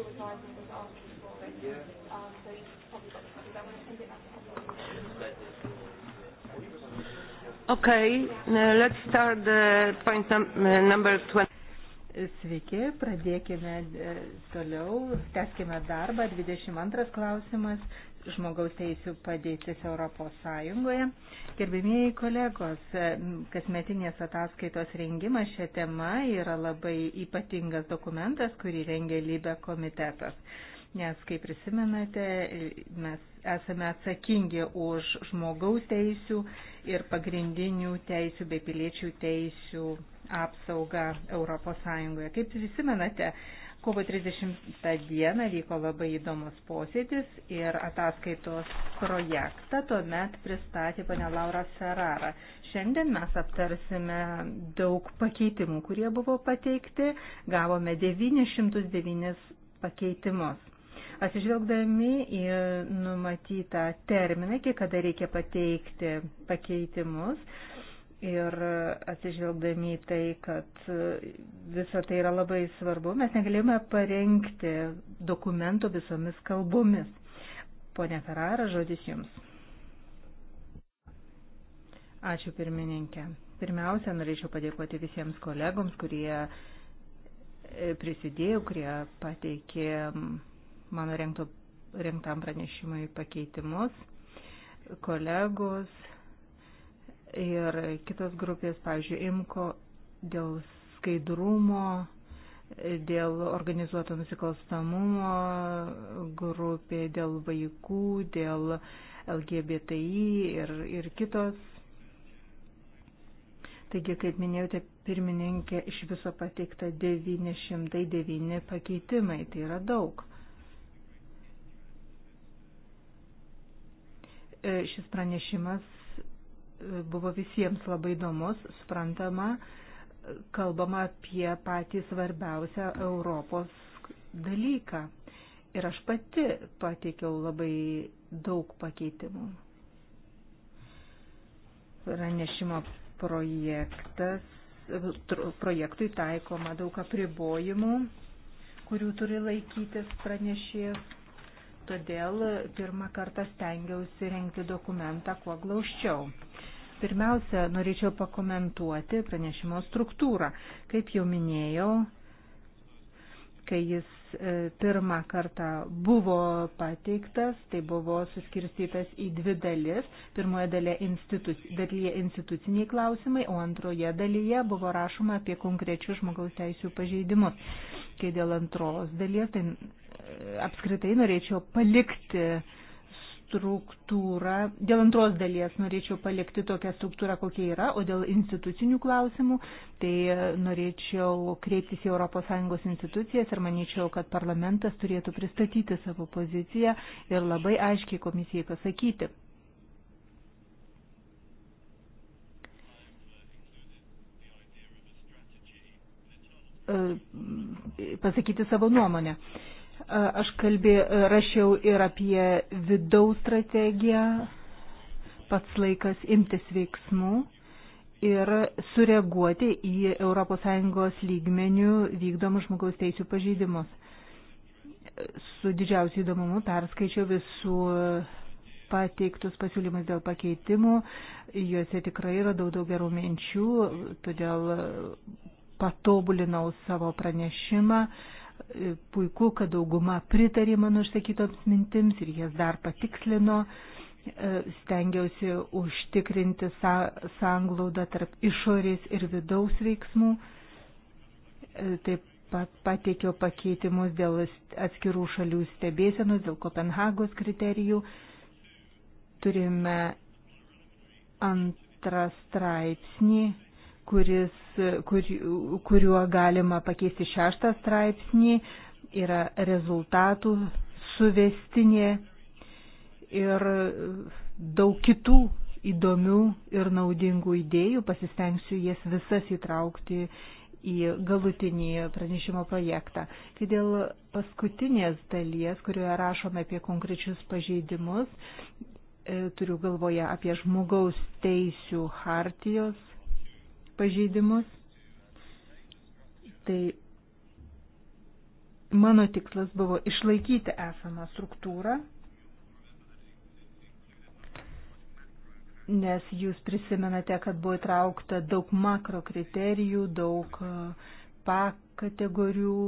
legal advisor was asking for it. Yeah. Um, so he's probably got copies. I'm going to send it back to him. Okay, uh, let's start the point num uh, number 20. Sveiki, pradėkime e, toliau, teskime darbą. 22 klausimas - žmogaus teisų padėtis Europos Sąjungoje. Gerbimieji kolegos, e, kasmetinės ataskaitos rengimas šią temą yra labai ypatingas dokumentas, kurį rengia Lybė komitetas. Nes, kaip prisimenate, mes esame atsakingi už žmogaus teisų ir pagrindinių teisų bei piliečių teisų apsaugą ES. Kaip prisimenate, kovo 30 dieną vyko labai įdomus posėdis ir ataskaitos projektą tuomet pristatė pane Laura Serara. Šiandien mes aptarsime daug pakeitimų, kurie buvo pateikti. Gavome 909 pakeitimus. Atsižvelgdami į numatytą terminą, iki kada reikia pateikti pakeitimus, Ir atsižvelgdami į tai, kad visa tai yra labai svarbu, mes negalėjome parengti dokumento visomis kalbomis. Pone Ferrara, žodis Jums. Ačiū pirmininkė. Pirmiausia, norėčiau padėkoti visiems kolegoms, kurie prisidėjo, kurie pateikė mano rengto, rengtam pranešimui pakeitimus. Kolegos ir kitos grupės, pavyzdžiui, IMKO dėl skaidrumo, dėl organizuoto nusikalstamumo grupė, dėl vaikų, dėl LGBTI ir, ir kitos. Taigi, kaip minėjote, pirmininkė iš viso pateikta 909 pakeitimai, tai yra daug. E, šis pranešimas buvo visiems labai įdomus, suprantama, kalbama apie patį svarbiausią Europos dalyką. Ir aš pati pateikiau labai daug pakeitimų. Pranešimo projektas, projektui taikoma daug apribojimų, kurių turi laikytis pranešėjas. Todėl pirmą kartą stengiausi renkti dokumentą kuo glaučiau. Pirmiausia, norėčiau pakomentuoti pranešimo struktūrą. Kaip jau minėjau, kai jis e, pirmą kartą buvo pateiktas, tai buvo suskirstytas į dvi dalis. Pirmoje dalyje, instituc, dalyje instituciniai klausimai, o antroje dalyje buvo rašoma apie konkrečius žmogaus teisų pažeidimus. Kai dėl antros dalies, tai e, apskritai norėčiau palikti uh, struktūrą, dėl antros dalies norėčiau palikti tokią struktūrą, kokia yra, o dėl institucinių klausimų, tai norėčiau kreiptis į ES institucijas ir manyčiau, kad parlamentas turėtų pristatyti savo poziciją ir labai aiškiai komisijai pasakyti. pasakyti savo nuomonę. Aš kalbė, rašiau ir apie vidaus strategiją, pats laikas imtis veiksmų ir sureaguoti į ES lygmenių vykdomus žmogaus teisų pažeidimus. Su didžiausiu įdomumu perskaičiau visų pateiktus pasiūlymus dėl pakeitimų, juose tikrai radau daug gerų minčių, todėl patobulinau savo pranešimą E, puiku, kad dauguma pritarė mano išsakytoms mintims ir jas dar patikslino. E, stengiausi užtikrinti sanglaudą tarp išorės ir vidaus veiksmų. E, taip pat pateikiau pakeitimus dėl atskirų šalių stebėsenos, dėl Kopenhagos kriterijų. Turime antrą straipsnį kuris, kur, kuriuo galima pakeisti šeštą straipsnį, yra rezultatų suvestinė ir daug kitų įdomių ir naudingų idėjų. Pasistengsiu jas visas įtraukti į galutinį pranešimo projektą. Kai dėl paskutinės dalies, kurioje rašome apie konkrečius pažeidimus, e, turiu galvoje apie žmogaus teisių hartijos pažeidimus. Tai mano tikslas buvo išlaikyti esamą struktūrą, nes jūs prisimenate, kad buvo įtraukta daug makro kriterijų, daug e, PAK kategorijų,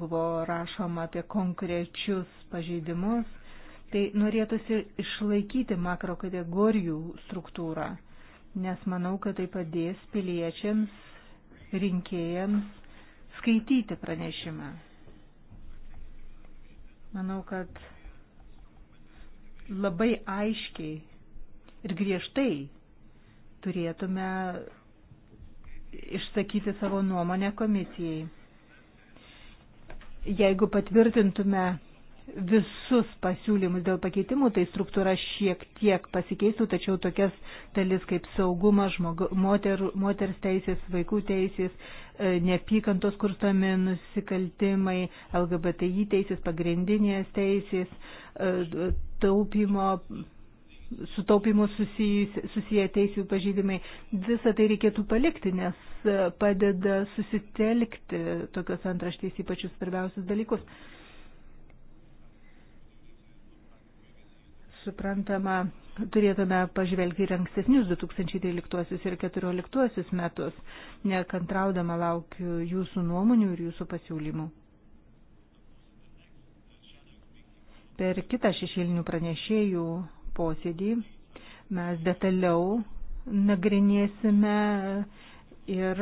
buvo rašoma apie konkrečius pažeidimus. Tai norėtųsi išlaikyti makro kategorijų struktūrą nes manau, kad tai padės piliečiams, rinkėjams skaityti pranešimą. Manau, kad labai aiškiai ir griežtai turėtume išsakyti savo nuomonę komisijai. Jeigu patvirtintume visus pasiūlymus dėl pakeitimų, tai struktūra šiek tiek pasikeistų, tačiau tokias dalis kaip saugumas, moter, moters teisės, vaikų teisės, e, neapykantos kurstomi nusikaltimai, LGBTI teisės, pagrindinės teisės, e, taupimo sutaupimo susiję teisų pažydimai. Visą tai reikėtų palikti, nes e, padeda susitelkti tokios antraštės ypač svarbiausius dalykus. suprantama, turėtume pažvelgti ir ankstesnius 2013 ir 2014 metus, nekantraudama laukiu jūsų nuomonių ir jūsų pasiūlymų. Per kitą šešėlinių pranešėjų posėdį mes detaliau nagrinėsime ir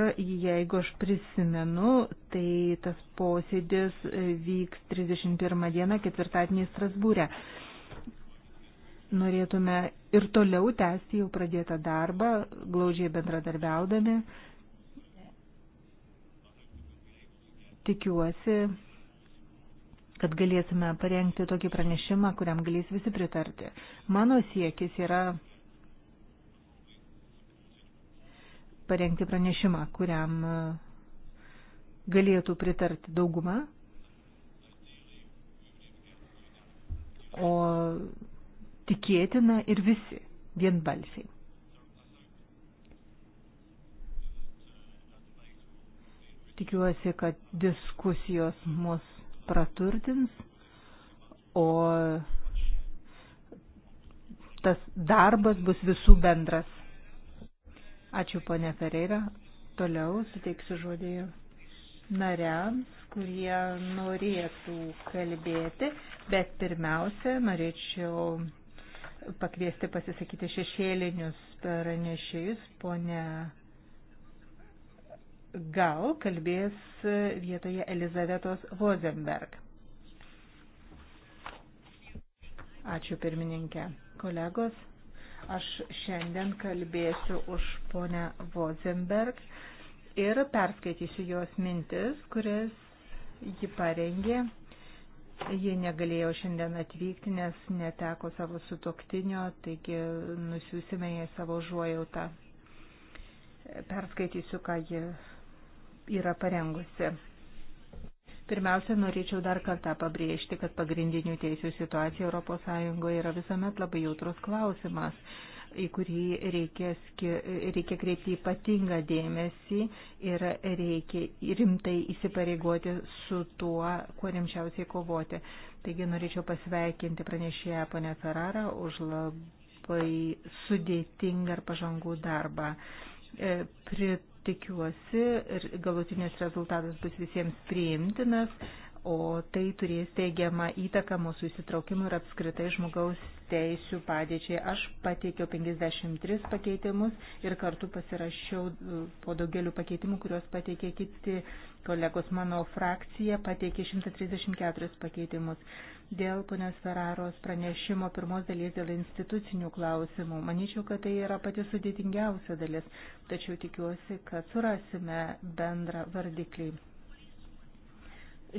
jeigu aš prisimenu, tai tas posėdis vyks 31 dieną ketvirtadienį Strasbūrė. E norėtume ir toliau tęsti jau pradėtą darbą, glaudžiai bendradarbiaudami. Tikiuosi, kad galėsime parengti tokį pranešimą, kuriam galės visi pritarti. Mano siekis yra parengti pranešimą, kuriam galėtų pritarti dauguma. O tikėtina ir visi vienbalsiai. Tikiuosi, kad diskusijos mus praturtins, o tas darbas bus visų bendras. Ačiū, ponė Ferreira. Toliau suteiksiu žodį nariams, kurie norėtų kalbėti, bet pirmiausia, norėčiau pakviesti pasisakyti šešėlinius pranešėjus. Pone Gal kalbės vietoje Elizavetos Vozenberg. Ačiū pirmininkė. Kolegos, aš šiandien kalbėsiu už ponę Vozenberg ir perskaitysiu jos mintis, kurias ji parengė Ji negalėjo šiandien atvykti, nes neteko savo sutoktinio, taigi nusiusime jai savo žuojautą. Perskaitysiu, ką ji yra parengusi. Pirmiausia, norėčiau dar kartą pabrėžti, kad pagrindinių teisų situacija ES yra visuomet labai jautrus klausimas į kurį reikia, reikia kreipti ypatingą dėmesį ir reikia rimtai įsipareigoti su tuo, kuo rimčiausiai kovoti. Taigi norėčiau pasveikinti pranešėją ponę Ferrarą už labai sudėtingą ir pažangų darbą. E, Prit tikiuosi ir galutinis rezultatas bus visiems priimtinas o tai turės teigiamą įtaką mūsų įsitraukimui ir apskritai žmogaus teisų padėčiai. Aš pateikiau 53 pakeitimus ir kartu pasirašiau e, po daugeliu pakeitimų, kuriuos pateikė kiti kolegos. Mano frakcija pateikė 134 pakeitimus. Dėl ponios Ferraros pranešimo pirmos dalies dėl institucinių klausimų, manyčiau, kad tai yra pati sudėtingiausia dalis, tačiau tikiuosi, kad surasime bendrą vardiklį.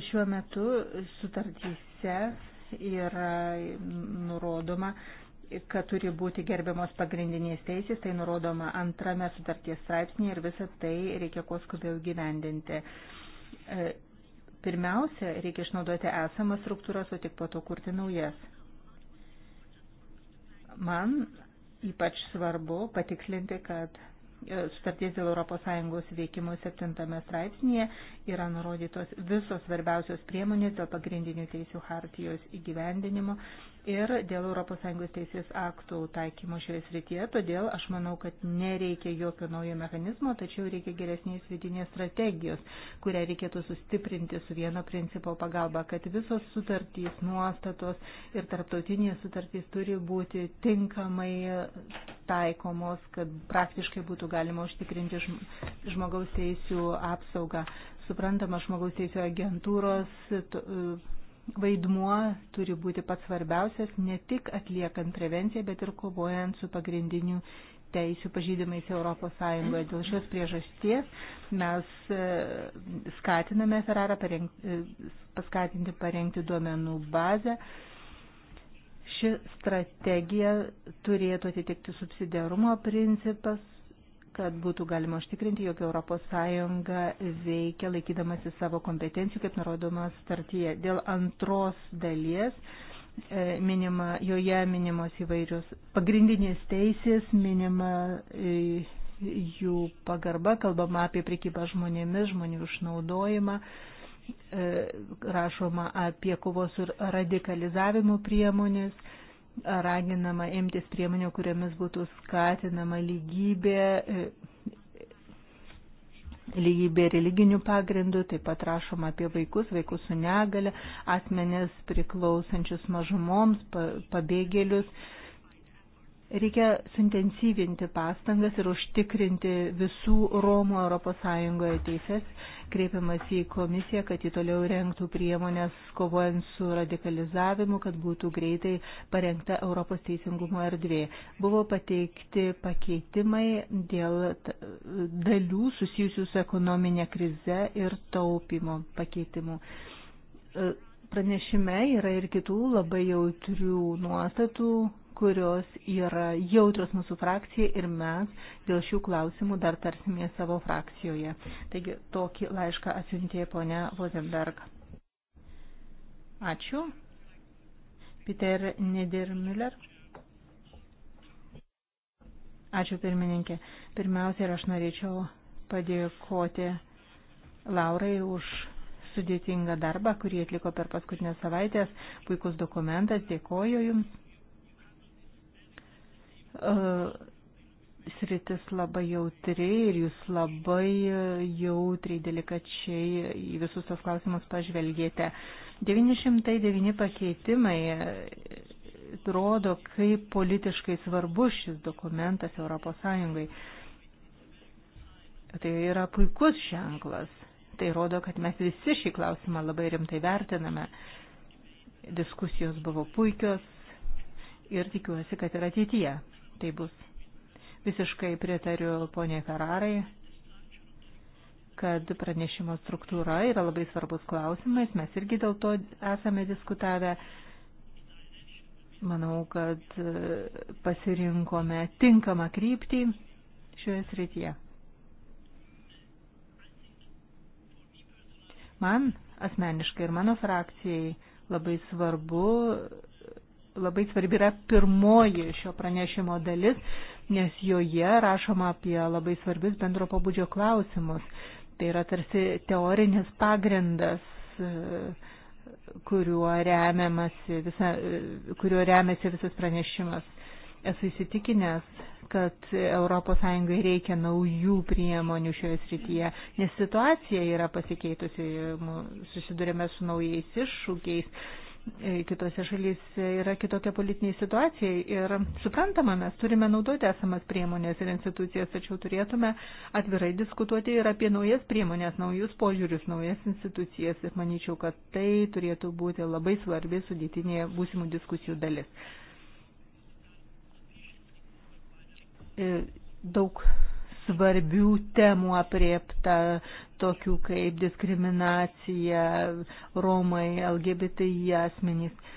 Šiuo metu sutartyse yra nurodoma, kad turi būti gerbiamos pagrindinės teisės, tai nurodoma antrame sutarties straipsnėje ir visą tai reikia kuo skubiau gyvendinti. E, pirmiausia, reikia išnaudoti esamas struktūras, o tik po to kurti naujas. Man ypač svarbu patikslinti, kad sutarties dėl ES veikimo septintame straipsnėje yra nurodytos visos svarbiausios priemonės dėl pagrindinių teisių hartijos įgyvendinimo ir dėl ES teisės aktų taikymo šioje srityje, todėl aš manau, kad nereikia jokio naujo mechanizmo, tačiau reikia geresnės vidinės strategijos, kurią reikėtų sustiprinti su vieno principo pagalba, kad visos sutartys, nuostatos ir tarptautinės sutartys turi būti tinkamai taikomos, kad praktiškai būtų galima užtikrinti žmogaus teisų apsaugą. Suprantama, žmogaus teisų agentūros vaidmuo turi būti pats svarbiausias ne tik atliekant prevenciją, bet ir kovojant su pagrindiniu teisių pažydimais Europos Sąjungoje. Dėl šios priežasties mes e, skatiname Ferrarą parengti, e, paskatinti parengti duomenų bazę. Ši strategija turėtų atitikti subsidiarumo principas, kad būtų galima užtikrinti, jog ES veikia laikydamasi savo kompetencijų, kaip nurodomas startyje. Dėl antros dalies e, minima, joje minimos įvairios pagrindinės teisės, minima e, jų pagarba, kalbama apie prikybą žmonėmis, žmonių išnaudojimą, e, rašoma apie kovos ir radikalizavimų priemonės raginama imtis priemonių, kuriamis būtų skatinama lygybė, e, lygybė religinių pagrindų, taip pat rašoma apie vaikus, vaikus su negale, asmenės priklausančius mažumoms, pabėgėlius Reikia suintensyvinti pastangas ir užtikrinti visų Romų ES teises, kreipiamas į komisiją, kad ji toliau renktų priemonės kovojant su radikalizavimu, kad būtų greitai parengta Europos teisingumo erdvė. Buvo pateikti pakeitimai dėl dalių susijusių su ekonominė krize ir taupimo pakeitimu e, pranešime yra ir kitų labai jautrių nuostatų, kurios yra jautrios mūsų frakcijai ir mes dėl šių klausimų dar tarsimės savo frakcijoje. Taigi tokį laišką atsiuntė ponia Vozenberg. Ačiū. Peter Niedermüller. Ačiū pirmininkė. Pirmiausia, ir aš norėčiau padėkoti Laurai už sudėtingą darbą, kurį atliko per paskutinės savaitės. Puikus dokumentas, dėkoju Jums sritis labai jautri ir jūs labai jautriai, delikačiai į visus tos klausimus pažvelgėte. 909 pakeitimai rodo, kaip politiškai svarbus šis dokumentas ES. Tai yra puikus ženklas. Tai rodo, kad mes visi šį klausimą labai rimtai vertiname. Diskusijos buvo puikios ir tikiuosi, kad ir ateityje tai bus. Visiškai pritariu poniai Ferrarai, kad pranešimo struktūra yra labai svarbus klausimais, mes irgi dėl to esame diskutavę. Manau, kad e, pasirinkome tinkamą kryptį šioje srityje. Man asmeniškai ir mano frakcijai labai svarbu labai svarbi yra pirmoji šio pranešimo dalis, nes joje rašoma apie labai svarbius bendro pabudžio klausimus. Tai yra tarsi teorinis pagrindas, e, kuriuo, visa, e, kuriuo remiasi visas pranešimas. Esu įsitikinęs, kad ES reikia naujų priemonių šioje srityje, nes situacija yra pasikeitusi, susidurėme su naujais iššūkiais E, kitose šalyse yra kitokia politinė situacija ir suprantama, mes turime naudoti esamas priemonės ir institucijas, tačiau turėtume atvirai diskutuoti ir apie naujas priemonės, naujus požiūrius, naujas institucijas ir manyčiau, kad tai turėtų būti labai svarbi sudėtinė būsimų diskusijų dalis. E, daug svarbių temų apriepta tokių kaip diskriminacija, Romai, LGBTI asmenys.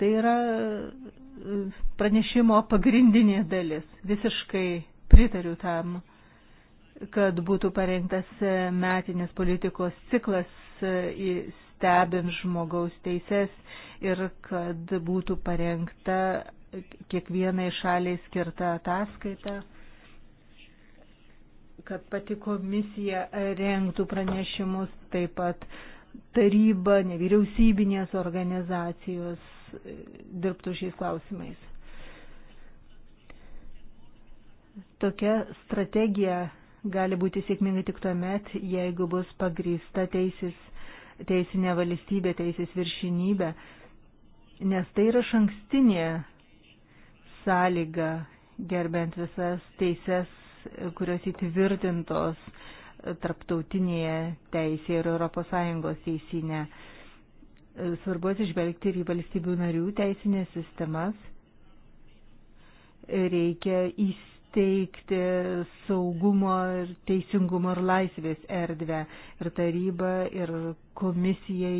Tai yra e, pranešimo pagrindinė dalis. Visiškai pritariu tam, kad būtų parengtas metinės politikos ciklas e, stebint žmogaus teises ir kad būtų parengta kiekvienai šaliai skirta ataskaita kad pati komisija rengtų pranešimus, taip pat taryba, nevyriausybinės organizacijos e, dirbtų šiais klausimais. Tokia strategija gali būti sėkminga tik tuomet, jeigu bus pagrįsta teisės, teisinė valstybė, teisės viršinybė, nes tai yra šankstinė sąlyga gerbent visas teises kurios įtvirtintos tarptautinėje teisėje ir ES teisinė. Svarbu atsižvelgti ir į valstybių narių teisinės sistemas. Reikia įsteigti saugumo ir teisingumo ir laisvės erdvę. Ir taryba, ir komisija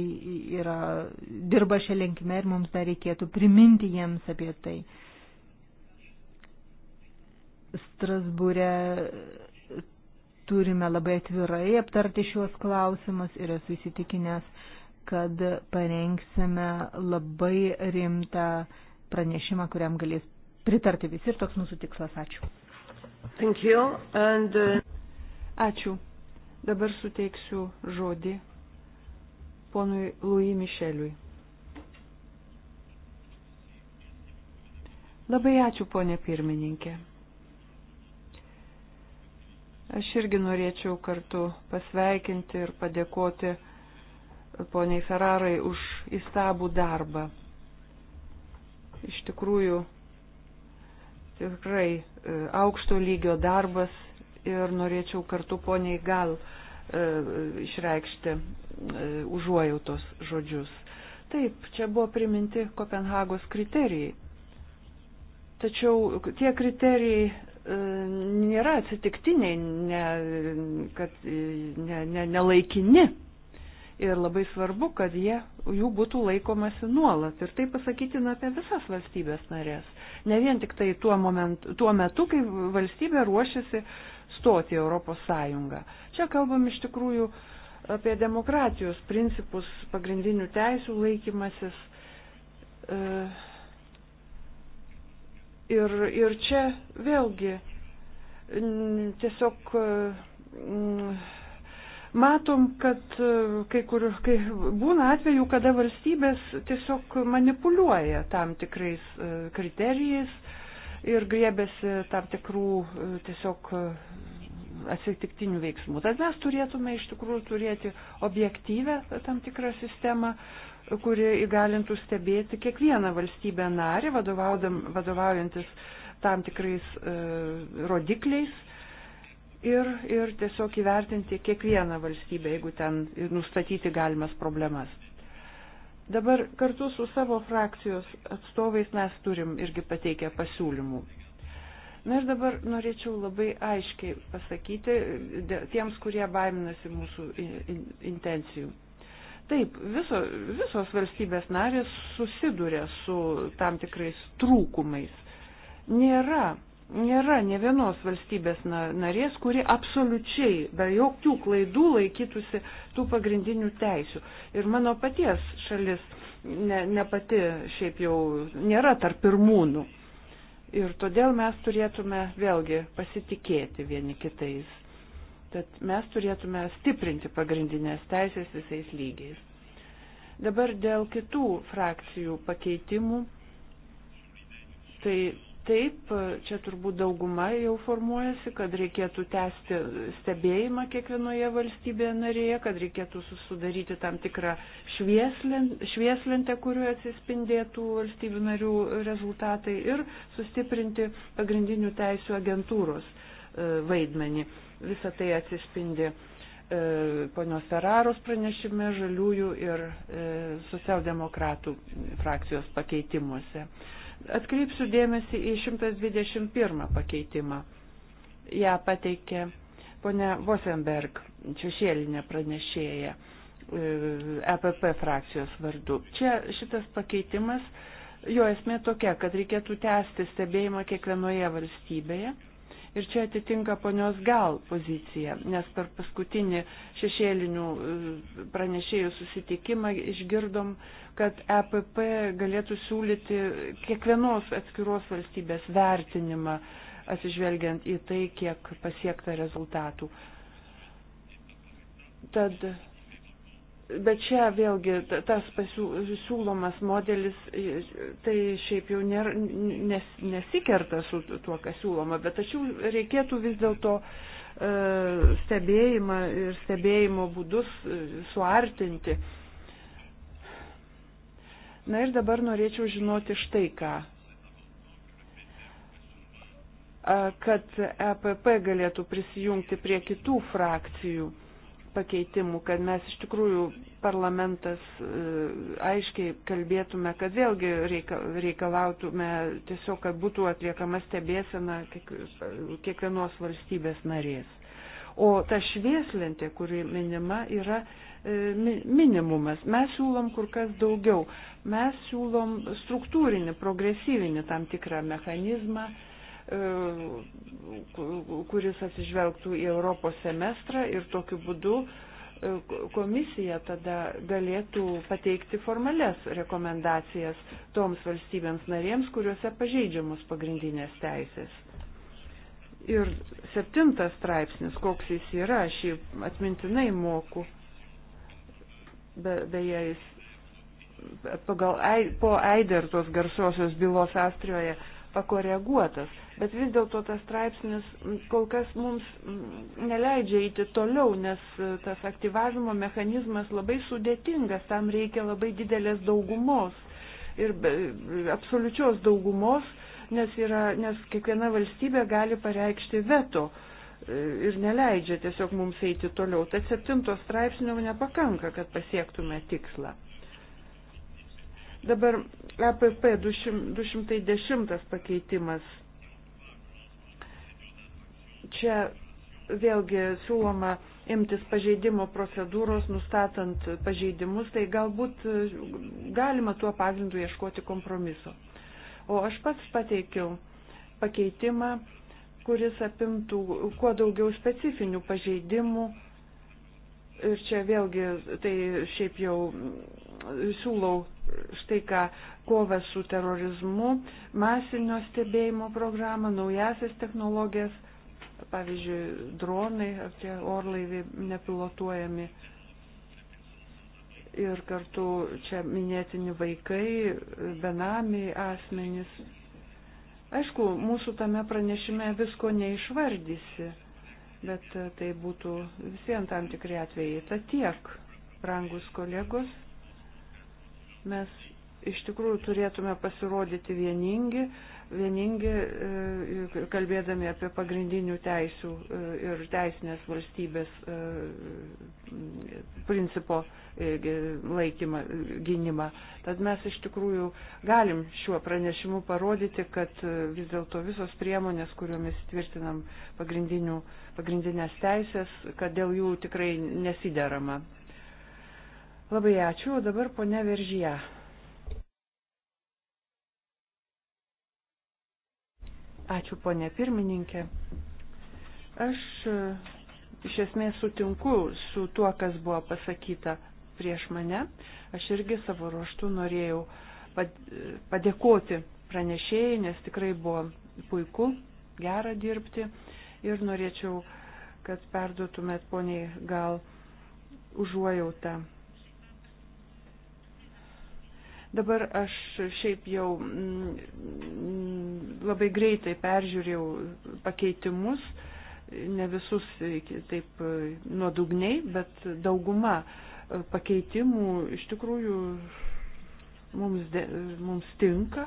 yra, dirba šią linkmę ir mums dar reikėtų priminti jiems apie tai. Strasbūre turime labai atvirai aptarti šiuos klausimus ir esu įsitikinęs, kad parengsime labai rimtą pranešimą, kuriam galės pritarti visi ir toks mūsų tikslas. Ačiū. Thank you. And, uh... Ačiū. Dabar suteiksiu žodį ponui Louis Mišeliui. Labai ačiū, ponė pirmininkė. Aš irgi norėčiau kartu pasveikinti ir padėkoti poniai Ferrarai už įstabų darbą. Iš tikrųjų, tikrai e, aukšto lygio darbas ir norėčiau kartu poniai gal e, išreikšti e, užuojautos žodžius. Taip, čia buvo priminti Kopenhagos kriterijai. Tačiau tie kriterijai nėra atsitiktiniai, ne, kad ne, ne, nelaikini. Ir labai svarbu, kad jie, jų būtų laikomasi nuolat. Ir tai pasakytina apie visas valstybės narės. Ne vien tik tai tuo, moment, tuo metu, kai valstybė ruošiasi stoti Europos Sąjungą. Čia kalbam iš tikrųjų apie demokratijos principus, pagrindinių teisų laikymasis. E, Ir, ir čia vėlgi tiesiog e, matom, kad e, kai kur kai būna atveju, kada valstybės tiesiog manipuliuoja tam tikrais e, kriterijais ir griebėsi tam tikrų tiesiog atsitiktinių veiksmų. Tad mes turėtume iš tikrųjų turėti objektyvę tam tikrą sistemą, kurie įgalintų stebėti kiekvieną valstybę narį, vadovaujantis tam tikrais e, rodikliais ir, ir tiesiog įvertinti kiekvieną valstybę, jeigu ten nustatyti galimas problemas. Dabar kartu su savo frakcijos atstovais mes turim irgi pateikę pasiūlymų. Na ir dabar norėčiau labai aiškiai pasakyti tiems, kurie baiminasi mūsų intencijų. Taip, viso, visos valstybės narės susiduria su tam tikrais trūkumais. Nėra, nėra ne vienos valstybės narės, kuri absoliučiai be jokių klaidų laikytųsi tų pagrindinių teisių. Ir mano paties šalis ne, ne pati šiaip jau nėra tarp pirmūnų. Ir todėl mes turėtume vėlgi pasitikėti vieni kitais. Tad mes turėtume stiprinti pagrindinės teisės visais lygiais. Dabar dėl kitų frakcijų pakeitimų. Tai taip, čia turbūt dauguma jau formuojasi, kad reikėtų tęsti stebėjimą kiekvienoje valstybėje narėje, kad reikėtų sudaryti tam tikrą švieslentę, kurioje atsispindėtų valstybių narių rezultatai ir sustiprinti pagrindinių teisų agentūros e, vaidmenį Visą tai atsispindi e, ponios Ferraros pranešime, žaliųjų ir e, socialdemokratų frakcijos pakeitimuose. Atkreipsiu dėmesį į 121 pakeitimą. Ja pateikė ponia Vosenberg, šešėlinė pranešėja EPP e frakcijos vardu. Čia šitas pakeitimas, jo esmė tokia, kad reikėtų tęsti stebėjimą kiekvienoje valstybėje Ir čia atitinka ponios gal pozicija, nes per paskutinį šešėlinių e, pranešėjų susitikimą išgirdom, kad EPP galėtų siūlyti kiekvienos atskiros valstybės vertinimą, atsižvelgiant į tai, kiek pasiekta rezultatų. Tad Bet čia vėlgi tas pasiūlomas modelis, e, tai šiaip jau nėra, nes, nesikerta su tuo, kas siūloma, bet tačiau reikėtų vis dėlto e, stebėjimą ir stebėjimo būdus e, suartinti. Na ir dabar norėčiau žinoti štai ką kad EPP galėtų prisijungti prie kitų frakcijų pakeitimų, kad mes iš tikrųjų parlamentas e, aiškiai kalbėtume, kad vėlgi reikalautume tiesiog, kad būtų atliekama stebėsena kiekvienos valstybės narės. O ta švieslentė, kuri minima, yra e, minimumas. Mes siūlom kur kas daugiau. Mes siūlom struktūrinį, progresyvinį tam tikrą mechanizmą, E, kuris atsižvelgtų į Europos semestrą ir tokiu būdu e, komisija tada galėtų pateikti formales rekomendacijas toms valstybėms narėms, kuriuose pažeidžiamos pagrindinės teisės. Ir septintas straipsnis, koks jis yra, aš jį atmintinai moku. Be, beje, jis pagal, po Eidertos garsiosios bylos Astrijoje pakoreguotas, bet vis dėlto tas straipsnis kol kas mums neleidžia eiti toliau, nes e, tas aktyvavimo mechanizmas labai sudėtingas, tam reikia labai didelės daugumos ir absoliučios daugumos, nes, yra, nes kiekviena valstybė gali pareikšti veto e, ir neleidžia tiesiog mums eiti toliau. Tad septinto straipsnio nepakanka, kad pasiektume tikslą. Dabar APP e 210 pakeitimas. Čia vėlgi siūloma imtis pažeidimo procedūros, nustatant pažeidimus, tai galbūt galima tuo pagrindu ieškoti kompromiso. O aš pats pateikiau pakeitimą, kuris apimtų kuo daugiau specifinių pažeidimų. Ir čia vėlgi, tai šiaip jau siūlau štai ką kovą su terorizmu, masinio stebėjimo programą, naujasias technologijas, pavyzdžiui, dronai ar tie orlaiviai nepilotuojami. Ir kartu čia minėtini vaikai, benamiai asmenys. Aišku, mūsų tame pranešime visko neišvardysi, bet tai būtų visiems tam tikri atvejai. Ta tiek, brangus kolegos. Mes iš tikrųjų turėtume pasirodyti vieningi, vieningi e, kalbėdami apie pagrindinių teisių e, ir teisinės valstybės e, principo laikymą, gynimą. Tad mes iš tikrųjų galim šiuo pranešimu parodyti, kad vis dėlto visos priemonės, kuriomis tvirtinam pagrindinės teisės, kad dėl jų tikrai nesiderama. Labai ačiū, o dabar ponia Veržyje. Ačiū, ponė pirmininkė. Aš e, iš esmės sutinku su tuo, kas buvo pasakyta prieš mane. Aš irgi savo ruoštų norėjau padėkoti pranešėjai, nes tikrai buvo puiku, gera dirbti ir norėčiau, kad perduotumėt poniai gal užuojautą Dabar aš šiaip jau mm, labai greitai peržiūrėjau pakeitimus, ne visus taip e, nuodugniai, bet dauguma e, pakeitimų iš tikrųjų mums, de, mums tinka.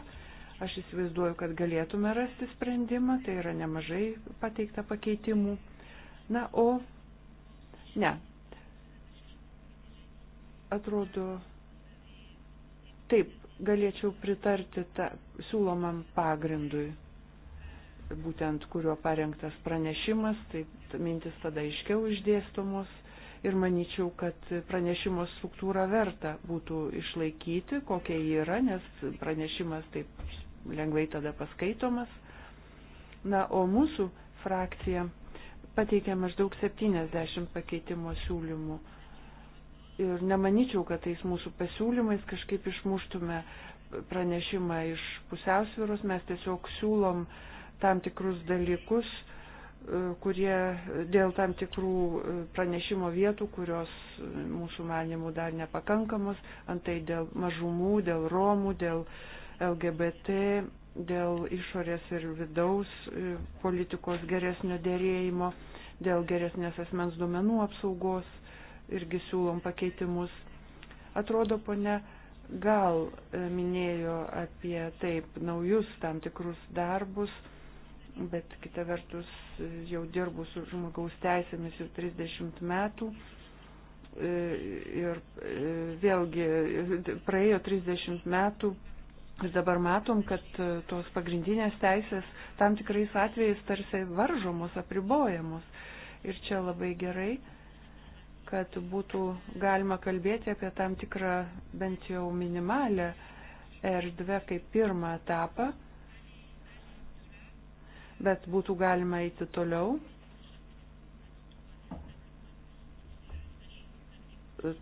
Aš įsivaizduoju, kad galėtume rasti sprendimą, tai yra nemažai pateikta pakeitimų. Na, o ne. Atrodo, Taip, galėčiau pritarti tą siūlomam pagrindui, būtent kurio parengtas pranešimas, tai mintis tada aiškiau išdėstomos ir manyčiau, kad pranešimo struktūrą verta būtų išlaikyti, kokia ji yra, nes pranešimas taip lengvai tada paskaitomas. Na, o mūsų frakcija pateikė maždaug 70 pakeitimo siūlymų ir nemanyčiau, kad tais mūsų pasiūlymais kažkaip išmuštume pranešimą iš pusiausvėros, mes tiesiog siūlom tam tikrus dalykus, e, kurie dėl tam tikrų e, pranešimo vietų, kurios e, mūsų manimų dar nepakankamos, antai dėl mažumų, dėl romų, dėl LGBT, dėl išorės ir vidaus politikos geresnio dėrėjimo, dėl geresnės asmens duomenų apsaugos irgi siūlom pakeitimus. Atrodo, ponia gal e, minėjo apie taip naujus tam tikrus darbus, bet kita vertus e, jau dirbu su žmogaus teisėmis jau 30 metų e, ir vėlgi praėjo 30 metų ir dabar matom, kad tos pagrindinės teisės tam tikrais atvejais tarsi varžomos, apribojamos ir čia labai gerai kad būtų galima kalbėti apie tam tikrą bent jau minimalę erdvę kaip pirmą etapą, bet būtų galima eiti toliau.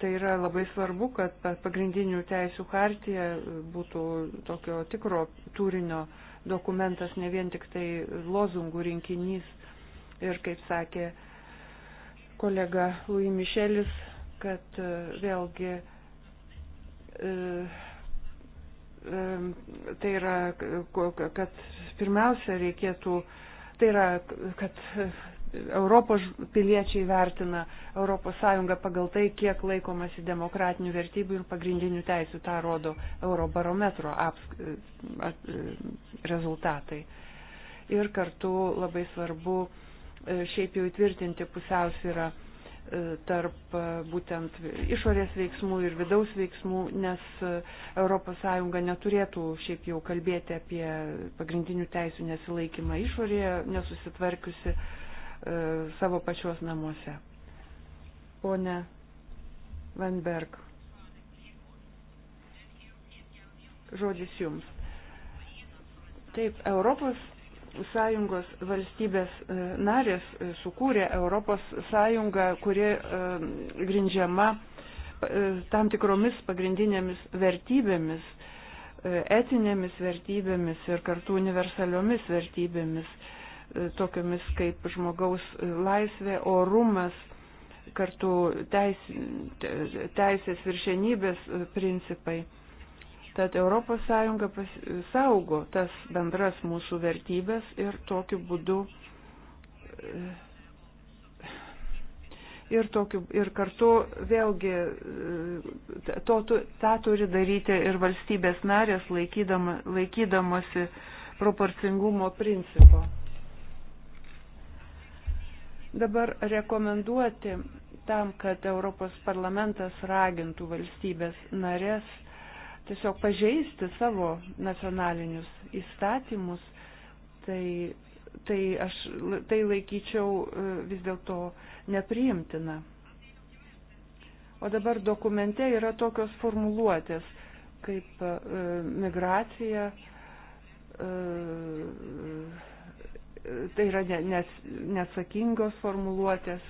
Tai yra labai svarbu, kad pagrindinių teisų hartija būtų tokio tikro turinio dokumentas, ne vien tik tai lozungų rinkinys. Ir kaip sakė kolega Louis Mišelis, kad e, vėlgi e, e, tai yra, kad pirmiausia reikėtų, tai yra, kad Europos piliečiai vertina ES pagal tai, kiek laikomasi demokratinių vertybių ir pagrindinių teisų. Ta rodo Eurobarometro aps, at, rezultatai. Ir kartu labai svarbu E, šiaip jau įtvirtinti pusiausvyrą e, tarp e, būtent išorės veiksmų ir vidaus veiksmų, nes ES neturėtų šiaip jau kalbėti apie pagrindinių teisų nesilaikymą išorėje, nesusitvarkiusi savo pačios namuose. Pone Vanberg, žodis jums. Taip, Europos sąjungos valstybės e, narės e, sukūrė Europos sąjungą, kuri e, grindžiama tam tikromis pagrindinėmis vertybėmis, etinėmis vertybėmis ir kartu universaliomis vertybėmis, tokiamis kaip žmogaus laisvė, orumas, kartu teis, teisės viršenybės principai. Tad ES saugo tas bendras mūsų vertybės ir tokiu būdu ir, tokiu, ir kartu vėlgi to, tą turi daryti ir valstybės narės laikydama, laikydamosi proporcingumo principo. Dabar rekomenduoti tam, kad Europos parlamentas ragintų valstybės narės tiesiog pažeisti savo nacionalinius įstatymus, tai, tai aš tai laikyčiau e, vis dėlto nepriimtina. O dabar dokumente yra tokios formuluotės kaip e, migracija, e, e tai yra ne, nes, nesakingos formuluotės,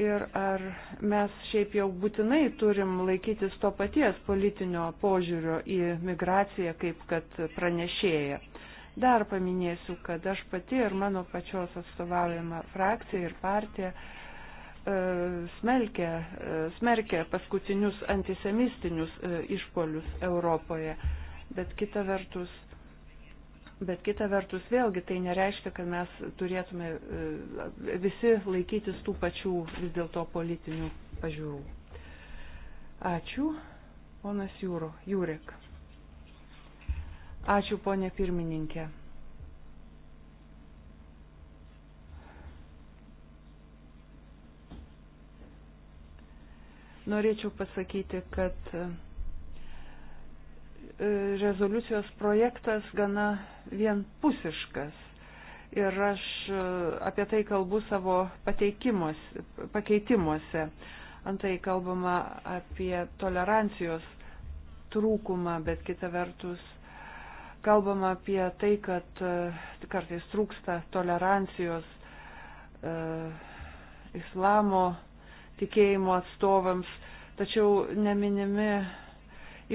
ir ar mes šiaip jau būtinai turim laikytis to paties politinio požiūrio į migraciją, kaip kad pranešėja. Dar paminėsiu, kad aš pati ir mano pačios atstovaujama frakcija ir partija e, smelkia, e, smerkia paskutinius antisemistinius e, išpolius Europoje. Bet kita vertus, Bet kita vertus, vėlgi tai nereiškia, kad mes turėtume e, visi laikytis tų pačių vis dėlto politinių pažiūrų. Ačiū, ponas Jūro, Jūrek. Ačiū, ponė pirmininkė. Norėčiau pasakyti, kad rezoliucijos projektas gana vienpusiškas. Ir aš e, apie tai kalbu savo pakeitimuose. Antai kalbama apie tolerancijos trūkumą, bet kita vertus kalbama apie tai, kad e, kartais trūksta tolerancijos e, islamo tikėjimo atstovams, tačiau neminimi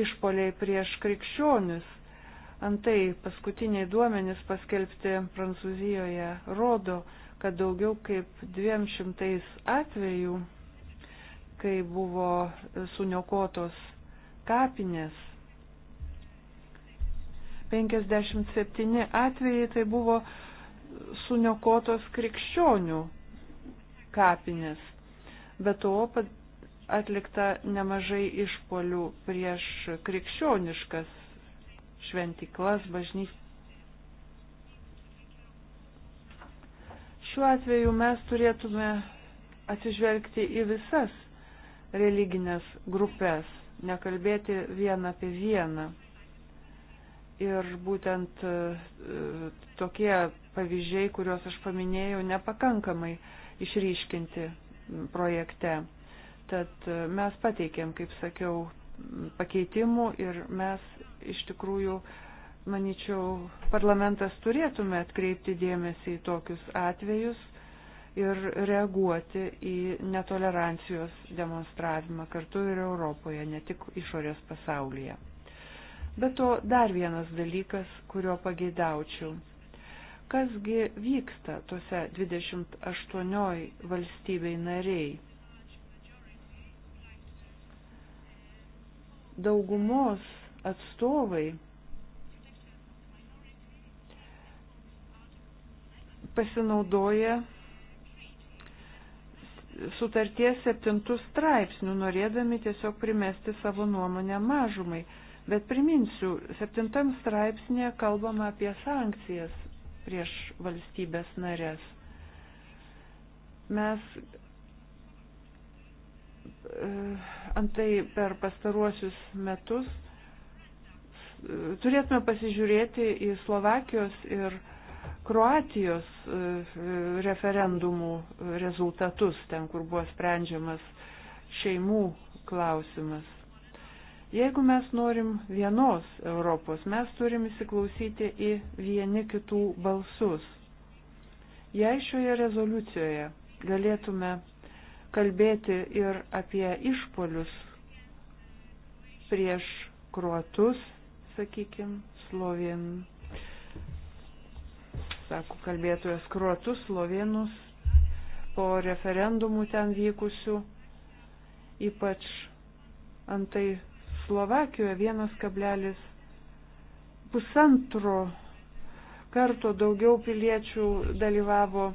išpoliai prieš krikščionius. Antai paskutiniai duomenys paskelbti Prancūzijoje rodo, kad daugiau kaip 200 atvejų, kai buvo suniokotos kapinės, 57 atvejai tai buvo suniokotos krikščionių kapinės. Be to atlikta nemažai išpolių prieš krikščioniškas šventiklas, bažnys. Šiuo atveju mes turėtume atsižvelgti į visas religinės grupės, nekalbėti vieną apie vieną. Ir būtent e, tokie pavyzdžiai, kuriuos aš paminėjau, nepakankamai išryškinti projekte. Tad e, mes pateikėm, kaip sakiau, pakeitimų ir mes iš tikrųjų, manyčiau, parlamentas turėtume atkreipti dėmesį į tokius atvejus ir reaguoti į netolerancijos demonstravimą kartu ir Europoje, ne tik išorės pasaulyje. Bet to dar vienas dalykas, kurio pageidaučiau. Kasgi vyksta tose 28 valstybei nariai? daugumos atstovai pasinaudoja sutarties septintų straipsnių, norėdami tiesiog primesti savo nuomonę mažumai. Bet priminsiu, septintam straipsnėje kalbama apie sankcijas prieš valstybės narės. Mes E, antai per pastaruosius metus e, turėtume pasižiūrėti į Slovakijos ir Kroatijos e, referendumų rezultatus, ten kur buvo sprendžiamas šeimų klausimas. Jeigu mes norim vienos Europos, mes turim įsiklausyti į vieni kitų balsus. Jei šioje rezoliucijoje galėtume kalbėti ir apie išpolius prieš kruotus, sakykim, slovėn. Sako kalbėtojas kruotus, slovėnus, po referendumų ten vykusių, ypač antai Slovakijoje vienas kablelis pusantro karto daugiau piliečių dalyvavo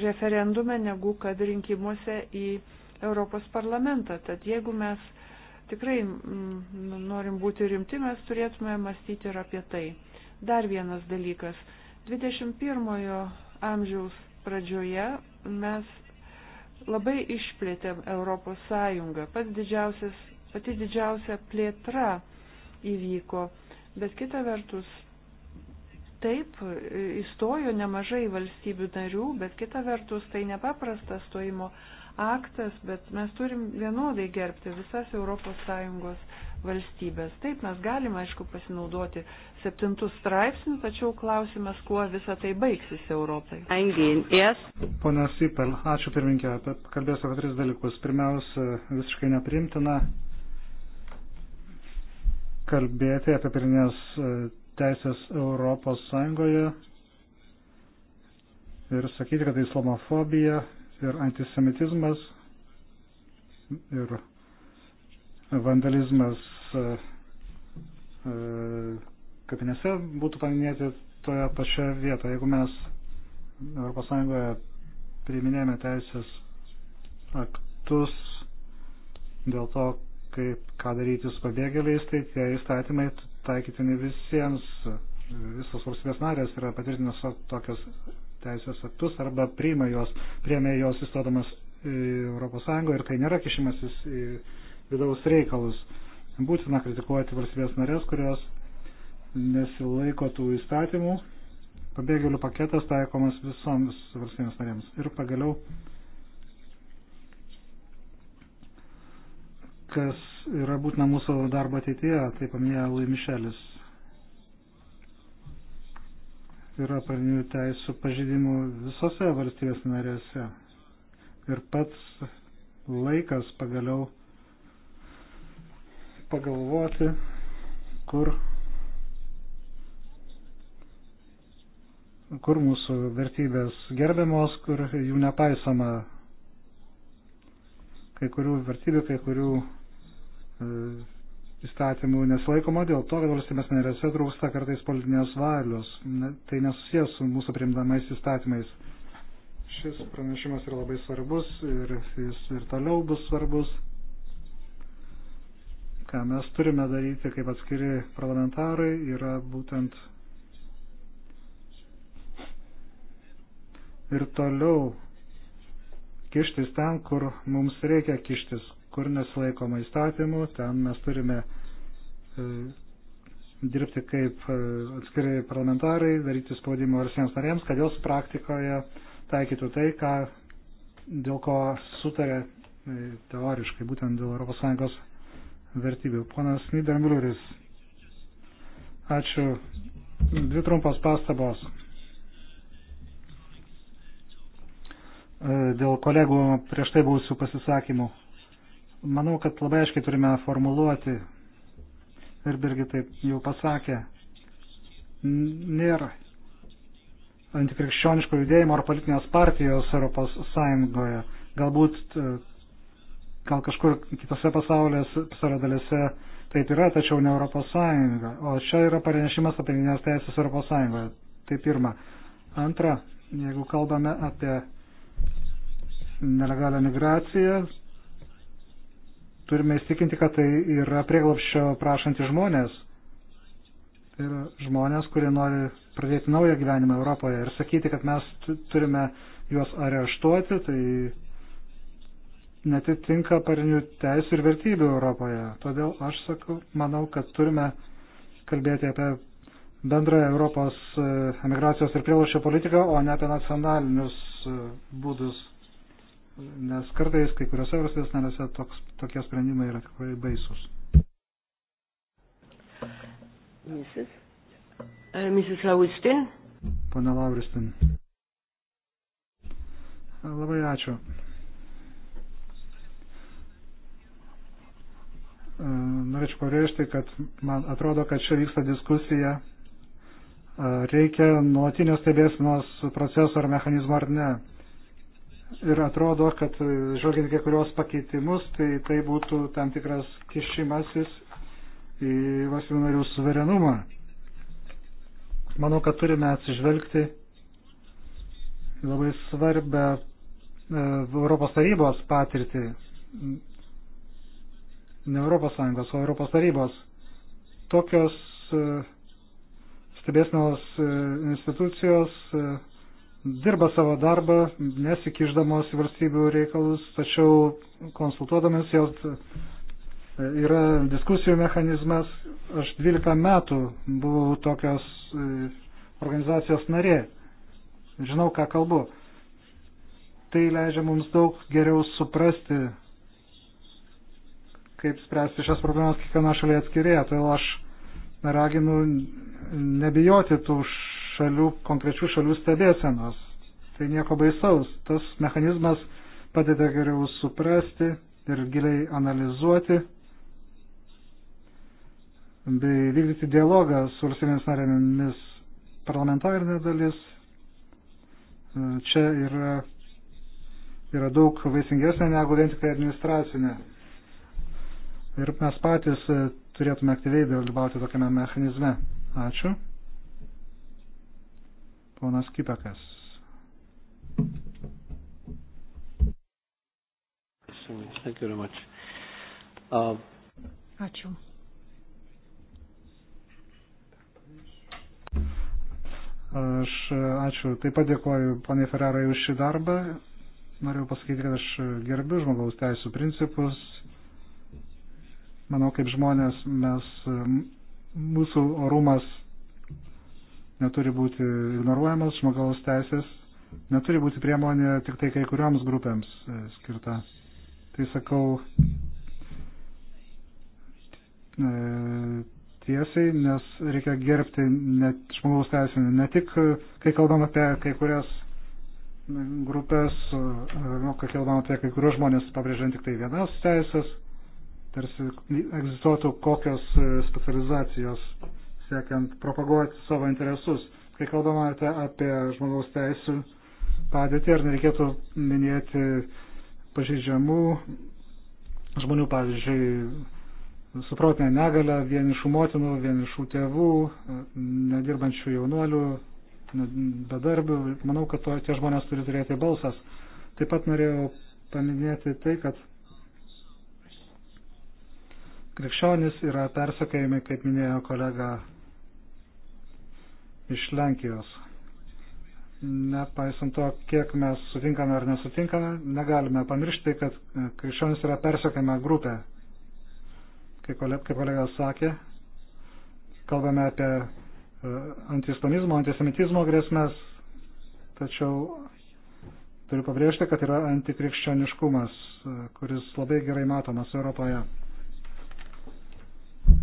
referendume negu kad rinkimuose į Europos parlamentą. Tad jeigu mes tikrai mm, nu, norim būti rimti, mes turėtume mąstyti ir apie tai. Dar vienas dalykas. 21 amžiaus pradžioje mes labai išplėtėm Europos Sąjungą. Pats didžiausias, pati didžiausia plėtra įvyko. Bet kita vertus, Taip, įstojo nemažai valstybių narių, bet kita vertus tai nepaprastas stojimo aktas, bet mes turim vienodai gerbti visas ES valstybės. Taip, mes galime, aišku, pasinaudoti septintų straipsnių, tačiau klausimas, kuo visa tai baigsis Europai. Pone Sipel, ačiū pirminkė, kalbėsiu apie tris dalykus. Pirmiausia, visiškai neprimtina kalbėti apie pirinės teisės Europos Sąjungoje ir sakyti, kad islamofobija ir antisemitizmas ir vandalizmas e, e, kapinėse būtų paminėti toje pačioje vietoje. Jeigu mes Europos Sąjungoje priiminėjame teisės aktus dėl to, kaip ką daryti su pabėgėliais, tai tie įstatymai taikytini visiems, visos valstybės narės yra patvirtinęs tokios teisės aktus arba priima juos, priemė juos įstodamas į Europos Sąjungą ir tai nėra kišimasis į vidaus reikalus. Būtina kritikuoti valstybės narės, kurios nesilaiko tų įstatymų. Pabėgėlių paketas taikomas visoms valstybėms narėms. Ir pagaliau kas yra būtina mūsų darbo ateityje, tai paminėjo Lui Mišelis. Yra pagrindinių teisų pažydimų visose valstybės narėse. Ir pats laikas pagaliau pagalvoti, kur, kur mūsų vertybės gerbiamos, kur jų nepaisoma kai kurių vertybių, kai kurių e, įstatymų nesilaikoma dėl to, kad valstybės narėse trūksta kartais politinės valios. Ne, tai nesusijęs su mūsų priimdamais įstatymais. Šis pranešimas yra labai svarbus ir jis ir toliau bus svarbus. Ką mes turime daryti kaip atskiri parlamentarai yra būtent ir toliau kištis ten, kur mums reikia kištis, kur nesilaikoma įstatymų, ten mes turime e, dirbti kaip e, atskiri parlamentarai, daryti spaudimą varsiems narėms, kad jos praktikoje taikytų tai, ką, dėl ko sutarė e, teoriškai, būtent dėl ES vertybių. Ponas Nidermüleris, ačiū. Dvi trumpos pastabos. dėl kolegų prieš tai buvusių pasisakymų. Manau, kad labai aiškiai turime formuluoti, ir irgi taip jau pasakė, nėra antikrikščioniško judėjimo ar politinės partijos Europos Sąjungoje. Galbūt e, gal kažkur kitose pasaulės, pasaulio dalise taip yra, tačiau ne Europos Sąjunga. O čia yra pranešimas apie minės teisės Europos Sąjungoje. Tai pirma. Antra, jeigu kalbame apie nelegalią migraciją, turime įstikinti, kad tai yra prieglopščio prašantys žmonės. Tai yra žmonės, kurie nori pradėti naują gyvenimą Europoje ir sakyti, kad mes turime juos areštuoti, tai netitinka parinių teisų ir vertybių Europoje. Todėl aš sakau, manau, kad turime kalbėti apie bendrą Europos e, emigracijos ir prielošio politiką, o ne apie nacionalinius e, būdus nes kartais kai kuriuose valstybės narėse toks, tokie sprendimai yra tikrai baisus. Mrs. Uh, Mrs. Lauristin. Pone Lauristin. Labai ačiū. Uh, norėčiau pabrėžti, kad man atrodo, kad čia vyksta diskusija uh, reikia nuolatinio stebėsinos proceso ar mechanizmo ar ne. Ir atrodo, kad žvelgiant kai kurios pakeitimus, tai tai būtų tam tikras kišimasis į valstybių narių suverenumą. Manau, kad turime atsižvelgti labai svarbę e, Europos tarybos patirtį. Ne Europos Sąjungos, o Europos tarybos. Tokios e, stebėsnos e, institucijos dirba savo darbą, nesikiždamos į valstybių reikalus, tačiau konsultuodamas jos e, yra diskusijų mechanizmas. Aš 12 metų buvau tokios e, organizacijos narė. Žinau, ką kalbu. Tai leidžia mums daug geriau suprasti, kaip spręsti šias problemas kiekviena šalia atskirėje. Todėl tai aš raginu nebijoti tų šalių, konkrečių šalių stebėsenos. Tai nieko baisaus. Tas mechanizmas padeda geriau suprasti ir giliai analizuoti bei vykdyti dialogą su valstybėmis narėmis. Parlamentarinė dalis čia yra, yra daug vaisingesnė negu vien tik tai administracinė. Ir mes patys turėtume aktyviai dalyvauti tokiame mechanizme. Ačiū ponas Kipekas. Uh, ačiū. Aš ačiū. Taip pat dėkoju poniai Ferrarai už šį darbą. Noriu pasakyti, kad aš gerbiu žmogaus teisų principus. Manau, kaip žmonės mes, mūsų orumas neturi būti ignoruojamas, žmogaus teisės neturi būti priemonė tik tai kai kurioms grupėms e, skirta. Tai sakau e, tiesiai, nes reikia gerbti net žmogaus teisę, ne tik e, kai kalbam apie kai kurias grupės, nu, kai kalbam apie kai kurios žmonės, pabrėžiant tik tai vienas teisės, tarsi egzistuotų kokios specializacijos siekiant propaguoti savo interesus. Kai kalbame apie žmogaus teisų padėtį, ar nereikėtų minėti pažeidžiamų žmonių, pavyzdžiui, su protinė negalė, vienišų motinų, vienišų tėvų, nedirbančių jaunuolių, bedarbių. Manau, kad to, tie žmonės turi turėti balsas. Taip pat norėjau paminėti tai, kad krikščionis yra persekėjami, kaip minėjo kolega iš Lenkijos. Nepaisant to, kiek mes sutinkame ar nesutinkame, negalime pamiršti, kad krikščionis yra persiokiama grupė. Kaip kolega sakė, kalbame apie e, antislamizmo, antisemitizmo grėsmės, tačiau turiu pabrėžti, kad yra antikrikščioniškumas, e, kuris labai gerai matomas Europoje.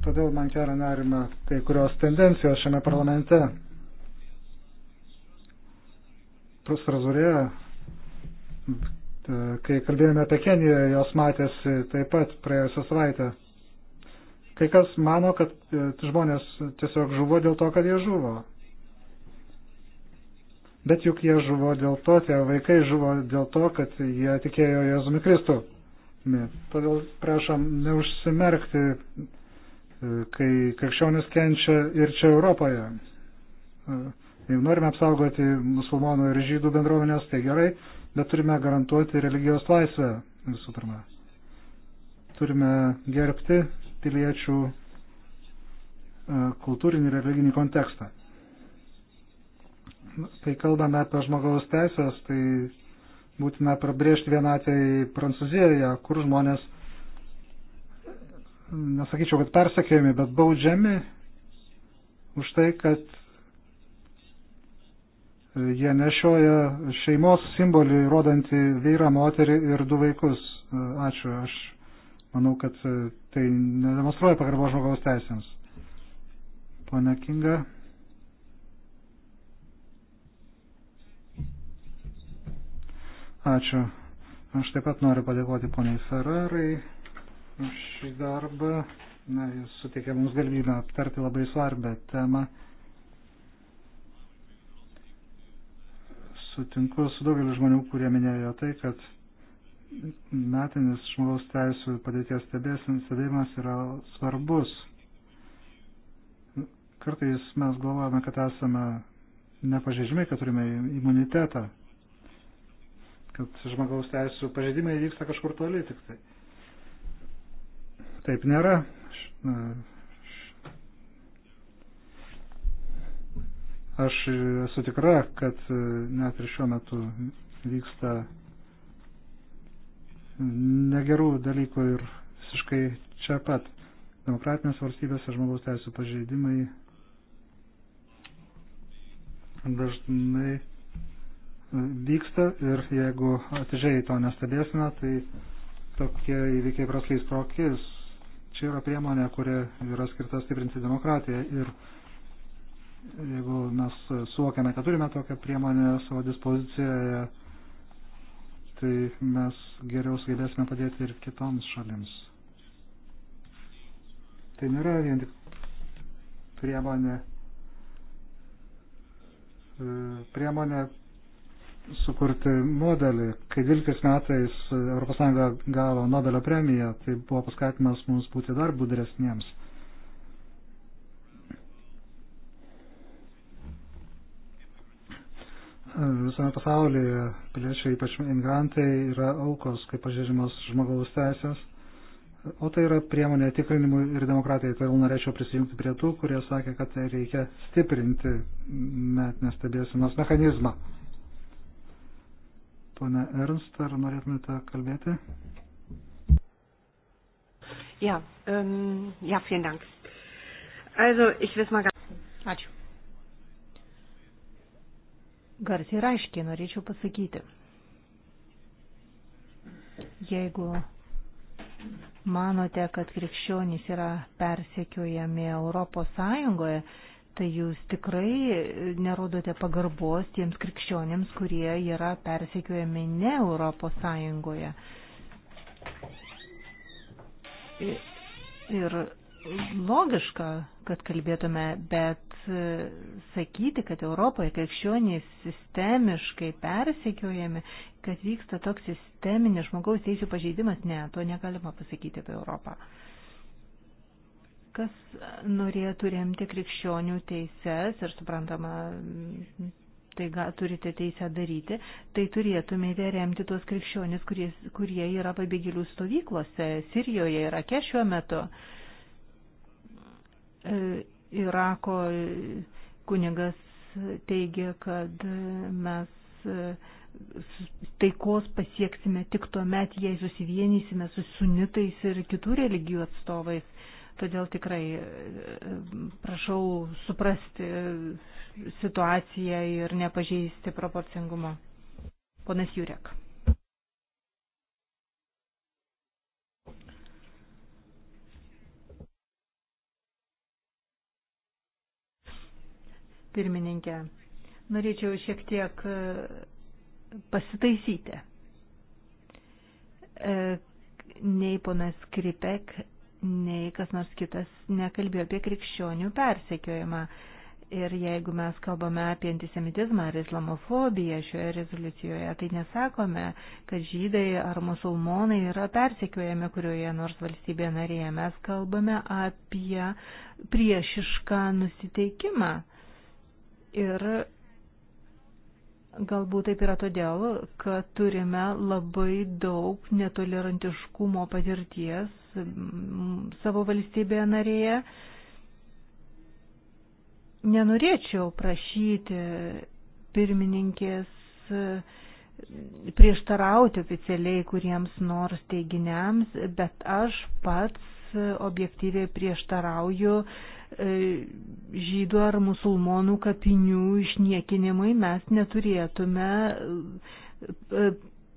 Todėl man kelia nerima kai kurios tendencijos šiame parlamente. Strasbūrė, kai kalbėjome apie Keniją, jos matėsi taip pat praėjusią savaitę. Kai kas mano, kad e, žmonės tiesiog žuvo dėl to, kad jie žuvo. Bet juk jie žuvo dėl to, tie vaikai žuvo dėl to, kad jie tikėjo Jėzumi Kristu. Todėl prašom neužsimerkti, e, kai krikščionis kenčia ir čia Europoje. E, Jeigu norime apsaugoti musulmonų ir žydų bendruomenės, tai gerai, bet turime garantuoti religijos laisvę visų pirma. Turime gerbti piliečių e, kultūrinį ir religinį kontekstą. Kai kalbame apie žmogaus teisės, tai būtina prabrėžti vieną atvejį Prancūzijoje, kur žmonės, nesakyčiau, kad persekėjami, bet baudžiami už tai, kad Jie nešioja šeimos simbolį, rodantį vyrą, moterį ir du vaikus. Ačiū, aš manau, kad tai nedemonstruoja pagarbo žmogaus teisėms. Pone Kinga. Ačiū. Aš taip pat noriu padėkoti poniai Ferrarai už šį darbą. Na, jis suteikė mums galimybę aptarti labai svarbę temą. sutinku su daugeliu žmonių, kurie minėjo tai, kad metinis žmogaus teisų padėties stebėjimas yra svarbus. Kartais mes galvojame, kad esame nepažeidžiami, kad turime imunitetą, kad žmogaus teisų pažeidimai vyksta kažkur toli tik tai. Taip nėra. E, Aš esu tikra, kad e, net ir šiuo metu vyksta negerų dalykų ir visiškai čia pat. Demokratinės valstybės ir žmogaus teisų pažeidimai dažnai e, vyksta ir jeigu atidžiai to nestebėsime, tai tokie įvykiai praslys prokis. Čia yra priemonė, kuri yra skirta stiprinti demokratiją ir jeigu mes suvokiame, kad turime tokią priemonę savo dispozicijoje, tai mes geriau sugebėsime padėti ir kitoms šalims. Tai nėra vien tik priemonė, e, priemonė sukurti modelį. Kai 12 metais ES gavo Nobelio premiją, tai buvo paskatimas mums būti dar budresniems. visame pasaulyje piliečiai, ypač imigrantai, yra aukos, kaip pažiūrimos žmogaus teisės. O tai yra priemonė tikrinimui ir demokratijai. Todėl norėčiau prisijungti prie tų, kurie sakė, kad tai reikia stiprinti metinės stebėsinos mechanizmą. Pone Ernst, ar norėtumėte kalbėti? Ja, ähm, ja, vielen Dank. Also, ich will mal ganz. Ačiū garsiai ir aiškiai norėčiau pasakyti. Jeigu manote, kad krikščionys yra persekiojami Europos Sąjungoje, tai jūs tikrai nerodote pagarbos tiems krikščionėms, kurie yra persekiojami ne Europos Sąjungoje. Ir logiška, kad kalbėtume, bet e, sakyti, kad Europoje krikščionys sistemiškai persekiojami, kad vyksta toks sisteminis žmogaus teisų pažeidimas, ne, to negalima pasakyti apie Europą. Kas norėtų remti krikščionių teises ir suprantama, tai ga, turite teisę daryti, tai turėtumėte remti tuos krikščionis, kurie, kurie yra pabėgėlių stovyklose Sirijoje ir Ake šiuo metu. Uh, E, Irako kunigas teigia, kad mes e, taikos pasieksime tik tuo met, jei susivienysime su sunitais ir kitų religijų atstovais. Todėl tikrai e, prašau suprasti situaciją ir nepažeisti proporcingumo. Ponas Jurek. pirmininkė. Norėčiau šiek tiek e, pasitaisyti. E, nei ponas Kripek, nei kas nors kitas nekalbėjo apie krikščionių persekiojimą. Ir jeigu mes kalbame apie antisemitizmą ar islamofobiją šioje rezoliucijoje, tai nesakome, kad žydai ar musulmonai yra persekiojami kurioje nors valstybėje narėje. Mes kalbame apie priešišką nusiteikimą Ir galbūt taip yra todėl, kad turime labai daug netolerantiškumo patirties savo valstybėje narėje. Nenorėčiau prašyti pirmininkės e, prieštarauti oficialiai kuriems nors teiginiams, bet aš pats e, objektyviai prieštarauju uh, E, žydų ar musulmonų kapinių išniekinimui mes neturėtume e,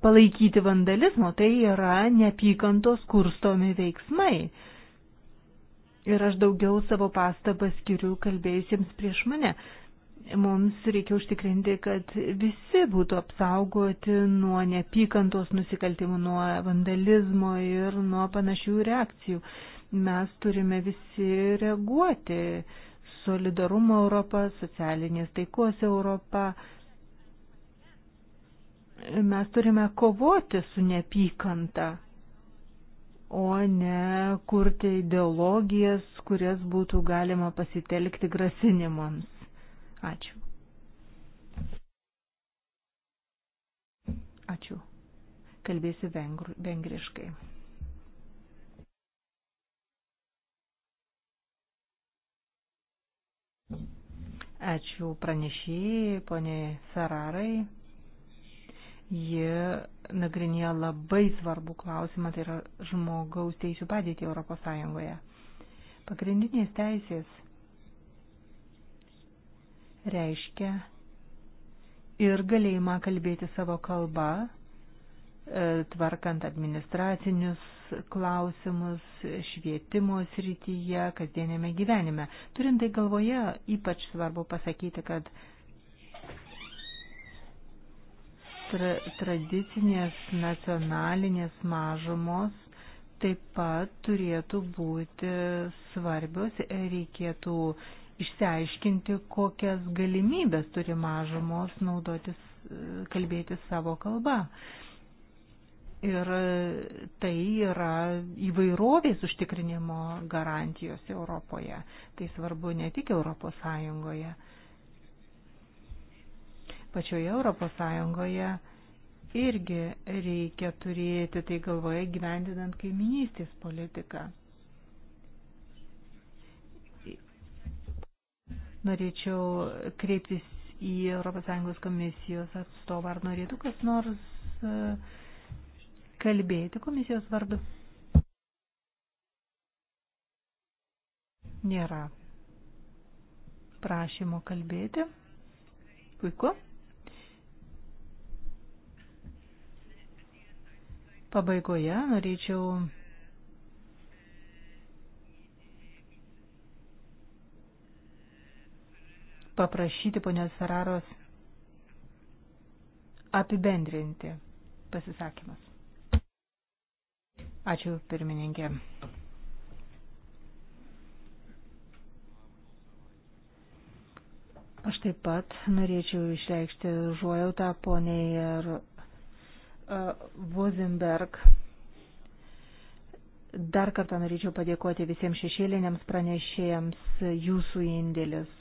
palaikyti vandalizmo, tai yra neapykantos kurstomi veiksmai. Ir aš daugiau savo pastabą skiriu kalbėjusiems prieš mane. Mums reikia užtikrinti, kad visi būtų apsaugoti nuo neapykantos nusikaltimų, nuo vandalizmo ir nuo panašių reakcijų mes turime visi reaguoti. Solidarumo Europa, socialinės taikos Europa. Mes turime kovoti su neapykanta, o ne kurti ideologijas, kurias būtų galima pasitelkti grasinimams. Ačiū. Ačiū. Kalbėsiu vengriškai. Ačiū pranešėjai, poniai Ferrarai. Ji nagrinėjo labai svarbų klausimą, tai yra žmogaus teisų padėti Europos Sąjungoje. Pagrindinės teisės reiškia ir galėjimą kalbėti savo kalbą, e, tvarkant administracinius klausimus švietimo srityje, kasdienėme gyvenime. Turint tai galvoje, ypač svarbu pasakyti, kad tra tradicinės nacionalinės mažumos taip pat turėtų būti svarbios, reikėtų išsiaiškinti, kokias galimybės turi mažumos naudotis, kalbėti savo kalbą. Ir tai yra įvairovės užtikrinimo garantijos Europoje. Tai svarbu ne tik Europos Sąjungoje. Pačioje Europos Sąjungoje irgi reikia turėti tai galvoje gyvendinant kaiminystės politiką. Norėčiau kreiptis į ES komisijos atstovą, ar norėtų kas nors uh, kalbėti komisijos vardu? Nėra prašymo kalbėti. Puiku. Pabaigoje norėčiau paprašyti ponios Ferraros apibendrinti pasisakymas. Ačiū pirmininkė. Aš taip pat norėčiau išreikšti žuojautą poniai ir uh, Vozenberg. Dar kartą norėčiau padėkoti visiems šešėliniams pranešėjams. Jūsų indėlis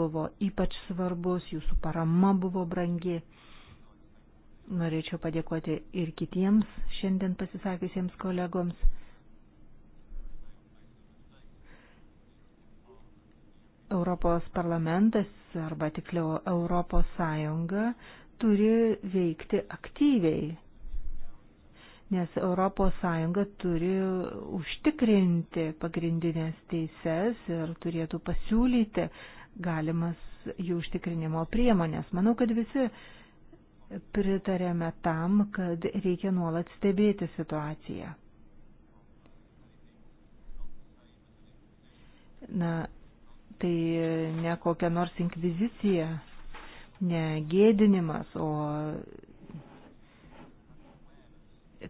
buvo ypač svarbus, jūsų parama buvo brangi. Uh, Norėčiau padėkoti ir kitiems šiandien pasisakiusiems kolegoms. Europos parlamentas arba tiksliau Europos Sąjunga turi veikti aktyviai, nes Europos Sąjunga turi užtikrinti pagrindinės teises ir turėtų pasiūlyti galimas jų užtikrinimo priemonės. Manau, kad visi pritarėme tam, kad reikia nuolat stebėti situaciją. Na, tai ne kokia nors inkvizicija, ne gėdinimas, o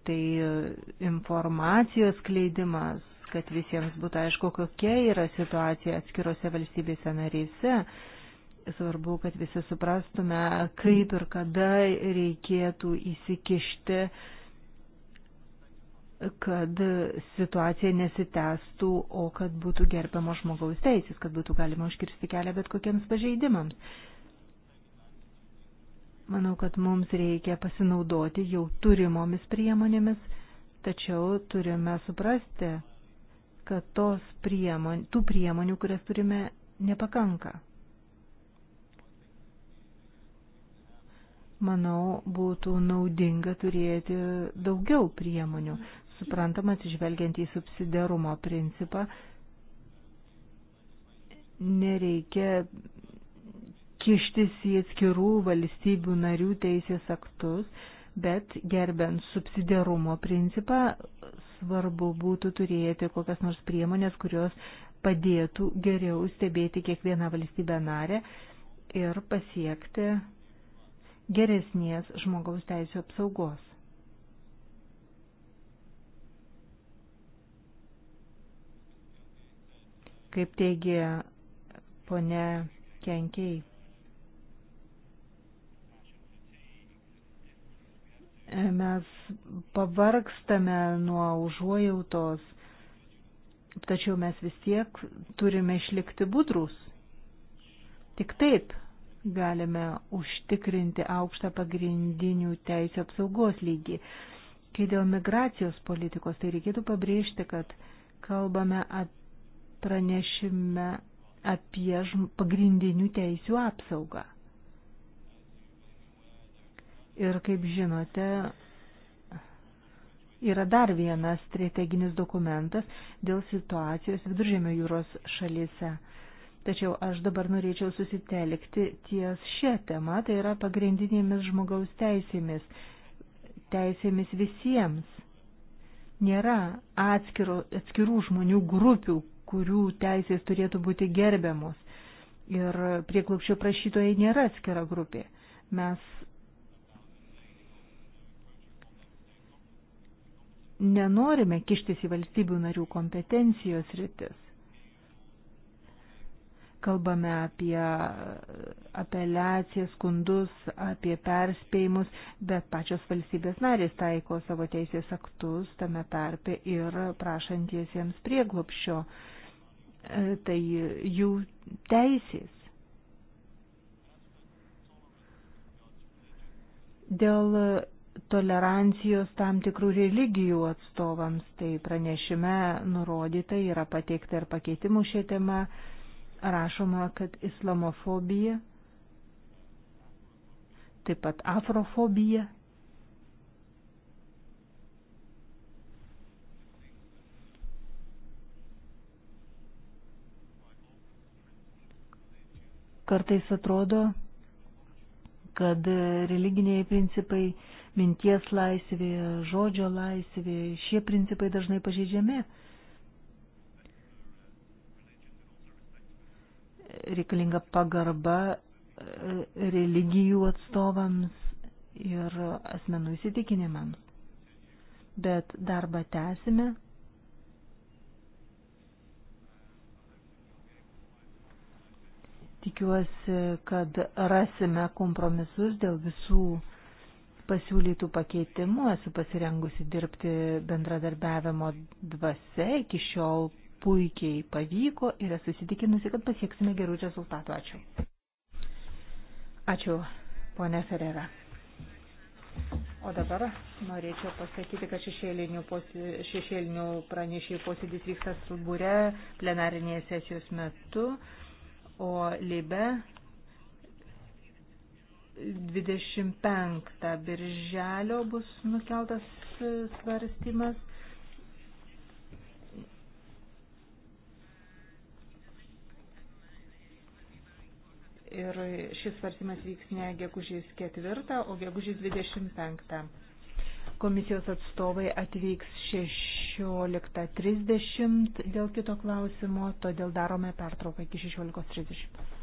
tai informacijos kleidimas, kad visiems būtų aišku, kokia yra situacija atskirose valstybėse narėse svarbu, kad visi suprastume, kaip ir kada reikėtų įsikišti, kad situacija nesitestų, o kad būtų gerbiamos žmogaus teisės, kad būtų galima užkirsti kelią bet kokiems pažeidimams. Manau, kad mums reikia pasinaudoti jau turimomis priemonėmis, tačiau turime suprasti, kad tos priemon, tų priemonių, kurias turime, nepakanka. manau, būtų naudinga turėti daugiau priemonių, suprantama, atsižvelgiant į subsidiarumo principą. Nereikia kištis į atskirų valstybių narių teisės aktus, bet gerbent subsidiarumo principą, svarbu būtų turėti kokias nors priemonės, kurios padėtų geriau stebėti kiekvieną valstybę narę ir pasiekti geresnės žmogaus teisų apsaugos. Kaip teigia ponė Kenkiai. Mes pavargstame nuo užuojautos, tačiau mes vis tiek turime išlikti budrus. Tik taip galime užtikrinti aukštą pagrindinių teisų apsaugos lygį. Kai dėl migracijos politikos, tai reikėtų pabrėžti, kad kalbame at, pranešime apie pagrindinių teisių apsaugą. Ir kaip žinote, yra dar vienas strateginis dokumentas dėl situacijos viduržėmio jūros šalyse. Tačiau aš dabar norėčiau susitelkti ties šią temą, tai yra pagrindinėmis žmogaus teisėmis, teisėmis visiems. Nėra atskiro, atskirų žmonių grupių, kurių teisės turėtų būti gerbiamos. Ir prieklopščio prašytojai nėra atskira grupė. Mes nenorime kištis į valstybių narių kompetencijos rytis kalbame apie apeliacijas, skundus, apie perspėjimus, bet pačios valstybės narės taiko savo teisės aktus tame tarpe ir prašantiesiems prieglopščio. E, tai jų teisės. Dėl tolerancijos tam tikrų religijų atstovams, tai pranešime nurodyta yra pateikta ir pakeitimų šią temą rašoma, kad islamofobija, taip pat afrofobija kartais atrodo, kad religiniai principai, minties laisvė, žodžio laisvė, šie principai dažnai pažeidžiami. reikalinga pagarba e, religijų atstovams ir asmenų įsitikinimams. Bet darbą tęsime. Tikiuosi, kad rasime kompromisus dėl visų pasiūlytų pakeitimų. Esu pasirengusi dirbti bendradarbiavimo dvasia. Iki šiol puikiai pavyko ir esu įsitikinusi, kad pasieksime gerų rezultatų. Ačiū. Ačiū, ponė Ferrera. O dabar norėčiau pasakyti, kad šešėlinių, posi, šešėlinių pranešėjų posėdis vyksta Strasbūre plenarinėje sesijos metu, o Libe 25 birželio bus nukeltas svarstymas ir šis svarstymas vyks ne gegužės 4, o gegužės 25. Komisijos atstovai atvyks 16.30 dėl kito klausimo, todėl darome pertrauką iki 16.30.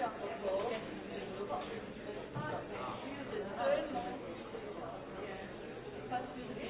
Thank you.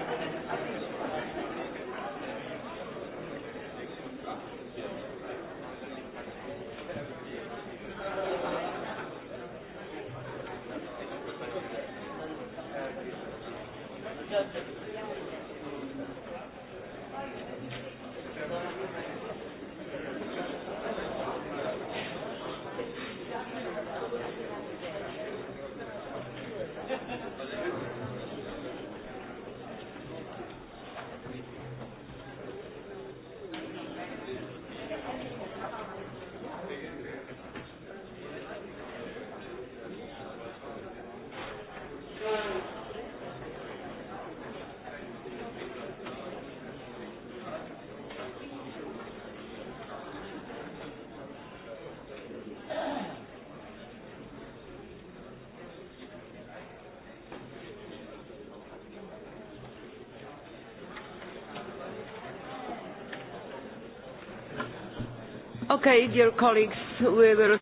Okay, dear colleagues, we were...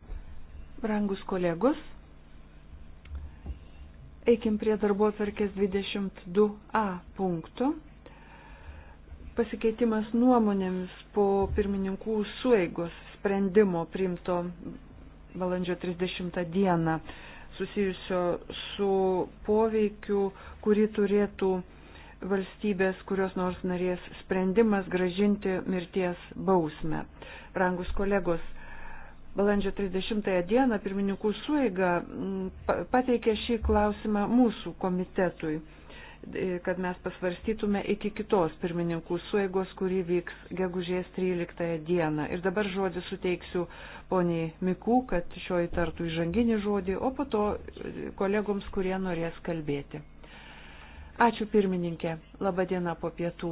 Brangus kolegos, eikim prie darbo atvarkės 22a punkto. Pasikeitimas nuomonėmis po pirmininkų sueigos sprendimo priimto balandžio 30 dieną susijusio su poveikiu, kurį turėtų valstybės, kurios nors narės sprendimas gražinti mirties bausmę. Rangus kolegos, balandžio 30 dieną pirmininkų suiga mm, pateikė šį klausimą mūsų komitetui e, kad mes pasvarstytume iki kitos pirmininkų sueigos, kuri vyks gegužės 13 dieną. Ir dabar žodį suteiksiu poniai Miku, kad šioji tartų įžanginį žodį, o po to e, kolegoms, kurie norės kalbėti. Ačiū pirmininkė. Labadiena po pietų.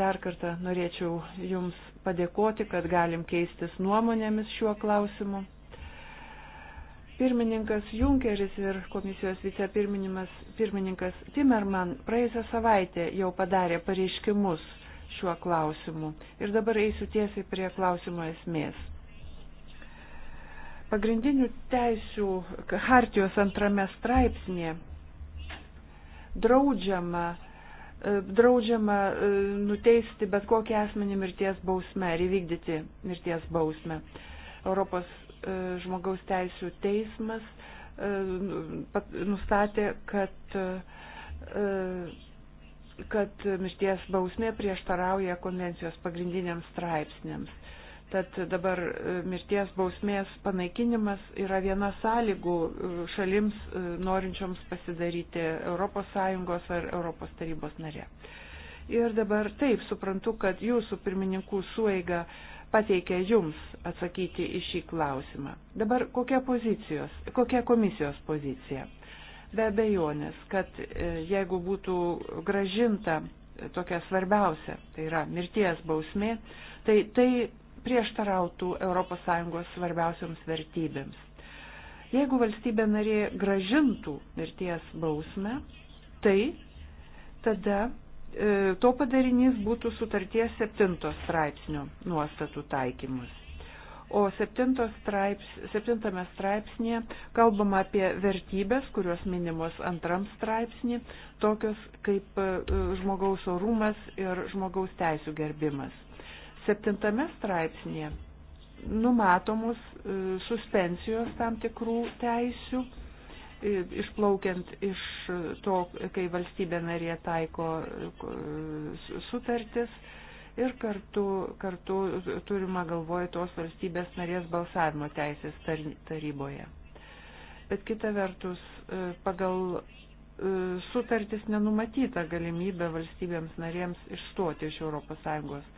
Dar kartą norėčiau Jums padėkoti, kad galim keistis nuomonėmis šiuo klausimu. Pirmininkas Junkeris ir komisijos vicepirmininkas Timerman praėjusią savaitę jau padarė pareiškimus šiuo klausimu. Ir dabar eisiu tiesiai prie klausimo esmės. Pagrindinių teisių hartijos antrame straipsnėje draudžiama, e, draudžiama e, nuteisti bet kokį asmenį mirties bausmę ir įvykdyti mirties bausmę. Europos e, žmogaus teisų teismas nu, nustatė, kad, kad mirties bausmė prieštarauja konvencijos pagrindiniams straipsniams. Tad dabar e, mirties bausmės panaikinimas yra viena sąlygų e, šalims e, norinčioms pasidaryti ES ar ES tarybos narė. Ir dabar taip suprantu, kad jūsų pirmininkų sueiga pateikė jums atsakyti į šį klausimą. Dabar kokia, pozicijos, kokia komisijos pozicija? Be abejonės, kad jeigu būtų gražinta tokia svarbiausia, tai yra mirties bausmė, tai tai prieštarautų ES svarbiausiams vertybėms. Jeigu valstybė narė gražintų mirties bausmę, tai tada e, to padarinys būtų sutarties 7 straipsnio nuostatų taikymus. O 7 straips, straipsnėje kalbama apie vertybės, kurios minimos antram straipsnį, tokios kaip e, žmogaus orumas ir žmogaus teisų gerbimas. Septintame straipsnėje numatomos e, suspensijos tam tikrų teisių, e, išplaukiant iš to, kai valstybė narė taiko e, sutartis ir kartu, kartu turima galvoje tos valstybės narės balsavimo teisės taryboje. Bet kita vertus, pagal sutartis nenumatyta galimybė valstybėms narėms išstoti iš ES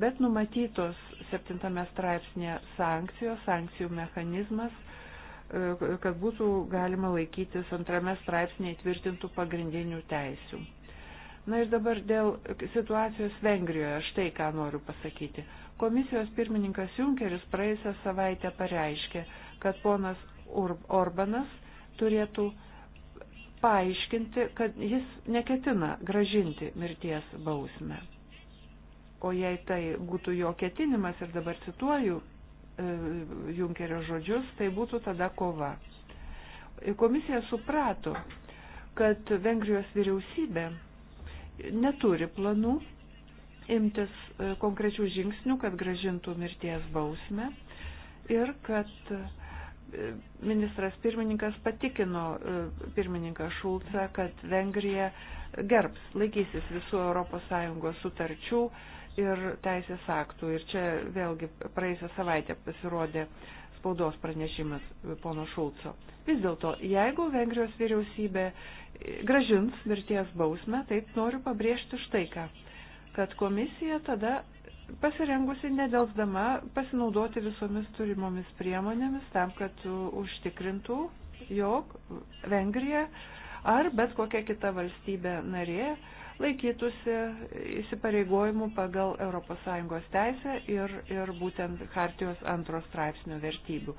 bet numatytos septintame straipsnėje sankcijos, sankcijų mechanizmas, e, kad būtų galima laikytis antrame straipsnėje įtvirtintų pagrindinių teisių. Na ir dabar dėl situacijos Vengrijoje, štai ką noriu pasakyti. Komisijos pirmininkas Junkeris praėjusią savaitę pareiškė, kad ponas Orbanas turėtų paaiškinti, kad jis neketina gražinti mirties bausmę. O jei tai būtų jo ketinimas, ir dabar cituoju e, Junkerio žodžius, tai būtų tada kova. Komisija suprato, kad Vengrijos vyriausybė neturi planų imtis e, konkrečių žingsnių, kad gražintų mirties bausmę ir kad e, ministras pirmininkas patikino pirmininką Šulcą, kad Vengrija gerbs, laikysis visų ES sutarčių, ir teisės aktų. Ir čia vėlgi praėjusią savaitę pasirodė spaudos pranešimas pono Šulco. Vis dėlto, jeigu Vengrijos vyriausybė gražins mirties bausmę, taip noriu pabrėžti štai ką, kad komisija tada pasirengusi nedelsdama pasinaudoti visomis turimomis priemonėmis tam, kad užtikrintų, jog Vengrija ar bet kokia kita valstybė narė laikytųsi įsipareigojimų pagal ES teisę ir, ir būtent Hartijos antros straipsnio vertybių.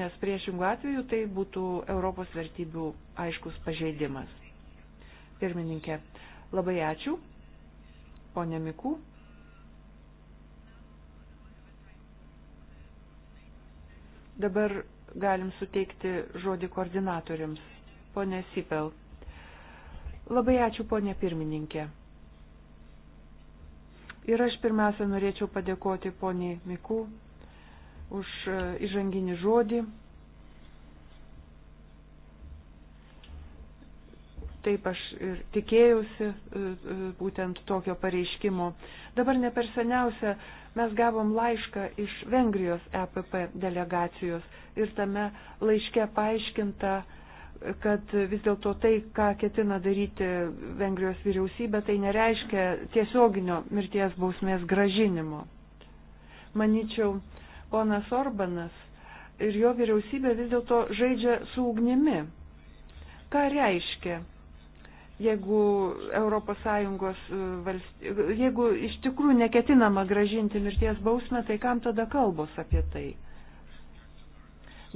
Nes priešingų atveju tai būtų Europos vertybių aiškus pažeidimas. Pirmininkė, labai ačiū. Pone Miku. Dabar galim suteikti žodį koordinatoriams. Pone Sipel. Labai ačiū, ponė pirmininkė. Ir aš pirmiausia norėčiau padėkoti poniai Miku už e, įžanginį žodį. Taip aš ir tikėjausi e, e, būtent tokio pareiškimo. Dabar ne per seniausia mes gavom laišką iš Vengrijos EPP delegacijos ir tame laiške paaiškinta, kad vis dėlto tai, ką ketina daryti Vengrijos vyriausybė, tai nereiškia tiesioginio mirties bausmės gražinimo. Maničiau, ponas Orbanas ir jo vyriausybė vis dėlto žaidžia su ugnimi. Ką reiškia, jeigu ES e, valstybė, jeigu iš tikrųjų neketinama gražinti mirties bausmę, tai kam tada kalbos apie tai?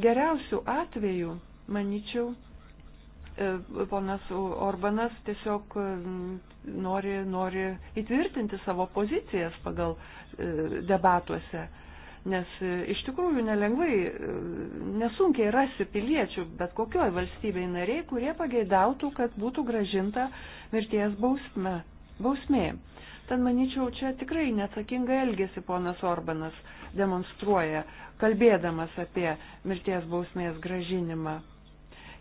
Geriausių atvejų, manyčiau, E, ponas Orbanas tiesiog e, nori, nori įtvirtinti savo pozicijas pagal e, debatuose. Nes iš tikrųjų nelengvai, nesunkiai rasi piliečių, bet kokioj valstybei nariai, kurie pageidautų, kad būtų gražinta mirties bausme, bausmė. Tad manyčiau, čia tikrai neatsakingai elgesi ponas Orbanas demonstruoja, kalbėdamas apie mirties bausmės gražinimą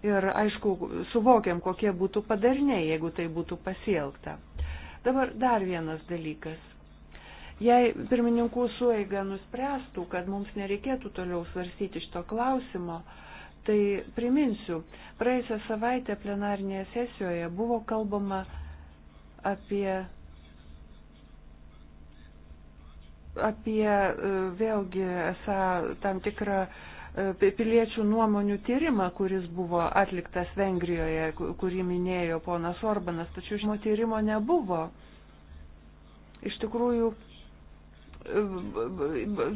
ir, aišku, suvokiam, kokie būtų padarniai, jeigu tai būtų pasielgta. Dabar dar vienas dalykas. Jei pirmininkų sueiga nuspręstų, kad mums nereikėtų toliau svarstyti šito klausimo, tai priminsiu, praėjusią savaitę plenarnėje sesijoje buvo kalbama apie, apie e, vėlgi esą tam tikrą uh, piliečių nuomonių tyrimą, kuris buvo atliktas Vengrijoje, kurį minėjo ponas Orbanas, tačiau šio tyrimo nebuvo. Iš tikrųjų,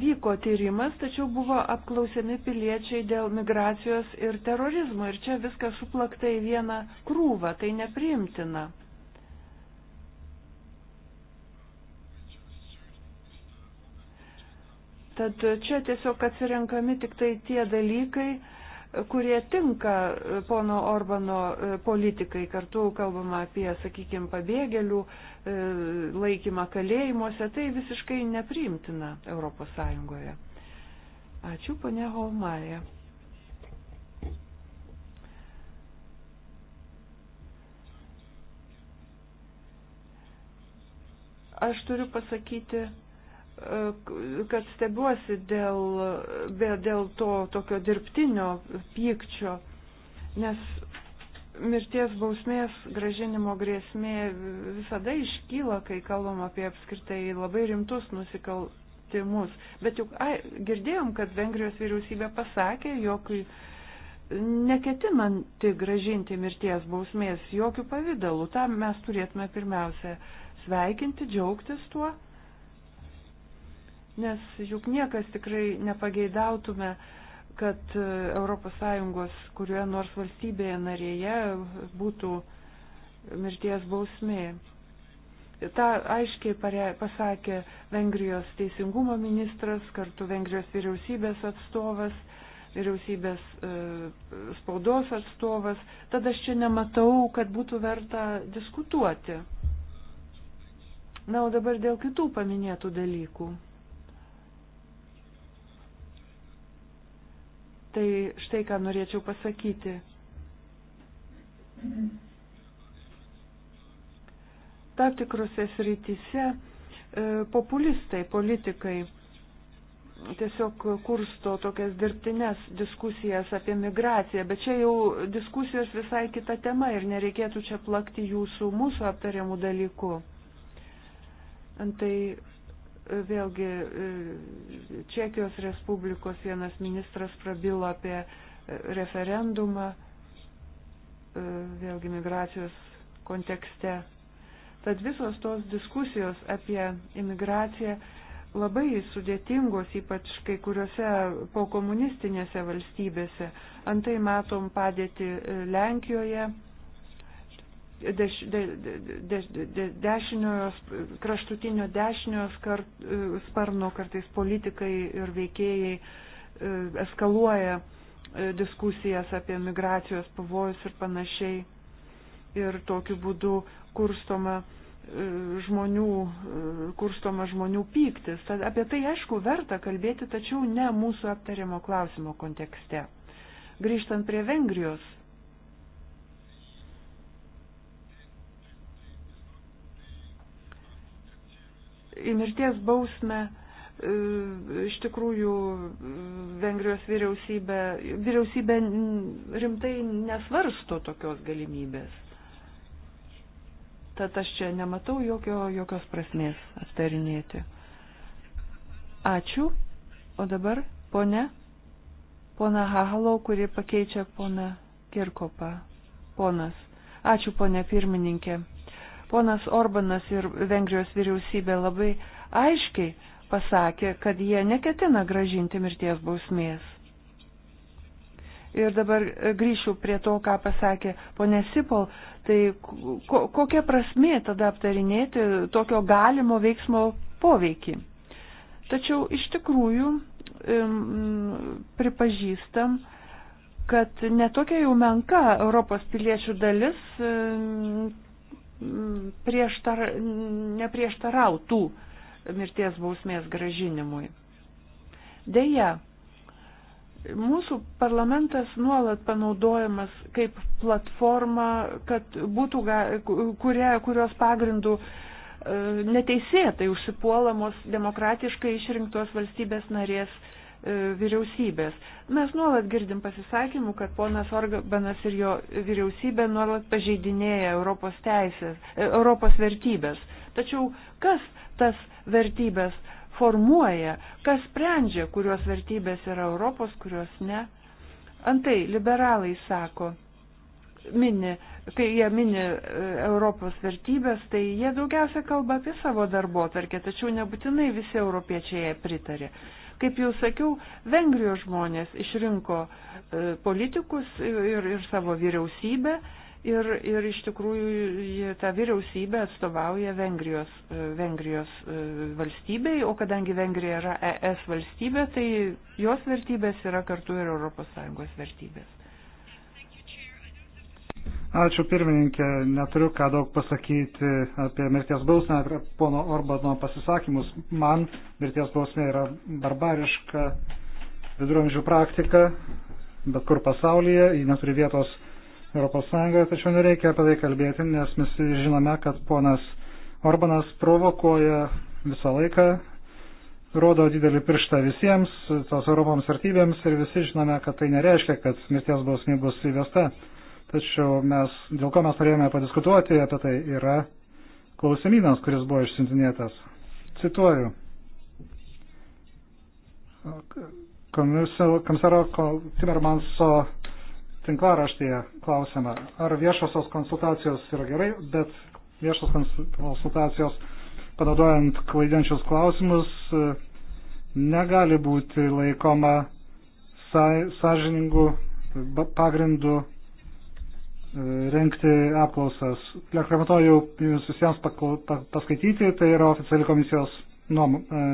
vyko tyrimas, tačiau buvo apklausiami piliečiai dėl migracijos ir terorizmo ir čia viskas suplakta į vieną krūvą, tai nepriimtina. Tad čia tiesiog atsirenkami tik tai tie dalykai, kurie tinka pono Orbano e, politikai. Kartu kalbama apie, sakykime, pabėgėlių e, laikymą kalėjimuose. Tai visiškai nepriimtina Europos Sąjungoje. Ačiū, ponia Holmaja. Aš turiu pasakyti kad stebiuosi dėl, dėl to tokio dirbtinio pykčio, nes mirties bausmės gražinimo grėsmė visada iškyla, kai kalbam apie apskritai labai rimtus nusikaltimus. Bet juk ai, girdėjom, kad Vengrijos vyriausybė pasakė, jog neketinanti gražinti mirties bausmės jokių pavydalų. Tam mes turėtume pirmiausia sveikinti, džiaugtis tuo Nes juk niekas tikrai nepageidautume, kad ES kurioje nors valstybėje narėje būtų mirties bausmė. Ta aiškiai pasakė Vengrijos teisingumo ministras, kartu Vengrijos vyriausybės atstovas, vyriausybės e, spaudos atstovas. Tad aš čia nematau, kad būtų verta diskutuoti. Na, o dabar dėl kitų paminėtų dalykų. Tai štai ką norėčiau pasakyti. Tam tikrose srityse e, populistai, politikai tiesiog kursto tokias dirbtines diskusijas apie migraciją, bet čia jau diskusijos visai kita tema ir nereikėtų čia plakti jūsų mūsų aptariamų dalykų. Antai vėlgi e, Čekijos Respublikos vienas ministras prabilo apie e, referendumą, e, vėlgi migracijos kontekste. Tad visos tos diskusijos apie imigraciją labai sudėtingos, ypač kai kuriuose pokomunistinėse valstybėse. Antai matom padėti Lenkijoje, deš, de, de, de, dešiniojo, kraštutinio dešiniojo skart, e, sparno kartais politikai ir veikėjai e, eskaluoja e, diskusijas apie migracijos pavojus ir panašiai. Ir tokiu būdu kurstoma žmonių, kurstoma žmonių pyktis. Tad apie tai aišku verta kalbėti, tačiau ne mūsų aptariamo klausimo kontekste. Grįžtant prie Vengrijos į mirties bausmę e, iš tikrųjų Vengrijos vyriausybė, vyriausybė rimtai nesvarsto tokios galimybės. Tad aš čia nematau jokio, jokios prasmės aptarinėti. Ačiū. O dabar ponė, pona Hahalau, kuri pakeičia poną Kirkopą. Ponas. Ačiū, ponė pirmininkė. Ponas Orbanas ir Vengrijos vyriausybė labai aiškiai pasakė, kad jie neketina gražinti mirties bausmės. Ir dabar grįšiu prie to, ką pasakė ponė Sipol, tai ko, kokia prasmė tada aptarinėti tokio galimo veiksmo poveikį. Tačiau iš tikrųjų pripažįstam, kad netokia jau menka Europos piliečių dalis prieštar, neprieštarautų mirties bausmės gražinimui. Deja, mūsų parlamentas nuolat panaudojamas kaip platforma, kad būtų, kurie, kurios pagrindų e, neteisėtai užsipuolamos demokratiškai išrinktos valstybės narės E, vyriausybės. Mes nuolat girdim pasisakymų, kad ponas Orbanas ir jo vyriausybė nuolat pažeidinėja Europos teisės, e, Europos vertybės. Tačiau kas tas vertybės formuoja, kas sprendžia, kurios vertybės yra Europos, kurios ne? Antai liberalai sako, mini, kai jie mini e, Europos vertybės, tai jie daugiausia kalba apie savo darbo tarkę, tačiau nebūtinai visi europiečiai jie pritarė. Kaip jau sakiau, Vengrijos žmonės išrinko e, politikus ir, ir savo vyriausybę ir, ir iš tikrųjų ta vyriausybė atstovauja Vengrijos, e, Vengrijos e, valstybei, o kadangi Vengrija yra ES valstybė, tai jos vertybės yra kartu ir ES vertybės. Ačiū pirmininkė, neturiu ką daug pasakyti apie mirties bausmę, apie pono Orbano pasisakymus. Man mirties bausmė yra barbariška viduramžių praktika, bet kur pasaulyje, ji neturi vietos ES, tačiau nereikia apie tai kalbėti, nes mes žinome, kad ponas Orbanas provokuoja visą laiką, rodo didelį pirštą visiems, tos Europoms vertybėms ir visi žinome, kad tai nereiškia, kad mirties bausmė bus įvesta Tačiau mes, dėl ko mes norėjome padiskutuoti apie tai, yra klausimynas, kuris buvo išsintinėtas. Cituoju. Komisaro Timermanso tinklaraštyje klausimą, ar viešosios konsultacijos yra gerai, bet viešos konsultacijos panaudojant klaidinčius klausimus negali būti laikoma sąžiningų pagrindų E, renkti apklausas. Rekomenduoju jums visiems paskaityti, tai yra oficiali komisijos e,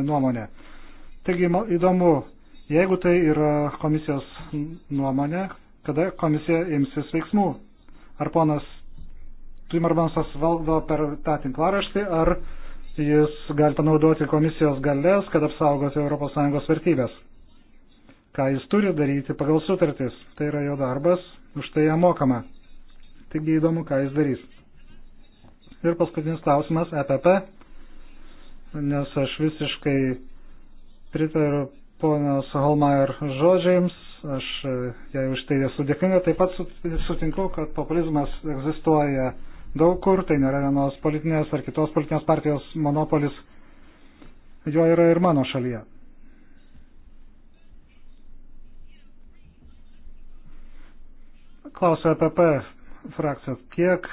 nuomonė. Taigi įdomu, jeigu tai yra komisijos nuomonė, kada komisija imsis veiksmų. Ar ponas Timermansas valdo per tą tinklaraštį, ar jis gali panaudoti komisijos galės, kad apsaugoti ES vertybės. Ką jis turi daryti pagal sutartis, tai yra jo darbas, už tai jam mokama. Taigi įdomu, ką jis darys. Ir paskutinis klausimas EPP, nes aš visiškai pritariu ponios Holmeier žodžiams, aš jai už tai esu dėkinga, taip pat sutinku, kad populizmas egzistuoja daug kur, tai nėra vienos politinės ar kitos politinės partijos monopolis, jo yra ir mano šalyje. Klausiu EPP frakcijos, kiek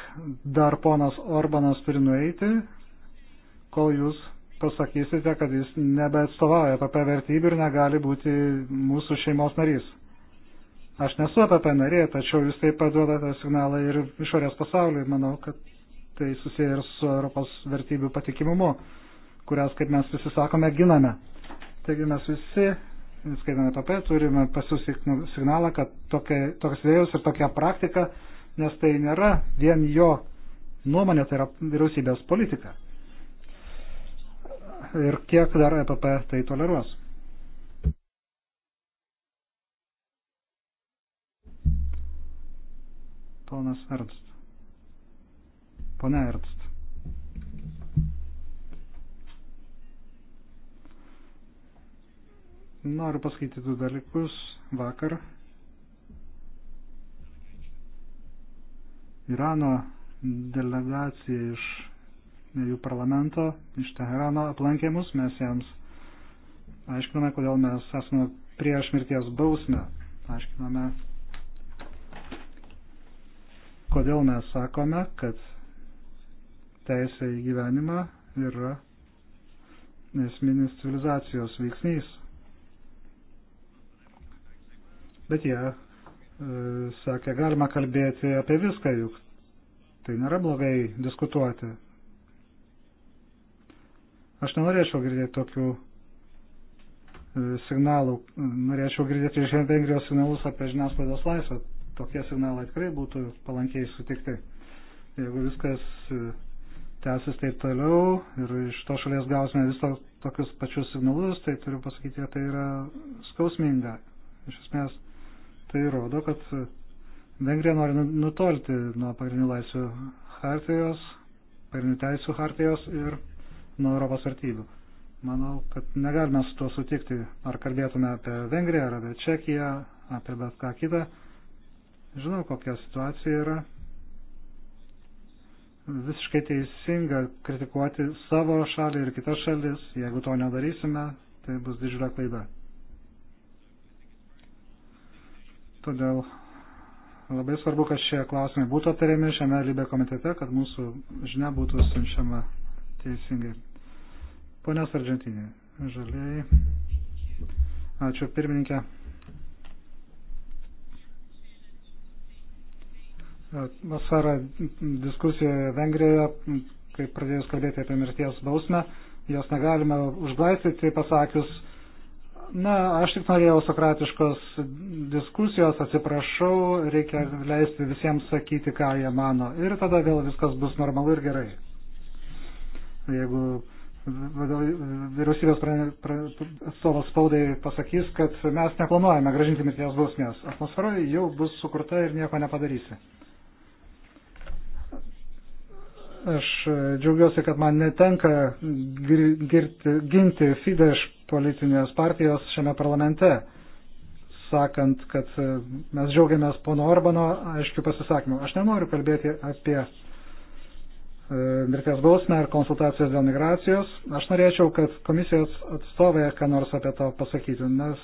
dar ponas Orbanas turi nueiti, kol jūs pasakysite, kad jis nebeatstovauja PP vertybių ir negali būti mūsų šeimos narys. Aš nesu PP narė, tačiau jūs taip pat duodate signalą ir išorės pasauliui. Manau, kad tai susiję ir su Europos vertybių patikimumu, kurias, kaip mes visi sakome, giname. Taigi mes visi, skaitame PP, turime pasiūsti signalą, kad tokia, toks vėjus ir tokia praktika nes tai nėra vien jo nuomonė, tai yra vyriausybės politika. Ir kiek dar EPP tai toleruos? Ponas Ernst. Pone Ernst. Noriu pasakyti du dalykus vakar Irano delegacija iš jų parlamento, iš Teherano aplankė mus, mes jiems aiškiname, kodėl mes esame prieš mirties bausmę, aiškiname, kodėl mes sakome, kad teisė į gyvenimą yra esminis civilizacijos veiksnys. Bet jie sakė, galima kalbėti apie viską juk. Tai nėra blogai diskutuoti. Aš nenorėčiau girdėti tokių e, signalų, norėčiau girdėti iš Vengrijos signalus apie žiniasklaidos laisvę. Tokie signalai tikrai būtų palankiai sutikti. Jeigu viskas e, tęsis taip toliau ir iš to šalies gausime vis to, tokius pačius signalus, tai turiu pasakyti, kad tai yra skausminga. Iš esmės, Tai rodo, kad Vengrija nori nu- nutolti nuo pagrindinių laisvių hartijos, pagrindinių teisų hartijos ir nuo Europos vertybių. Manau, kad negalime su tuo sutikti, ar kalbėtume apie Vengriją, ar apie Čekiją, apie bet ką kitą. Žinau, kokia situacija yra. Visiškai teisinga kritikuoti savo šalį ir kitas šalis. Jeigu to nedarysime, tai bus didžiulė klaida. Todėl labai svarbu, kad šie klausimai būtų aptariami šiame Libė komitete, kad mūsų žinia būtų siunčiama teisingai. Pone Sargentinė, žaliai. Ačiū pirmininkė. Vasarą diskusijoje Vengrijoje, kai pradėjus kalbėti apie mirties bausmę, jos negalime užglaistyti pasakius, Na, aš tik norėjau sokratiškos diskusijos, atsiprašau, reikia leisti visiems sakyti, ką jie mano. Ir tada vėl viskas bus normalu ir gerai. Jeigu vyriausybės atstovas spaudai pasakys, kad mes neplanuojame gražinti mirties bausmės, atmosfera jau bus sukurta ir nieko nepadarysi. Aš džiaugiuosi, kad man netenka girti, ginti Fidesz politinės partijos šiame parlamente, sakant, kad e, mes džiaugiamės pono Orbano aiškių pasisakymų. Aš nenoriu kalbėti apie e, mirties bausmę ar konsultacijas dėl migracijos. Aš norėčiau, kad komisijos atstovai ką nors apie to pasakytų, nes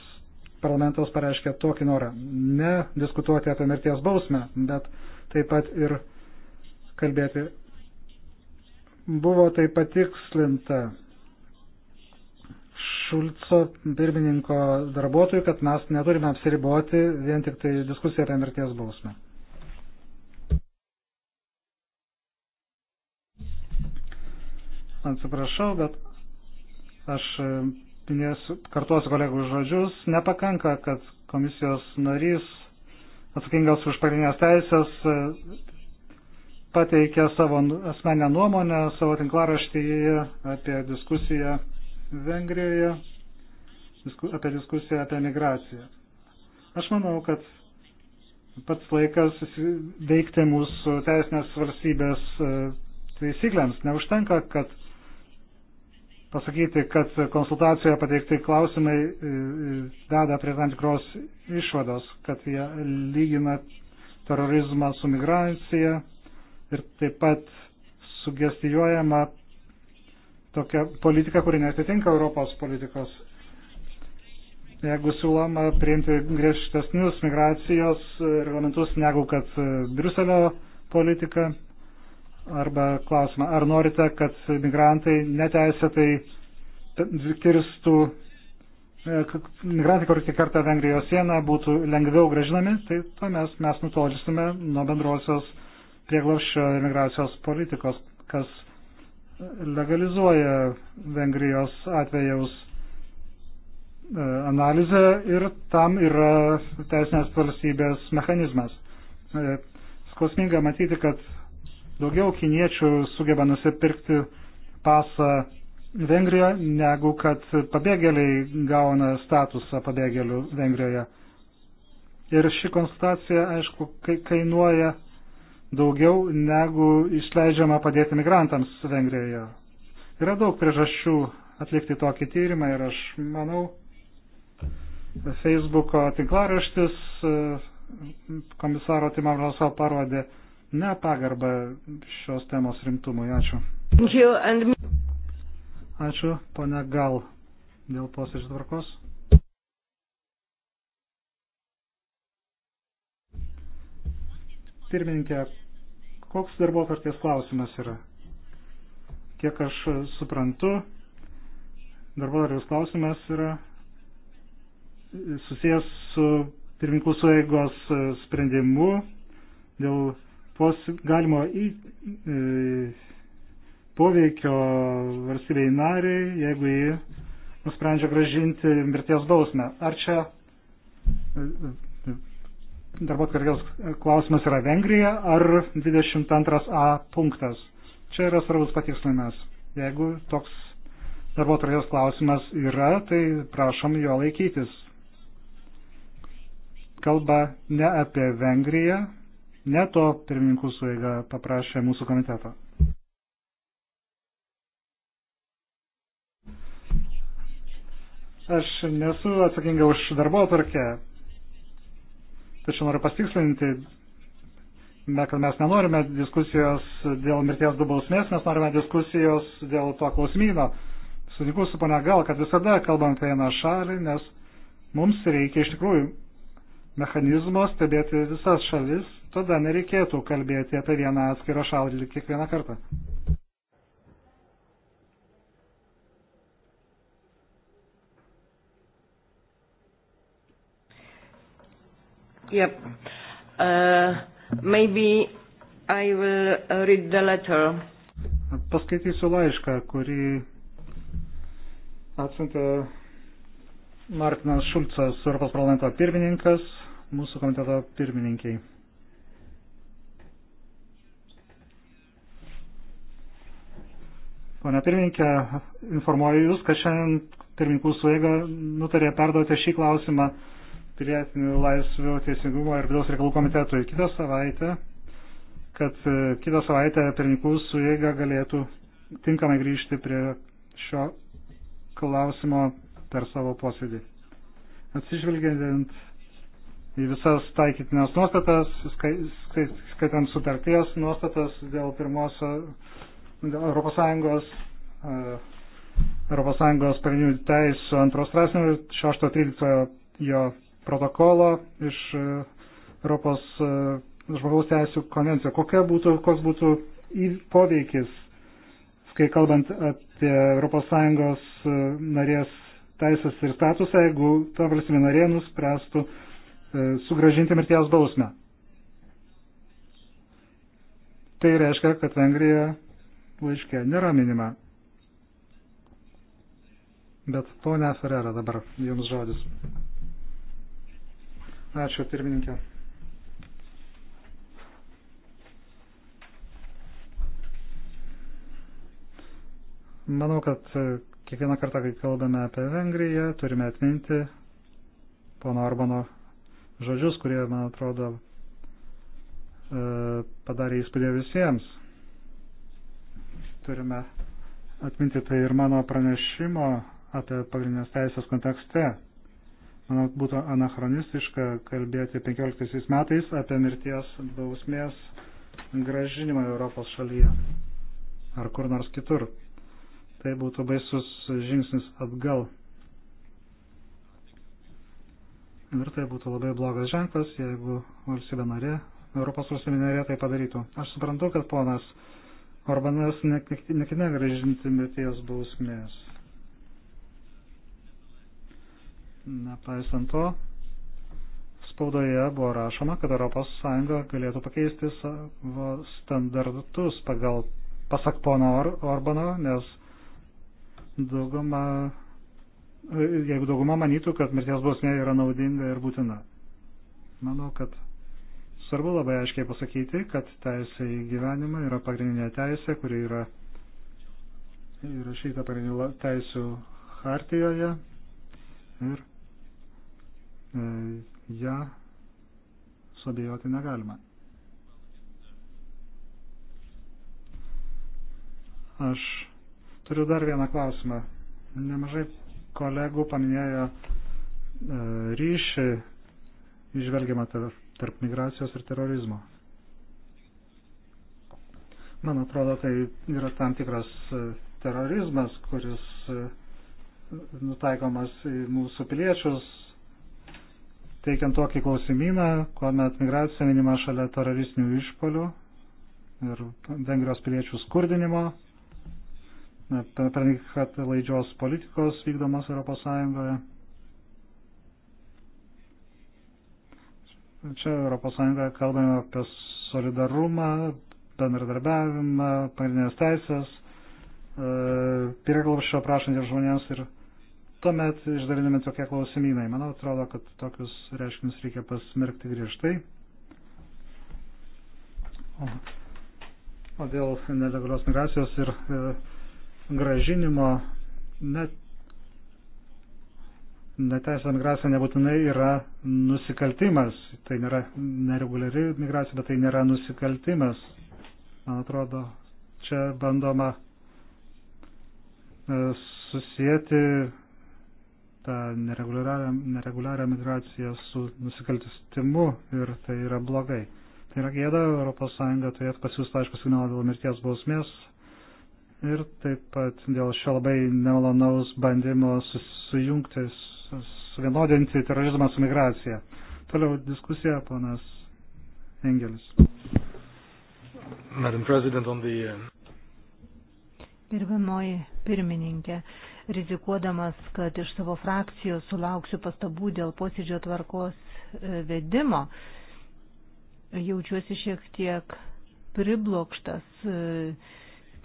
parlamentas pareiškė tokį norą ne diskutuoti apie mirties bausmę, bet taip pat ir kalbėti. Buvo tai patikslinta Šulco pirmininko darbuotojų, kad mes neturime apsiriboti vien tik tai diskusiją apie mirties bausmę. Atsiprašau, bet aš e, minėsiu, kartuosiu kolegų žodžius. Nepakanka, kad komisijos narys atsakingas už pagrindinės teisės e, pateikė savo asmenę nuomonę savo tinklaraštyje apie diskusiją Vengrijoje apie diskusiją apie migraciją. Aš manau, kad pats laikas veikti mūsų teisinės valstybės e, taisyklėms. Neužtenka, kad pasakyti, kad konsultacijoje pateikti klausimai e, e, veda prie tam tikros išvados, kad jie lygina terorizmą su migracija ir taip pat sugestijuojama tokia politika, kuri netitinka Europos politikos. Jeigu siūloma priimti griežtesnius migracijos reglamentus negu kad Briuselio politika, arba klausimą, ar norite, kad migrantai neteisėtai kirstų, e, migrantai, kurie kerta Vengrijos sieną, būtų lengviau gražinami, tai tuomet mes nutolsime nuo bendrosios prieglaušio imigracijos politikos, kas legalizuoja Vengrijos atvejaus e, analizę ir tam yra teisinės valstybės mechanizmas. E, skausminga matyti, kad daugiau kiniečių sugeba nusipirkti pasą Vengrijoje, negu kad pabėgėliai gauna statusą pabėgėlių Vengrijoje. Ir ši konstatacija, aišku, kainuoja daugiau negu išleidžiama padėti migrantams Vengrijoje. Yra daug priežasčių atlikti tokį tyrimą ir aš manau, Facebooko tinklaraštis e, komisaro Timavroso parodė nepagarbą šios temos rimtumui. Ačiū. Ačiū, ponia Gal, dėl posėdžio tvarkos. Pirmininkė, koks darbo karties klausimas yra? Kiek aš suprantu, darbo karties klausimas yra susijęs su pirmininkų sueigos sprendimu dėl pos, galimo į, e, poveikio valstybei nariai, jeigu jį nusprendžia gražinti mirties bausmę. Ar čia darbo atkarkės klausimas yra Vengrija ar 22a punktas. Čia yra svarbus patikslinimas. Jeigu toks darbo atkarkės klausimas yra, tai prašom jo laikytis. Kalba ne apie Vengriją, ne to pirmininkų suėga paprašė mūsų komiteto. Aš nesu atsakinga už darbo atvarkę, Tačiau noriu pastikslinti, kad mes nenorime diskusijos dėl mirties du bausmės, mes norime diskusijos dėl to klausimyno. Sutinku su pana Gal, kad visada kalbant apie vieną šalį, nes mums reikia iš tikrųjų mechanizmo stebėti visas šalis, tada nereikėtų kalbėti apie vieną atskirą šalį kiekvieną kartą. Yep. Uh, maybe I will read the letter. Paskaitysiu laišką, kurį atsintė Martinas Šulcas, Europos parlamento pirmininkas, mūsų komiteto pirmininkiai. Pone pirmininkė, informuoju Jūs, kad šiandien pirmininkų suėga nutarė perduoti šį klausimą pilietinių laisvių teisingumo ir vidaus reikalų komitetui kitą savaitę, kad e, kitą savaitę pirmininkų suėga galėtų tinkamai grįžti prie šio klausimo per savo posėdį. Atsižvelgiant į visas taikytinės nuostatas, skaitant sutarties nuostatas dėl pirmos Europos Sąjungos e, Europos Sąjungos pagrindinių teisų antros straipsnių 6.13 jo protokolo, iš e, Europos e, žmogaus teisų konvencijos. Kokia būtų, koks būtų poveikis, kai kalbant apie ES e, narės teisės ir statusą, jeigu ta valstybė narė nuspręstų sugražinti mirties bausmę. Tai reiškia, kad Vengrija laiškė nėra minima. Bet ponia Ferrera dabar jums žodis. Ačiū pirmininkė. Manau, kad kiekvieną kartą, kai kalbame apie Vengriją, turime atminti pono Orbano žodžius, kurie, man atrodo, e, padarė įspūdį visiems. Turime atminti tai ir mano pranešimo apie pagrindinės teisės kontekste. Manau, būtų anachronistiška kalbėti 15 metais apie mirties bausmės gražinimą Europos šalyje ar kur nors kitur. Tai būtų baisus žingsnis atgal. Ir tai būtų labai blogas ženklas, jeigu valstybė narė, Europos valstybė narė tai padarytų. Aš suprantu, kad ponas Orbanas neketina gražinti mirties bausmės. Nepaisant to, spaudoje buvo rašoma, kad ES galėtų pakeisti savo standartus pagal pasak pono Or Orbano, nes dauguma, jeigu dauguma manytų, kad mirties bausmė yra naudinga ir būtina. Manau, kad svarbu labai aiškiai pasakyti, kad teisė į gyvenimą yra pagrindinė teisė, kuri yra įrašyta pagrindinių teisų hartijoje. Ir E, ją suabejoti negalima. Aš turiu dar vieną klausimą. Nemažai kolegų paminėjo e, ryšį išvelgiamą tarp migracijos ir terorizmo. Man atrodo, tai yra tam tikras e, terorizmas, kuris nutaikomas į mūsų piliečius, teikiant tokį klausimyną, kuomet migracija minima šalia teroristinių išpolių ir Vengrijos piliečių skurdinimo, pernikat laidžios politikos vykdomas Europos Sąjungoje. Čia Europos Sąjungoje kalbame apie solidarumą, bendradarbiavimą, pagrindinės teisės, e, pirklapšio prašantiems žmonėms ir tuomet išdalinami tokie klausimynai. Man atrodo, kad tokius reiškinius reikia pasmerkti griežtai. O, o dėl nelegalios migracijos ir e, gražinimo net, neteisė migracija nebūtinai yra nusikaltimas. Tai nėra nereguliari migracija, bet tai nėra nusikaltimas. Man atrodo, čia bandoma e, susijęti tą nereguliarią migraciją su nusikaltistimu ir tai yra blogai. Tai yra gėda, ES turėtų pasiūsti aišku signalą dėl mirties bausmės ir taip pat dėl šio labai nemalonaus bandymo susijungti, suvienodinti terorizmą su migracija. Toliau diskusija, ponas Engelis. Madam President, on the... Uh, Gerbiamoji pirmininkė, rizikuodamas, kad iš savo frakcijos sulauksiu pastabų dėl posėdžio tvarkos e, vedimo, jaučiuosi šiek tiek priblokštas, e,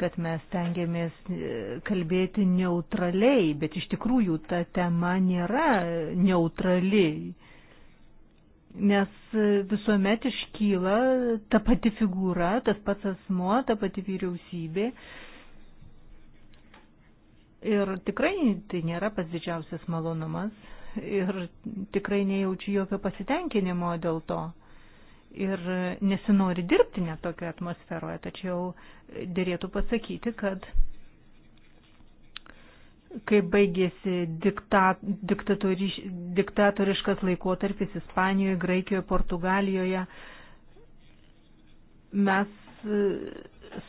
kad mes tengiamės e, kalbėti neutraliai, bet iš tikrųjų ta tema nėra neutrali. Nes visuomet iškyla ta pati figūra, tas pats asmo, ta pati vyriausybė Ir tikrai tai nėra pats didžiausias malonumas ir tikrai nejaučiu jokio pasitenkinimo dėl to. Ir nesinori dirbti net tokioje atmosferoje, tačiau dėrėtų pasakyti, kad kai baigėsi dikta, diktatoriškas laikotarpis Ispanijoje, Graikijoje, Portugalijoje, mes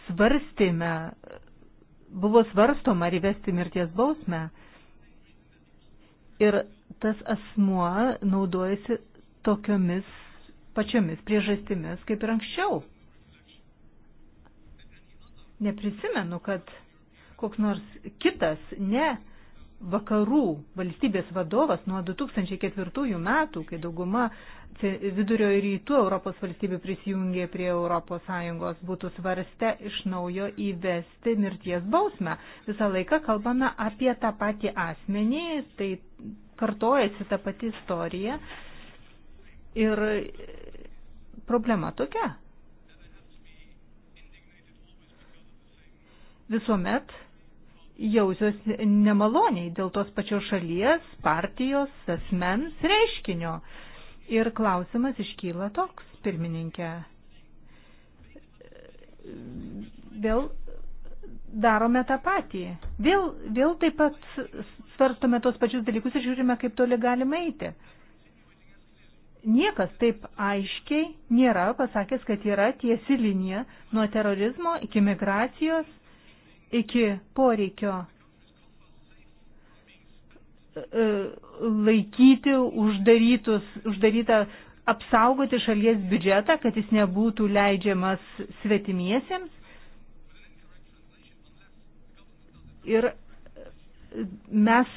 svarstėme buvo svarstoma ar įvesti mirties bausmę. Ir tas asmuo naudojasi tokiomis pačiomis priežastimis kaip ir anksčiau. Neprisimenu, kad koks nors kitas ne vakarų valstybės vadovas nuo 2004 metų, kai dauguma vidurio ir rytų Europos valstybių prisijungė prie ES, būtų svarstę iš naujo įvesti mirties bausmę. Visą laiką kalbame apie tą patį asmenį, tai kartojasi ta pati istorija. Ir problema tokia. Visuomet jausios nemaloniai dėl tos pačios šalies, partijos, asmens reiškinio. Uh, Ir klausimas iškyla toks, pirmininkė. Vėl darome tą patį. Vėl, vėl taip pat svarstome tos pačius dalykus ir žiūrime, kaip toli galime eiti. Niekas taip aiškiai nėra pasakęs, kad yra tiesi linija nuo terorizmo iki migracijos, iki poreikio E, laikyti uždarytą, apsaugoti šalies biudžetą, kad jis nebūtų leidžiamas svetimiesiems. Ir mes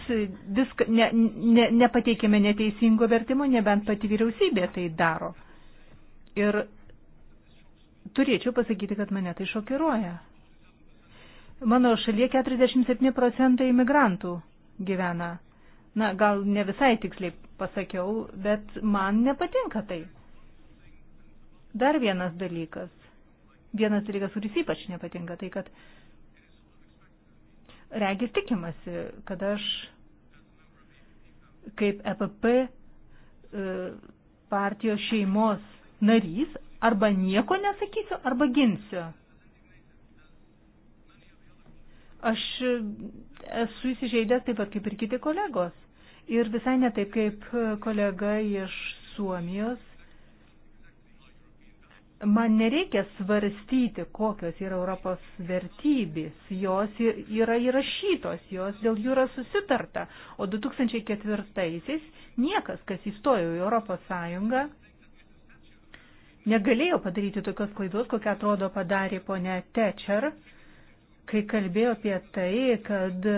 viską ne, ne, nepateikėme neteisingo vertimo, nebent pati vyriausybė tai daro. Ir turėčiau pasakyti, kad mane tai šokiruoja. Mano šalyje 47 procentai imigrantų gyvena. Na, gal ne visai tiksliai pasakiau, bet man nepatinka tai. Dar vienas dalykas. Vienas dalykas, kuris ypač nepatinka, tai kad regis tikimasi, kad aš kaip EPP e, partijos šeimos narys arba nieko nesakysiu, arba ginsiu. Aš esu įsižeidęs taip pat kaip ir kiti kolegos. Ir visai netaip kaip e, kolega iš Suomijos, man nereikia svarstyti, kokios yra Europos vertybės. Jos yra įrašytos, jos dėl jų yra susitarta. O 2004-aisiais niekas, kas įstojo į Europos Sąjungą, negalėjo padaryti tokios klaidos, kokią atrodo padarė ponia Tečer, kai kalbėjo apie tai, kad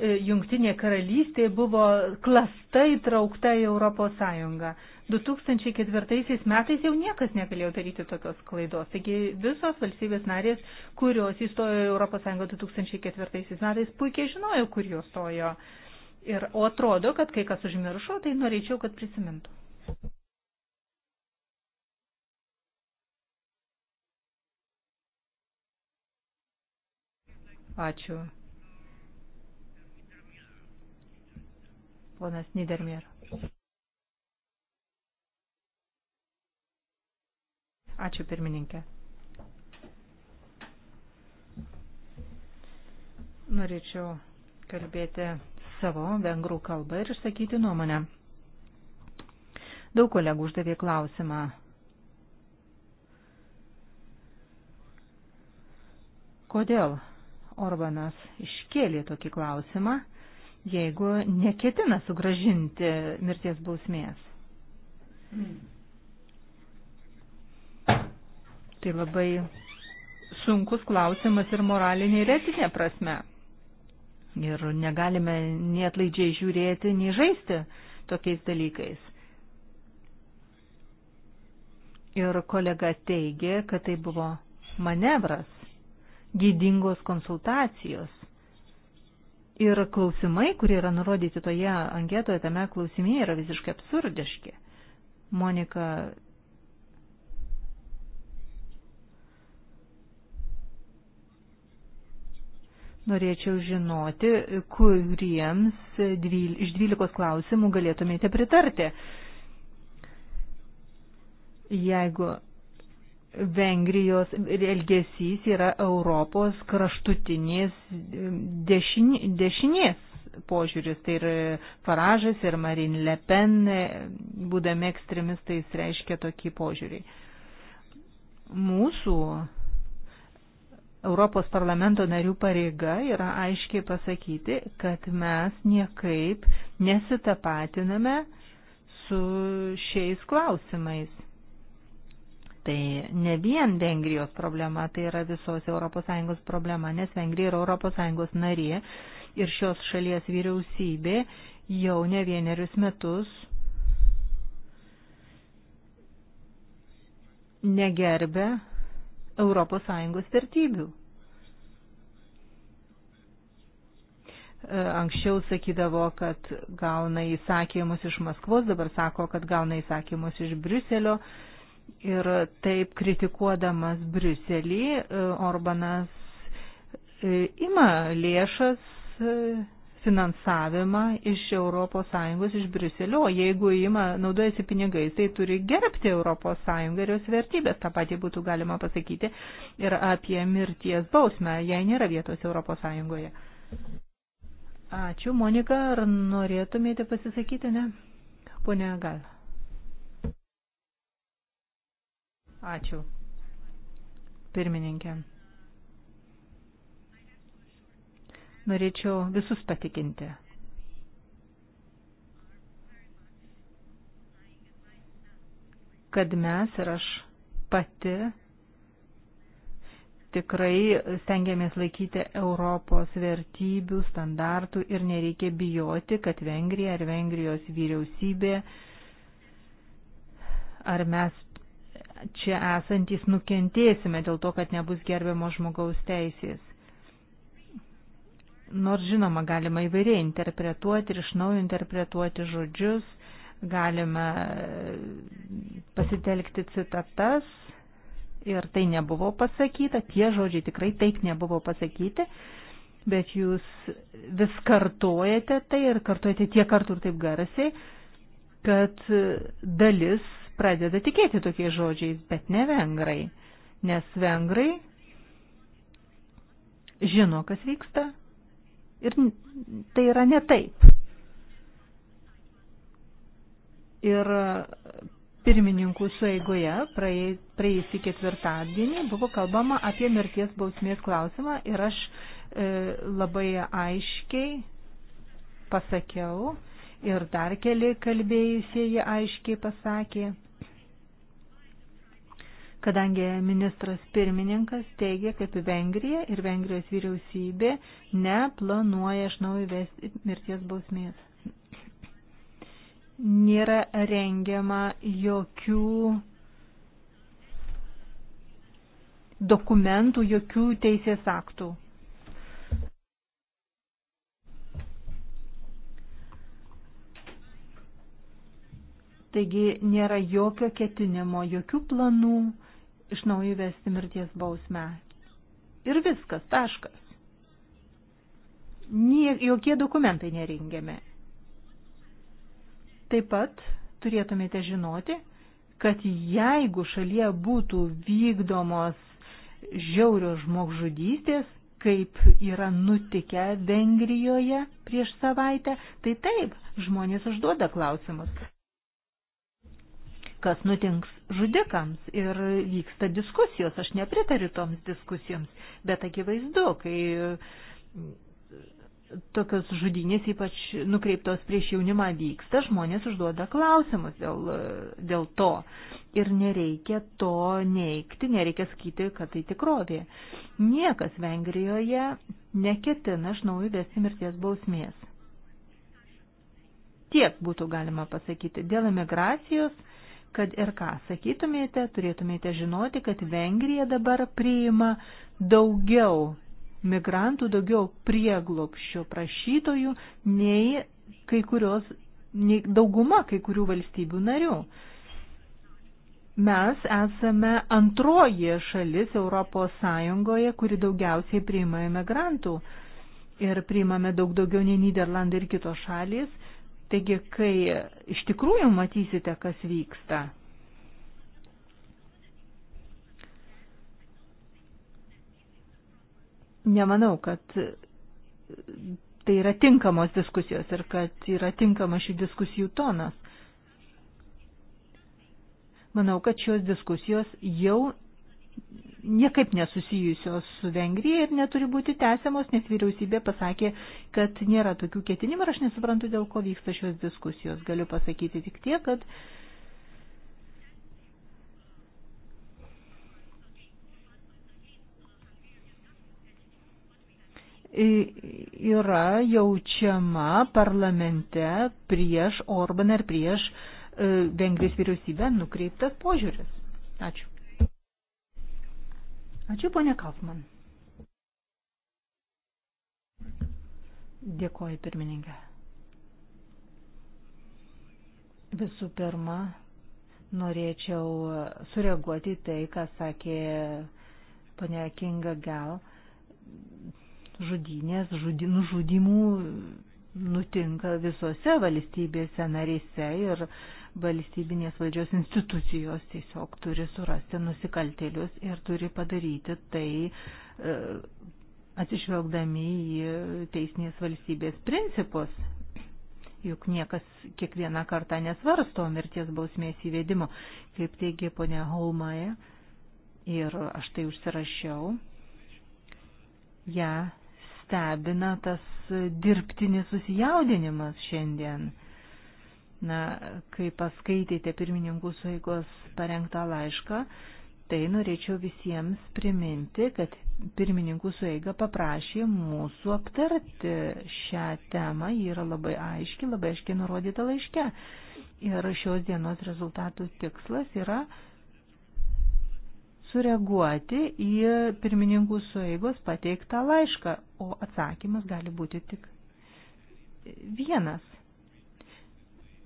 E, Jungtinė karalystė buvo klasta įtraukta į Europos Sąjungą. 2004 metais jau niekas negalėjo daryti tokios klaidos. Taigi visos valstybės narės, kurios įstojo į Europos Sąjungą 2004 metais, puikiai žinojo, kur jos stojo. Ir, o atrodo, kad kai kas užmiršo, tai norėčiau, kad prisimintų. Ačiū. ponas Nidermier. Ačiū pirmininkė. Norėčiau kalbėti savo vengrų kalbą ir išsakyti nuomonę. Daug kolegų uždavė klausimą. Kodėl Orbanas iškėlė tokį klausimą jeigu neketina sugražinti mirties bausmės. Tai labai sunkus klausimas ir moralinė ir etinė prasme. Ir negalime nei atlaidžiai žiūrėti, nei žaisti tokiais dalykais. Ir kolega teigė, kad tai buvo manevras, gydingos konsultacijos. Ir klausimai, kurie yra nurodyti toje anketoje, tame klausimėje yra visiškai absurdiški. Monika. Norėčiau žinoti, kuriems dvyl, iš dvylikos klausimų galėtumėte pritarti. Jeigu Vengrijos elgesys yra Europos kraštutinės dešini, dešinės požiūris. Tai ir Faražas, ir Marine Le Pen, būdami ekstremistais, reiškia tokį požiūrį. Mūsų Europos parlamento narių pareiga yra aiškiai pasakyti, kad mes niekaip nesitapatiname su šiais klausimais tai ne vien Vengrijos problema, tai yra visos ES problema, nes Vengrija yra ES narė ir šios šalies vyriausybė jau ne vienerius metus negerbė ES vertybių. E, anksčiau sakydavo, kad gauna įsakymus iš Maskvos, dabar sako, kad gauna įsakymus iš Briuselio. Ir taip kritikuodamas Briuselį, e, Orbanas e, ima lėšas e, finansavimą iš ES, iš Briuselio, o jeigu ima, naudojasi pinigais, tai turi gerbti ES ir jos vertybės. Ta pati būtų galima pasakyti ir apie mirties bausmę, jei nėra vietos ES. Ačiū, Monika, ar norėtumėte pasisakyti, ne? Pone Gal. Ačiū. Pirmininkė. Norėčiau visus patikinti. Kad mes ir aš pati tikrai stengiamės laikyti Europos vertybių, standartų ir nereikia bijoti, kad Vengrija ar Vengrijos vyriausybė ar mes čia esantis nukentėsime dėl to, kad nebus gerbiamo žmogaus teisės. Nors žinoma, galima įvairiai interpretuoti ir iš naujo interpretuoti žodžius, galima e, pasitelkti citatas ir tai nebuvo pasakyta, tie žodžiai tikrai taip nebuvo pasakyti, bet jūs vis kartojate tai ir kartojate tiek kartų ir taip garsiai, kad dalis pradeda tikėti tokiais žodžiais, bet ne vengrai, nes vengrai žino, kas vyksta ir tai yra ne taip. Ir pirmininkų sueigoje praėjusį ketvirtadienį buvo kalbama apie mirties bausmės klausimą ir aš e, labai aiškiai pasakiau, e, ir dar keli kalbėjusieji aiškiai pasakė, kadangi ministras pirmininkas teigia, kad Vengrija ir Vengrijos vyriausybė neplanuoja iš naujo vesti mirties bausmės. Nėra rengiama jokių dokumentų, jokių teisės aktų. Taigi nėra jokio ketinimo, jokių planų iš naujo įvesti mirties bausmę. Ir viskas, taškas. Nie, jokie dokumentai nerengiami. Taip pat turėtumėte žinoti, kad jeigu šalyje būtų vykdomos žiaurios žmogžudystės, kaip yra nutikę Vengrijoje prieš savaitę, tai taip, žmonės užduoda klausimus kas nutinks žudikams ir vyksta diskusijos. Aš nepritariu toms diskusijoms, bet akivaizdu, kai mm, tokios žudinės, ypač nukreiptos prieš jaunimą, vyksta, žmonės užduoda klausimus dėl, dėl to. Ir nereikia to neikti, nereikia sakyti, kad tai tikrovė. Niekas Vengrijoje neketina iš naujo vesti mirties bausmės. Tiek būtų galima pasakyti dėl emigracijos kad ir ką sakytumėte, turėtumėte žinoti, kad Vengrija dabar priima daugiau migrantų, daugiau prieglopščio prašytojų nei kai kurios, nei dauguma kai kurių valstybių narių. Mes esame antroji šalis Europos Sąjungoje, kuri daugiausiai priima migrantų ir priimame daug daugiau nei Niderlandai ir kitos šalys Taigi, kai iš tikrųjų matysite, kas vyksta, nemanau, kad tai yra tinkamos diskusijos ir kad yra tinkamas šių diskusijų tonas. Manau, kad šios diskusijos jau niekaip nesusijusios su Vengrija ir neturi būti tęsiamos, nes vyriausybė pasakė, kad nėra tokių ketinimų ir aš nesuprantu, dėl ko vyksta šios diskusijos. Galiu pasakyti tik tiek, kad yra jaučiama parlamente prieš Orbaną ir prieš e, Vengrijos vyriausybę nukreiptas požiūris. Ačiū. Ačiū, ponė Kaufman. Dėkoju, pirmininkė. Visų pirma, norėčiau sureaguoti tai, ką sakė ponė Kinga Gal. Žudynės, žudi, nužudimų nutinka visose valstybėse narėse ir uh, valstybinės valdžios institucijos tiesiog turi surasti nusikaltelius ir turi padaryti tai e, atsižvelgdami į teisinės valstybės principus. Juk niekas kiekvieną kartą nesvarsto mirties bausmės įvedimo, kaip teigia ponia Holmaja. Ir aš tai užsirašiau. Ja stebina tas dirbtinis susijaudinimas šiandien Na, kai paskaitėte pirmininkų sueigos parengtą laišką, tai norėčiau visiems priminti, kad pirmininkų sueiga paprašė mūsų aptarti šią temą, ji yra labai aiški, labai aiškiai nurodyta laiške. Ir šios dienos rezultatų tikslas yra sureaguoti į pirmininkų sueigos pateiktą laišką, o atsakymas gali būti tik vienas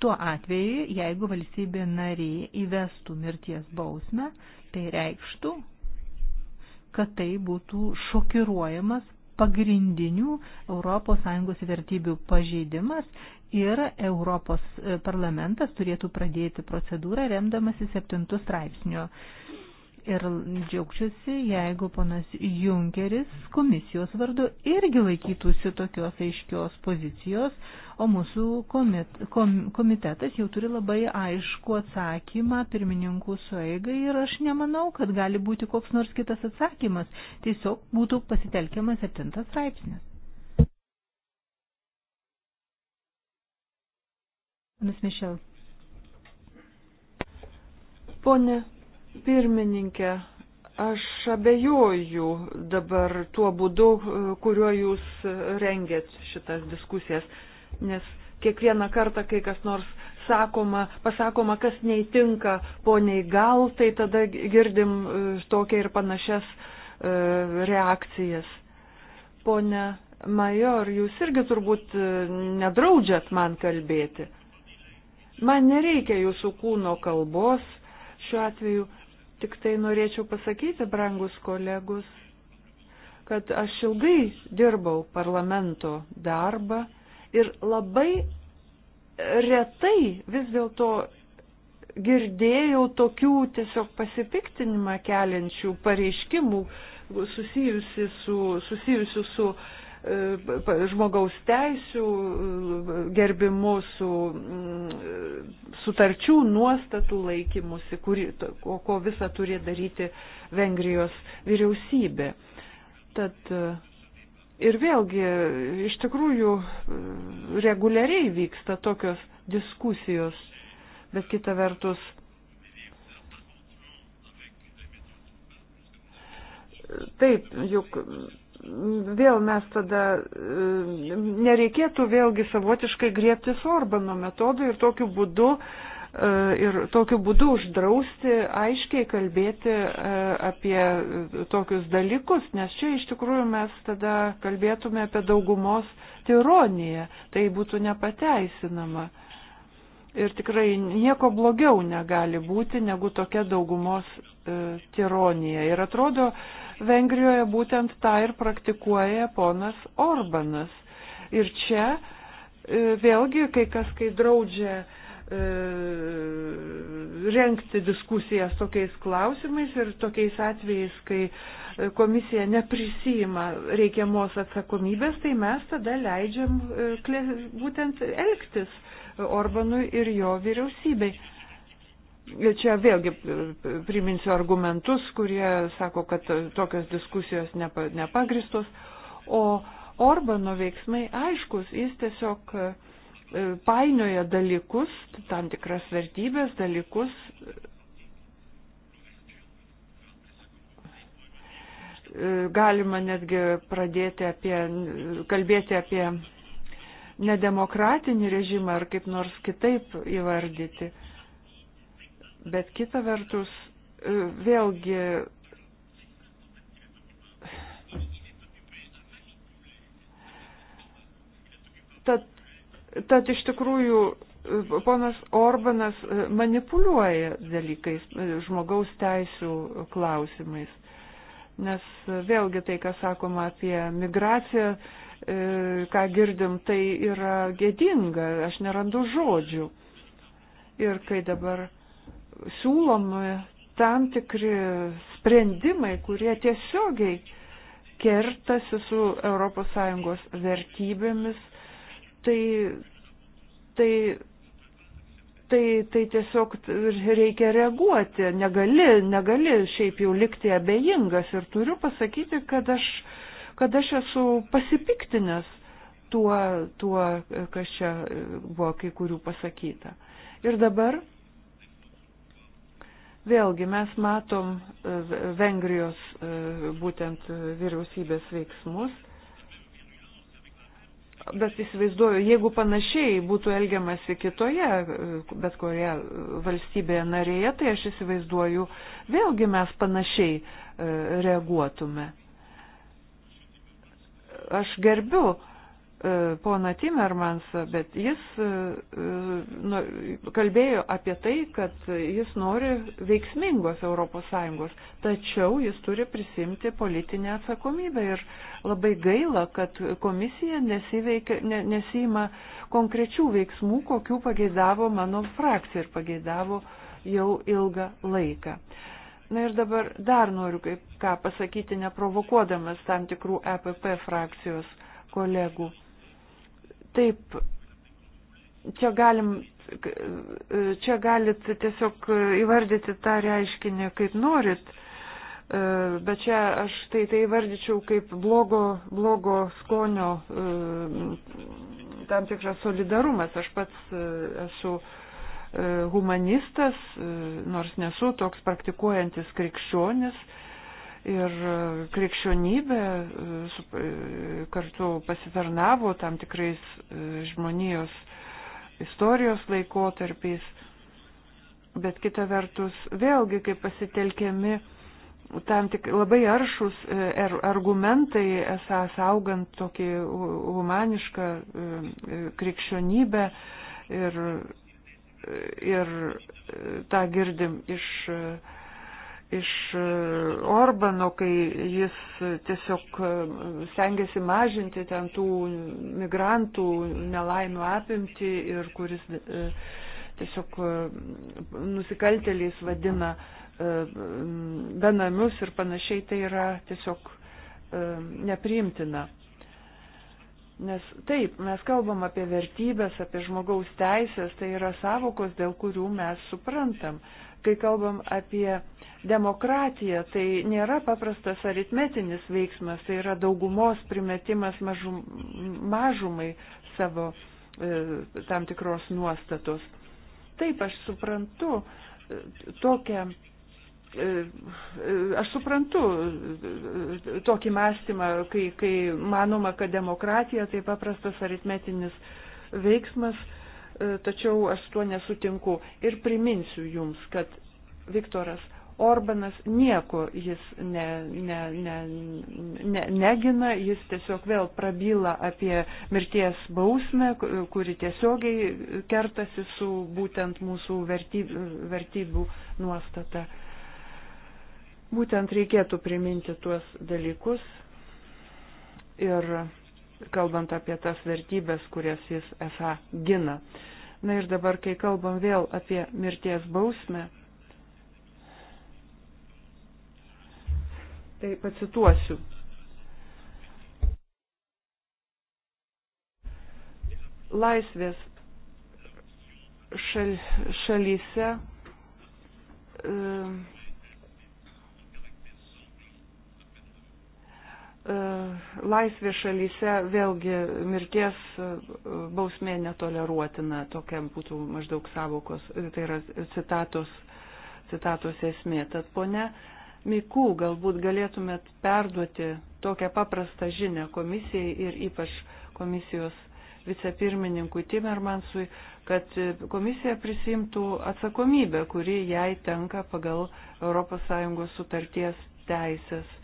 Tuo atveju, jeigu valstybė narė įvestų mirties bausmę, tai reikštų, kad tai būtų šokiruojamas pagrindinių ES vertybių pažeidimas ir Europos e, parlamentas turėtų pradėti procedūrą remdamasi septintų straipsnių ir džiaugčiausi, jeigu ponas Junkeris komisijos vardu irgi laikytųsi tokios aiškios pozicijos, o mūsų komit, kom, komitetas jau turi labai aišku atsakymą pirmininkų sueigai ir aš nemanau, kad gali būti koks nors kitas atsakymas, tiesiog būtų pasitelkiamas septintas straipsnis. Ponas Mišel. Pone Pirmininkė, aš abejoju dabar tuo būdu, kuriuo jūs rengėt šitas diskusijas, nes kiekvieną kartą, kai kas nors sakoma, pasakoma, kas neįtinka poniai gal, tai tada girdim e, tokią ir panašias e, reakcijas. Pone Major, jūs irgi turbūt e, nedraudžiat man kalbėti. Man nereikia jūsų kūno kalbos šiuo atveju Tik tai norėčiau pasakyti, brangus kolegus, kad aš ilgai dirbau parlamento darbą ir labai retai vis dėlto girdėjau tokių tiesiog pasipiktinimą keliančių pareiškimų susijusių su, susijusių su žmogaus teisų gerbimu, su sutarčių nuostatų laikymusi, kuri, ko, ko visą turi daryti Vengrijos vyriausybė. Tad ir vėlgi iš tikrųjų reguliariai vyksta tokios diskusijos, bet kita vertus Taip, juk vėl mes tada e, nereikėtų vėlgi savotiškai griebtis Orbano metodų ir tokiu būdu e, ir tokiu būdu uždrausti aiškiai kalbėti e, apie tokius dalykus, nes čia iš tikrųjų mes tada kalbėtume apie daugumos tyroniją, tai būtų nepateisinama ir tikrai nieko blogiau negali būti negu tokia daugumos e, tironija. Ir atrodo, Vengrijoje būtent tą ir praktikuoja ponas Orbanas. Ir čia e, vėlgi, kai kas, kai draudžia e, renkti diskusijas tokiais klausimais ir tokiais atvejais, kai e, komisija neprisijima reikiamos atsakomybės, tai mes tada leidžiam e, būtent elgtis Orbanui ir jo vyriausybei. Čia vėlgi priminsiu argumentus, kurie sako, kad tokios diskusijos nepagristos, o Orbano veiksmai aiškus, jis tiesiog e, painioja dalykus, tam tikras vertybės dalykus. E, galima netgi pradėti apie, kalbėti apie nedemokratinį režimą ar kaip nors kitaip įvardyti. Bet kita vertus, e, vėlgi tad, tad iš tikrųjų e, ponas Orbanas e, manipuliuoja dalykais, žmogaus teisų klausimais. Nes vėlgi tai, kas sakoma apie migraciją, E, ką girdim, tai yra gėdinga, aš nerandu žodžių. Ir kai dabar siūlomi tam tikri sprendimai, kurie tiesiogiai kertasi su ES vertybėmis, tai, tai, tai, tai tiesiog reikia reaguoti. Negali, negali šiaip jau likti abejingas ir turiu pasakyti, kad aš uh, kad aš esu pasipiktinęs tuo, tuo, kas čia e, buvo kai kurių pasakyta. Ir dabar vėlgi mes matom e, Vengrijos e, būtent vyriausybės veiksmus. Bet įsivaizduoju, jeigu panašiai būtų elgiamasi kitoje, bet kurioje valstybėje narėje, tai aš įsivaizduoju, vėlgi mes panašiai reaguotume. Aš gerbiu e, pona Timermansą, bet jis e, e, nu, kalbėjo apie tai, kad jis nori veiksmingos ES, tačiau jis turi prisimti politinę atsakomybę ir labai gaila, kad komisija nesiveikia, ne, nesima konkrečių veiksmų, kokių pageidavo mano frakcija ir pageidavo jau ilgą laiką. Uh, Na ir dabar dar noriu kaip ką pasakyti, neprovokuodamas tam tikrų EPP frakcijos kolegų. Taip, čia galim, čia galit tiesiog įvardyti tą reiškinį kaip norit, bet čia aš tai, tai įvardyčiau kaip blogo, blogo skonio tam tikras solidarumas. Aš pats esu E, humanistas, e, nors nesu toks praktikuojantis krikščionis. Ir e, krikščionybė kartu pasitarnavo tam tikrais žmonijos istorijos laikotarpiais. Bet kita vertus, vėlgi, kai pasitelkiami tam tik labai aršus argumentai, esas augant tokį humanišką krikščionybę ir ir e, tą girdim iš, e, iš e, Orbano, kai jis tiesiog stengiasi mažinti ten tų migrantų nelaimių apimti ir kuris tiesiog nusikaltėliais vadina benamius ir panašiai, tai yra tiesiog nepriimtina. Nes taip, mes kalbam apie vertybės, apie žmogaus teisės, tai yra savokos, dėl kurių mes suprantam. Kai kalbam apie demokratiją, tai nėra paprastas aritmetinis veiksmas, tai yra daugumos primetimas mažum, mažumai savo e, tam tikros nuostatos. Taip, aš suprantu e, tokią E, e, aš suprantu tokį mąstymą, kai, kai manoma, kad demokratija tai paprastas aritmetinis veiksmas, e, tačiau aš tuo nesutinku. Ir priminsiu jums, kad Viktoras Orbanas nieko jis ne, ne, ne, ne, negina, jis tiesiog vėl prabyla apie mirties bausmę, kuri tiesiogiai kertasi su būtent mūsų vertybių, vertybių nuostata. Būtent reikėtų priminti tuos dalykus ir kalbant apie tas vertybės, kurias jis esą gina. Na ir dabar, kai kalbam vėl apie mirties bausmę, tai pacituosiu. Laisvės šal, šalyse e, E, laisvė šalyse vėlgi mirties e, bausmė netoleruotina, tokia būtų maždaug savokos, e, tai yra citatos, citatos esmė. Tad pone Mikų, galbūt galėtumėt perduoti tokią paprastą žinę komisijai ir ypač komisijos vicepirmininkui Timermansui, kad komisija prisimtų atsakomybę, kuri jai tenka pagal ES sutarties teisės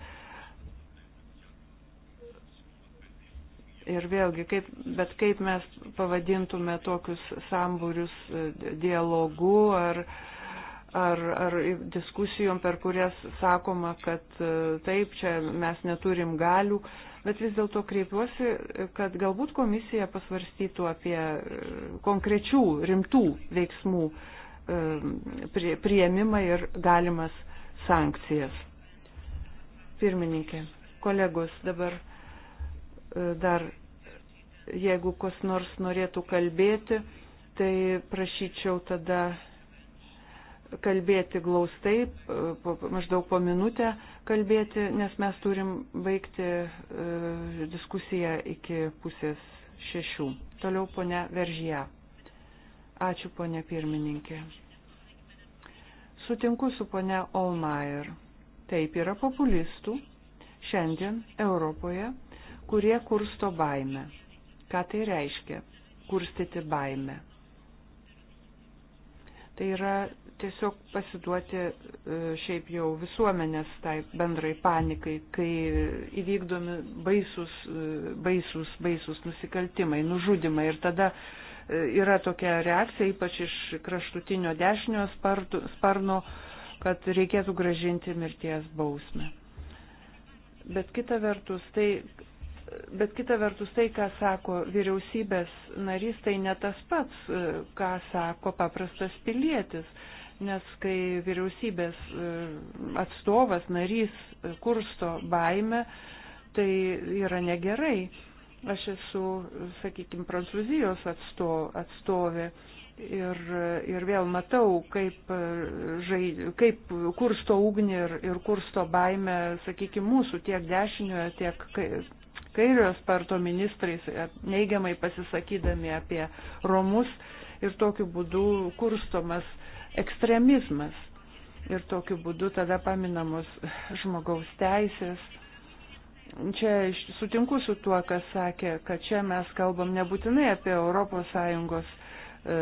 Ir vėlgi, kaip, bet kaip mes pavadintume tokius sambūrius e, dialogu ar, ar, ar diskusijom, per kurias sakoma, kad e, taip, čia mes neturim galių, bet vis dėlto kreipiuosi, kad galbūt komisija pasvarstytų apie e, konkrečių rimtų veiksmų prie, prieimimą ir galimas sankcijas. Pirmininkė, kolegos dabar dar, jeigu kas nors norėtų kalbėti, tai prašyčiau tada kalbėti glaustai, maždaug po minutę kalbėti, nes mes turim baigti e, diskusiją iki pusės šešių. Toliau ponia Veržyje. Ačiū ponia pirmininkė. Sutinku su ponia Olmaier. Taip yra populistų šiandien Europoje, kurie kursto baimę. Ką tai reiškia? Kurstyti baimę. Tai yra tiesiog pasiduoti e, šiaip jau visuomenės tai bendrai panikai, kai įvykdomi baisus, e, baisus, baisus nusikaltimai, nužudimai ir tada e, yra tokia reakcija, ypač iš kraštutinio dešinio sparno, kad reikėtų gražinti mirties bausmę. Bet kita vertus, tai bet kita vertus tai, ką sako vyriausybės narys, tai ne tas pats, e, ką sako paprastas pilietis. Nes kai vyriausybės e, atstovas, narys e, kursto baimę, tai yra negerai. Aš esu, sakykime, Prancūzijos atsto, atstovė ir, ir vėl matau, kaip, žai, kaip kursto ugnį ir, ir kursto baimę, sakykime, mūsų tiek dešiniojo, tiek kairios parto ministrais e, neigiamai pasisakydami apie Romus ir tokiu būdu kurstomas ekstremizmas. Ir tokiu būdu tada paminamos žmogaus teisės. Čia sutinku su tuo, kas sakė, kad čia mes kalbam nebūtinai apie ES e,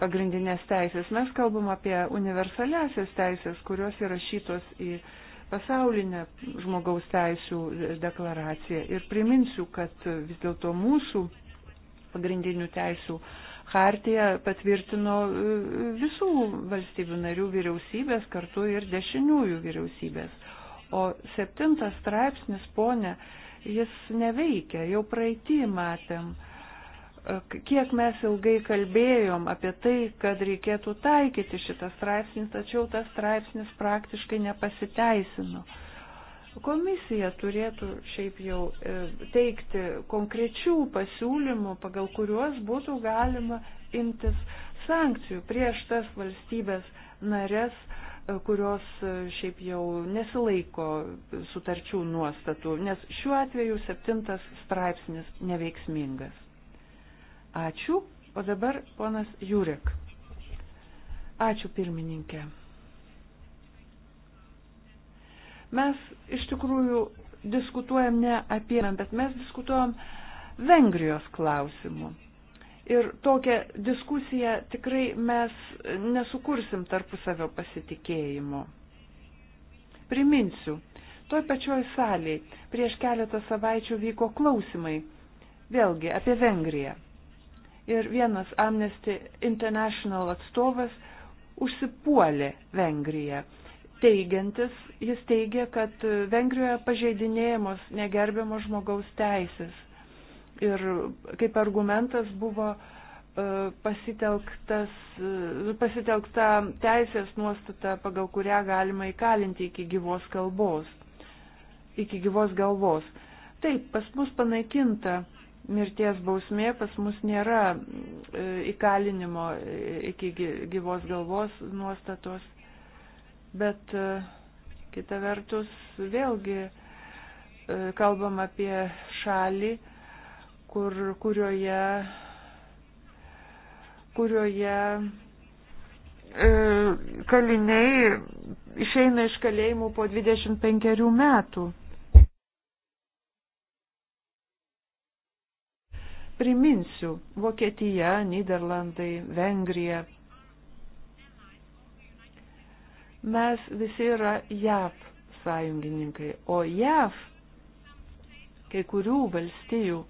pagrindinės teisės. Mes kalbam apie universaliasias teisės, kurios įrašytos į pasaulinę žmogaus teisų deklaraciją. Ir priminsiu, kad vis dėlto mūsų pagrindinių teisų Hartija patvirtino e, visų valstybių narių vyriausybės, kartu ir dešiniųjų vyriausybės. O septintas straipsnis, ponė, jis neveikia, jau praeitį matėm kiek mes ilgai kalbėjom apie tai, kad reikėtų taikyti šitą straipsnį, tačiau tas straipsnis praktiškai nepasiteisino. Komisija turėtų šiaip jau e, teikti konkrečių pasiūlymų, pagal kuriuos būtų galima imtis sankcijų prieš tas valstybės narės, e, kurios e, šiaip jau nesilaiko sutarčių nuostatų, nes šiuo atveju septintas straipsnis neveiksmingas. Ačiū. O dabar ponas Jurek. Ačiū pirmininkė. Mes iš tikrųjų diskutuojam ne apie, bet mes diskutuojam Vengrijos klausimu. Ir tokią diskusiją tikrai mes nesukursim tarpusavio pasitikėjimo. Priminsiu, toj pačioj salėje prieš keletą savaičių vyko klausimai, vėlgi apie Vengriją ir vienas Amnesty International atstovas užsipuolė Vengriją. Teigiantis, jis teigia, kad Vengrijoje pažeidinėjamos negerbiamos žmogaus teisės. Ir kaip argumentas buvo e, pasitelktas, e, pasitelkta teisės nuostata, pagal kurią galima įkalinti iki gyvos kalbos, iki gyvos galvos. Taip, pas mus panaikinta mirties bausmė pas mus nėra e, įkalinimo e, iki gyvos galvos nuostatos, bet e, kita vertus vėlgi kalbam apie šalį, kur, kurioje, kurioje kaliniai išeina iš kalėjimų po 25 metų. Priminsiu, Vokietija, Niderlandai, Vengrija. Mes visi yra JAV sąjungininkai, o JAV kai kurių valstijų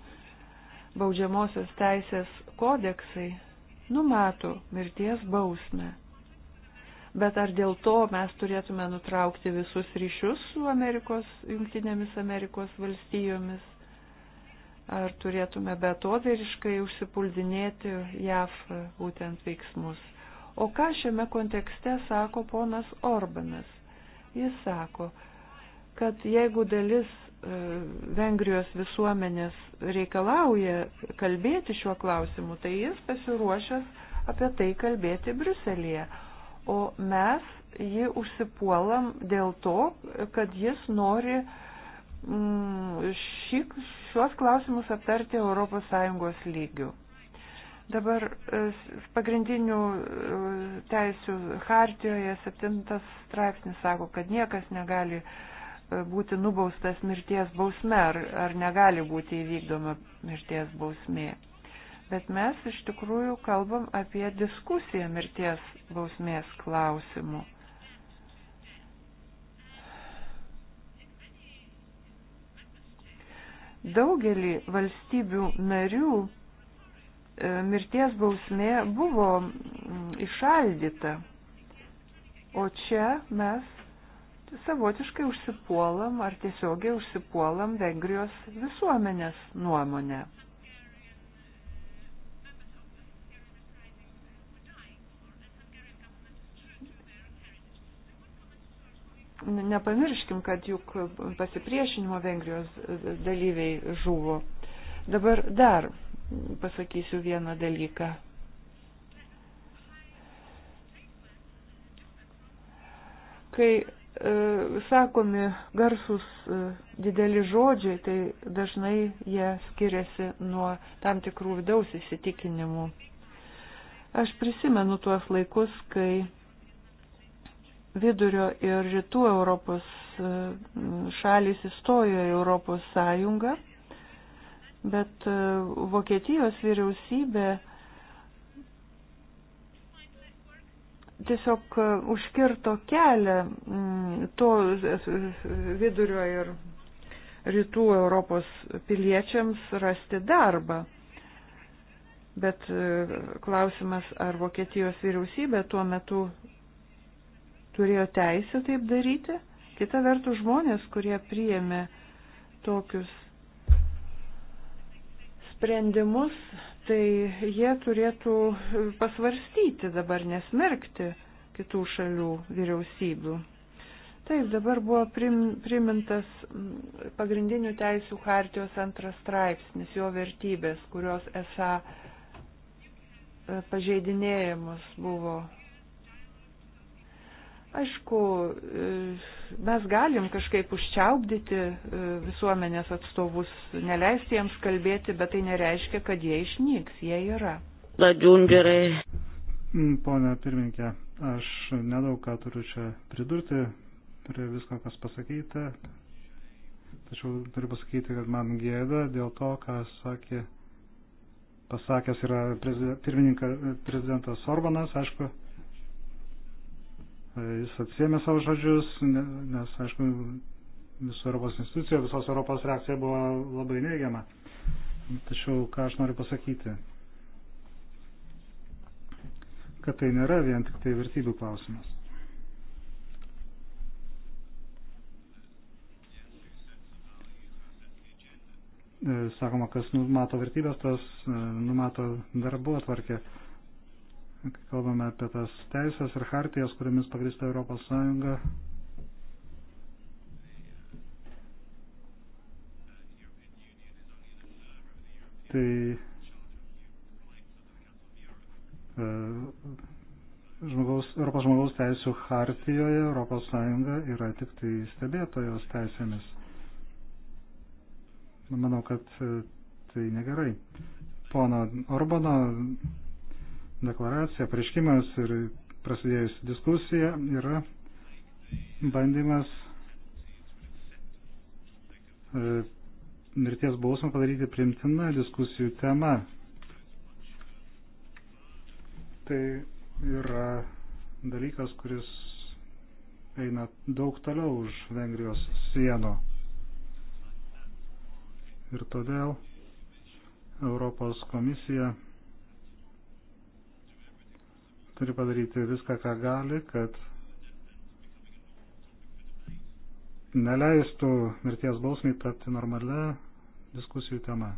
baudžiamosios teisės kodeksai numato mirties bausmę. Bet ar dėl to mes turėtume nutraukti visus ryšius su Amerikos, Junktinėmis Amerikos valstijomis? Ar turėtume betodariškai užsipuldinėti JAV būtent veiksmus? O ką šiame kontekste sako ponas Orbanas? Jis sako, kad jeigu dalis e, Vengrijos visuomenės reikalauja kalbėti šiuo klausimu, tai jis pasiruošęs apie tai kalbėti Briuselėje. O mes jį užsipuolam dėl to, kad jis nori uh, šį, mm, šios klausimus aptarti ES lygių. Dabar e, pagrindinių e, teisių hartijoje septintas straipsnis sako, kad niekas negali e, būti nubaustas mirties bausme ar, ar negali būti įvykdoma mirties bausmė. Bet mes iš tikrųjų kalbam apie diskusiją mirties bausmės klausimų. Daugelį valstybių narių e, mirties bausmė buvo mm, išaldyta, o čia mes savotiškai užsipuolam ar tiesiogiai užsipuolam Vengrijos visuomenės nuomonę. nepamirškim, kad juk pasipriešinimo Vengrijos dalyviai žuvo. Dabar dar pasakysiu vieną dalyką. Kai e, sakomi garsus e, dideli žodžiai, tai dažnai jie skiriasi nuo tam tikrų vidaus įsitikinimų. Aš prisimenu tuos laikus, kai vidurio ir rytų Europos e, šalis įstojo į Europos sąjungą, bet e, Vokietijos vyriausybė tiesiog e, užkirto kelią mm, to vidurio ir rytų Europos piliečiams rasti darbą. Bet klausimas, ar Vokietijos vyriausybė tuo metu turėjo teisę taip daryti. Kita vertus žmonės, kurie priėmė tokius sprendimus, tai jie turėtų pasvarstyti dabar nesmerkti kitų šalių vyriausybių. Taip, dabar buvo prim, primintas pagrindinių teisų hartijos antras straipsnis, jo vertybės, kurios esą e, pažeidinėjimus buvo Aišku, mes galim kažkaip užčiaupdyti e, visuomenės atstovus, neleisti jiems kalbėti, bet tai nereiškia, kad jie išnyks, jie yra. Ladžungerai. Mm, pone pirmininkė, aš nedaug ką turiu čia pridurti prie visko, kas pasakyta. Tačiau turiu pasakyti, kad man gėda dėl to, ką sakė, pasakęs yra prezident, pirmininkas prezidentas Orbanas, aišku, E, jis atsiemė savo žodžius, nes, aišku, visų Europos institucijų, visos Europos reakcija buvo labai neigiama. Tačiau ką aš noriu pasakyti, kad tai nėra vien tik tai vertybių klausimas. E, sakoma, kas numato vertybės, tas e, numato darbo atvarkė kai kalbame apie tas teisės ir hartijas, kuriamis pagrįsta Europos Sąjunga. Tai e, žmogaus, Europos žmogaus teisų hartijoje Europos Sąjunga yra tik tai stebėtojos teisėmis. Manau, kad e, tai negerai. Pono Orbano deklaracija, pareiškimas ir prasidėjus diskusija yra bandymas e, mirties bausmą padaryti primtina diskusijų tema. Tai yra dalykas, kuris eina daug toliau už Vengrijos sienų. Ir todėl Europos komisija turi padaryti viską, ką gali, kad neleistų mirties bausmiai tapti normalia diskusijų tema.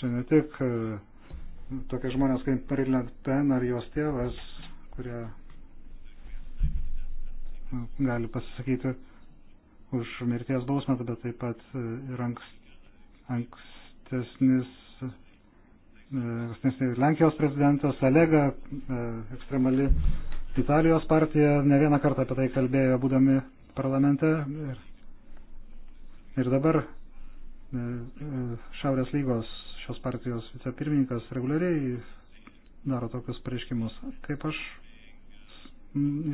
Čia ne tik e, tokie žmonės kaip Marilyn Pen ar jos tėvas, kurie nu, gali pasisakyti už mirties bausmę, bet taip pat e, ir ankstesnis Lenkijos prezidentas Alega, e, ekstremali Italijos partija, ne vieną kartą apie tai kalbėjo būdami parlamente. Ir, ir dabar e, e, Šiaurės lygos šios partijos vicepirmininkas reguliariai daro tokius pareiškimus. Kaip aš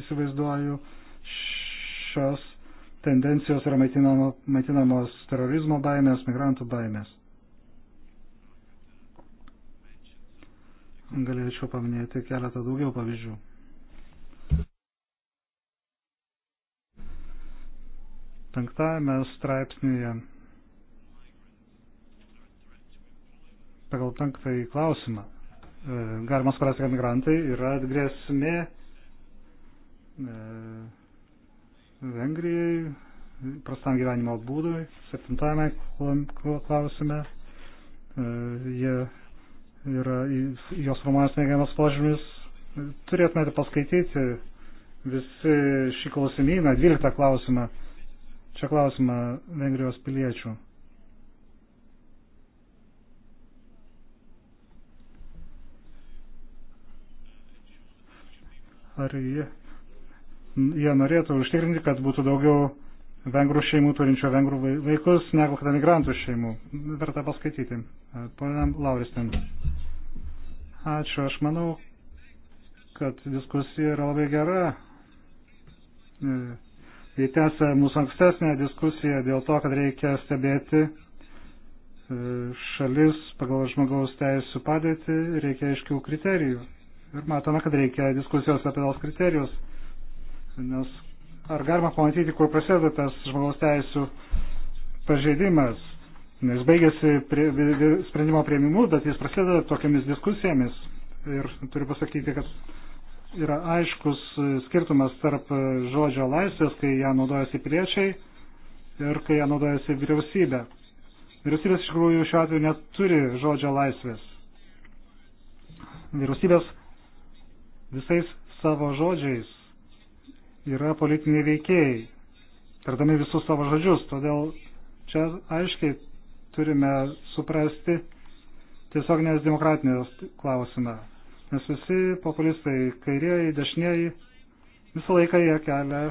įsivaizduoju, šios tendencijos yra maitinamos, maitinamos terorizmo baimės, migrantų baimės. galėčiau paminėti keletą daugiau pavyzdžių. Penktajame straipsnėje pagal penktąjį klausimą e, galima suprasti, kad migrantai yra grėsmė e, Vengrijai, prastam gyvenimo būdui. Septintame klausime e, jie yra jos romanas neigiamas požymis. Turėtumėte tai paskaityti visi šį klausimyną, 12 klausimą, čia klausimą Vengrijos piliečių. Ar jie, jie norėtų užtikrinti, kad būtų daugiau vengrų šeimų turinčių vengrų vaikus negu kad emigrantų šeimų. Verta paskaityti. Pane Lauristin. Ačiū. Aš manau, kad diskusija yra labai gera. E, Jei tęsia mūsų ankstesnė diskusija dėl to, kad reikia stebėti e, šalis pagal žmogaus teisų padėtį, reikia aiškių kriterijų. Ir matome, kad reikia diskusijos apie tos kriterijus, nes ar galima pamatyti, kur prasideda tas žmogaus teisų pažeidimas? Nes baigėsi prie, sprendimo prieimimu, bet jis prasideda tokiamis diskusijomis. Ir turiu pasakyti, kad yra aiškus skirtumas tarp žodžio laisvės, kai ją naudojasi priečiai ir kai ją naudojasi vyriausybė. Vyriausybės iš tikrųjų šiuo atveju neturi žodžio laisvės. Vyriausybės visais savo žodžiais yra politiniai veikėjai, tardami visus savo žodžius. Todėl čia aiškiai turime suprasti tiesioginės demokratinės klausimą. Nes visi populistai, kairieji, dešinieji, visą laiką jie kelia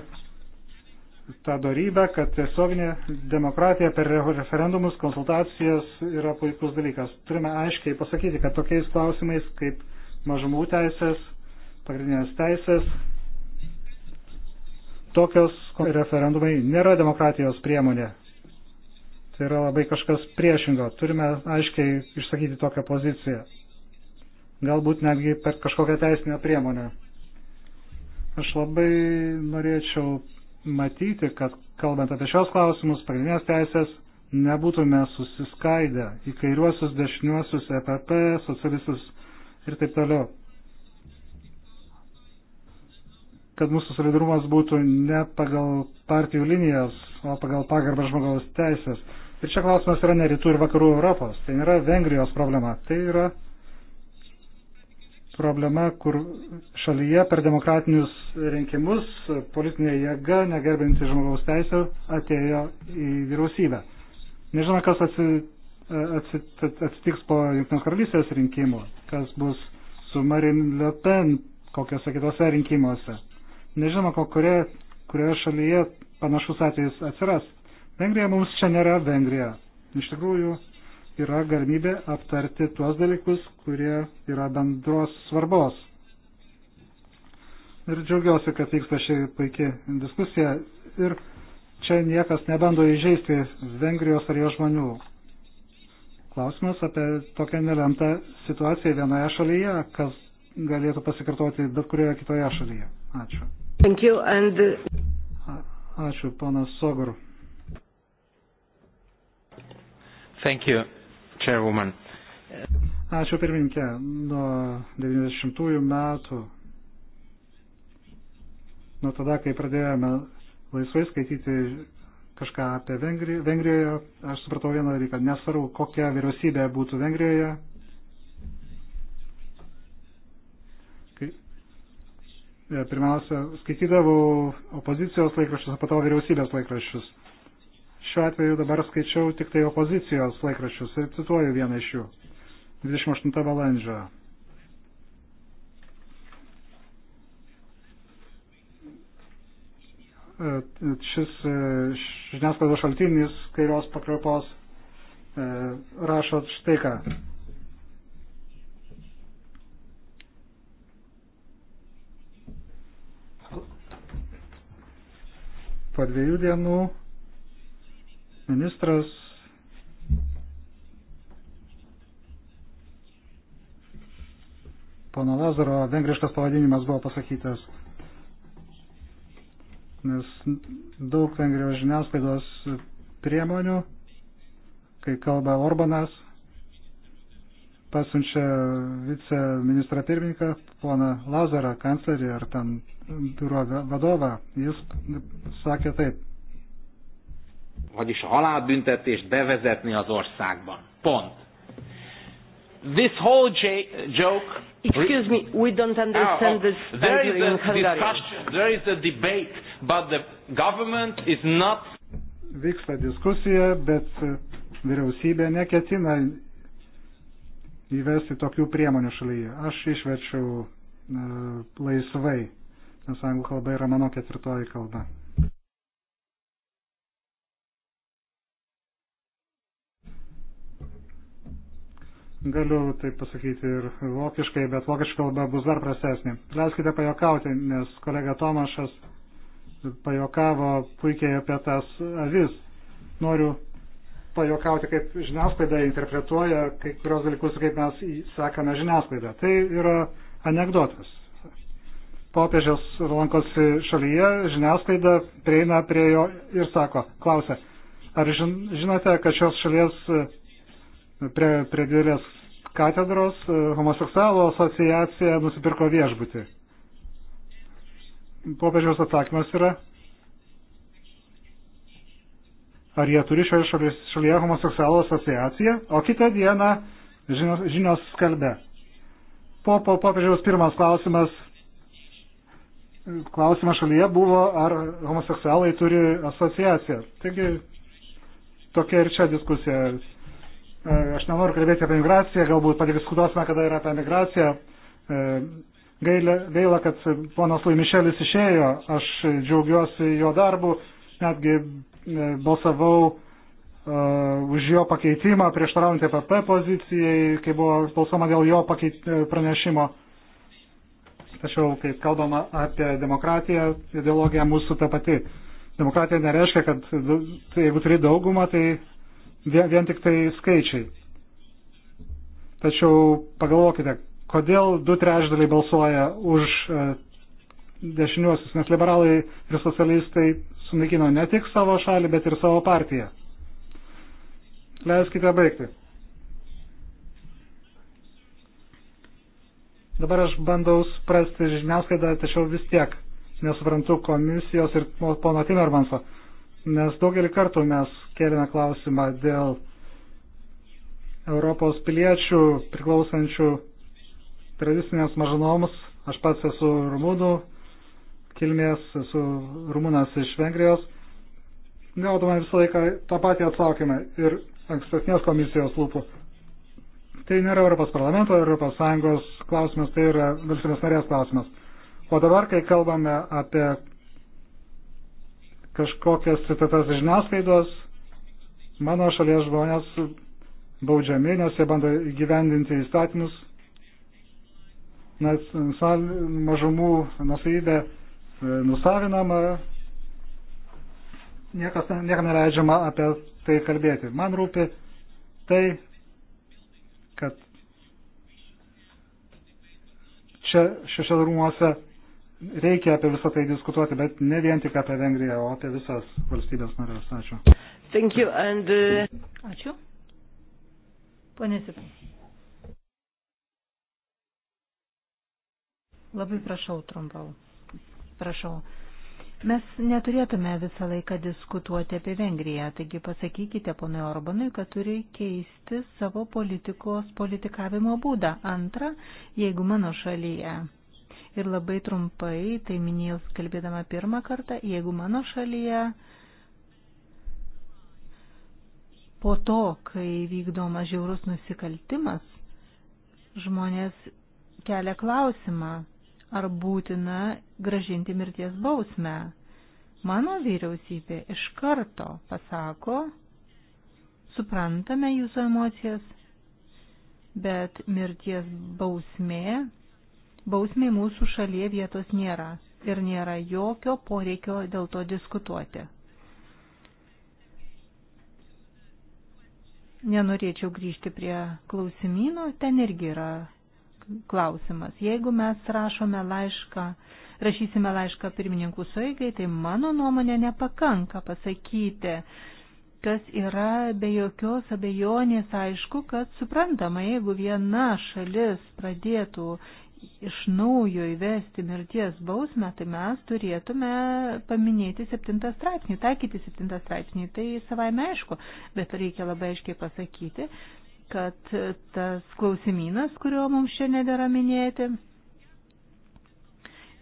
tą darybę, kad tiesioginė demokratija per referendumus, konsultacijas yra puikus dalykas. Turime aiškiai pasakyti, kad tokiais klausimais kaip mažumų teisės, pagrindinės teisės, Tokios referendumai nėra demokratijos priemonė. Tai yra labai kažkas priešingo. Turime aiškiai išsakyti tokią poziciją. Galbūt netgi per kažkokią teisinę priemonę. Aš labai norėčiau matyti, kad kalbant apie šios klausimus, pagrindinės teisės, nebūtume susiskaidę į kairiuosius, dešiniuosius, EPP, socialistus ir taip toliau. kad mūsų solidarumas būtų ne pagal partijų linijas, o pagal pagarbą žmogaus teisės. Ir čia klausimas yra ne rytų ir vakarų Europos, tai nėra Vengrijos problema, tai yra problema, kur šalyje per demokratinius rinkimus politinė jėga, negerbinti žmogaus teisų, atėjo į vyriausybę. Nežinome, kas atsitiks po Junktinės karalystės rinkimų, kas bus su Marine Le Pen kokiuose kitose rinkimuose. Nežinoma, kurioje, kurioje šalyje panašus atvejis atsiras. Vengrija mums čia nėra Vengrija. Iš tikrųjų, yra galimybė aptarti tuos dalykus, kurie yra bendros svarbos. Ir džiaugiuosi, kad vyksta ši puikia diskusija. Ir čia niekas nebando įžeisti Vengrijos ar jo žmonių. Klausimas apie tokią nelemtą situaciją vienoje šalyje, kas galėtų pasikartoti bet kurioje kitoje šalyje. Ačiū. And... Uh, Ačiū, panas Sogor. Thank you, Chairwoman. Ačiū pirmininkė. Nuo 90-ųjų metų, nuo tada, kai pradėjome laisvai skaityti kažką apie Vengri Vengrijoje, aš supratau vieną dalyką. Nesvarbu, kokia vyriausybė būtų Vengrijoje, E, pirmiausia, skaitydavau opozicijos laikraščius, o po to vyriausybės laikraščius. Šiuo atveju dabar skaičiau tik tai opozicijos laikraščius ir cituoju vieną iš jų. 28 valandžio. E, šis e, žiniasklaidos šaltinis kairios pakraipos rašo štai ką. po dviejų dienų ministras pono Lazaro vengriškas pavadinimas buvo pasakytas, nes daug vengrijos žiniasklaidos priemonių, kai kalba Orbanas, pasunčia viceministrą pirmininką, poną Lazarą, kanclerį ar ten biuro vadovą. Jis sakė taip. Vagyis a halálbüntetést bevezetni az országban. Pont. This whole j- joke. Excuse me, we don't understand this. Ah, there is a discussion, there is a debate, but the government is not. Vyksta diskusija, bet vyriausybė neketina įvesti tokių priemonių šalyje. Aš išvečiau e, laisvai, nes anglų kalba yra mano ketvirtoji kalba. Galiu tai pasakyti ir vokiškai, bet vokiška kalba bus dar prastesnė. Leiskite pajokauti, nes kolega Tomašas pajokavo puikiai apie tas avis. Noriu pajokauti, kaip žiniasklaida interpretuoja kai kurios dalykus, kaip mes sekame žiniasklaidą. Tai yra anegdotas. Popiežiaus lankosi šalyje, žiniasklaida prieina prie jo ir sako, klausia, ar žinote, kad šios šalies prie, prie didelės katedros homoseksualų asociacija nusipirko viešbutį? Popiežiaus atsakymas yra, ar jie turi šioje šalyje, šalyje homoseksualų asociaciją, o kitą dieną žinios, žinios skalbė. Po popiežiaus po, pirmas klausimas, klausimas šalyje buvo, ar homoseksualai turi asociaciją. Taigi tokia ir čia diskusija. E, aš nenoriu kalbėti apie migraciją, galbūt padiskutuosime, kada yra apie migraciją. E, gaila, gaila, kad ponas Laimišelis išėjo, aš džiaugiuosi jo darbu, netgi balsavau uh, už jo pakeitimą, prieštaraujant PP pozicijai, kai buvo balsuoma dėl jo pakeit, e, pranešimo. Tačiau, kai kalbama apie demokratiją, ideologija mūsų ta pati. Demokratija nereiškia, kad tai, jeigu turi daugumą, tai vien, vien tik tai skaičiai. Tačiau pagalvokite, kodėl du trečdaliai balsuoja už e, dešiniuosius, nes liberalai ir socialistai sunaikino ne tik savo šalį, bet ir savo partiją. Leiskite baigti. Dabar aš bandau suprasti žiniasklaidą, tačiau vis tiek nesuprantu komisijos ir pono Timermanso, nes daugelį kartų mes kėlėme klausimą dėl Europos piliečių priklausančių tradicinėms mažinoms. Aš pats esu rumūnų kilmės, esu rumunas iš Vengrijos, gaudama visą laiką tą patį atsakymą ir ankstesnės komisijos lūpų. Tai nėra Europos parlamento, Europos Sąjungos klausimas, tai yra valstybės narės klausimas. O dabar, kai kalbame apie kažkokias citatas žiniasklaidos, mano šalies žmonės baudžiami, nes jie bando gyvendinti įstatymus, nes mažumų nusavybė E, nusavinama, niekas, niekam neleidžiama apie tai kalbėti. Man rūpi tai, kad čia šešias rūmose reikia apie visą tai diskutuoti, bet ne vien tik apie Vengriją, o apie visas valstybės narės. Ačiū. Thank you and, uh... Ačiū. Pane Sipai. Labai prašau trumpau prašau. Mes neturėtume visą laiką diskutuoti apie Vengriją, taigi pasakykite ponui Orbanui, kad turi keisti savo politikos politikavimo būdą. Antra, jeigu mano šalyje. Ir labai trumpai, tai minėjau kalbėdama pirmą kartą, jeigu mano šalyje po to, kai vykdomas žiaurus nusikaltimas, žmonės kelia klausimą, ar būtina gražinti mirties bausmę. Mano vyriausybė iš karto pasako, suprantame jūsų emocijas, bet mirties bausmė, bausmė mūsų šalyje vietos nėra ir nėra jokio poreikio dėl to diskutuoti. Nenorėčiau grįžti prie klausimino, ten irgi yra klausimas. Jeigu mes rašome laišką, rašysime laišką pirmininkų sueigai, tai mano nuomonė nepakanka pasakyti, kas yra be jokios abejonės aišku, kad suprantama, jeigu viena šalis pradėtų iš naujo įvesti mirties bausmę, tai mes turėtume paminėti septintą straipsnį, taikyti septintą straipsnį, tai savai aišku, bet reikia labai aiškiai pasakyti, kad tas klausimynas, kurio mums čia nedėra minėti,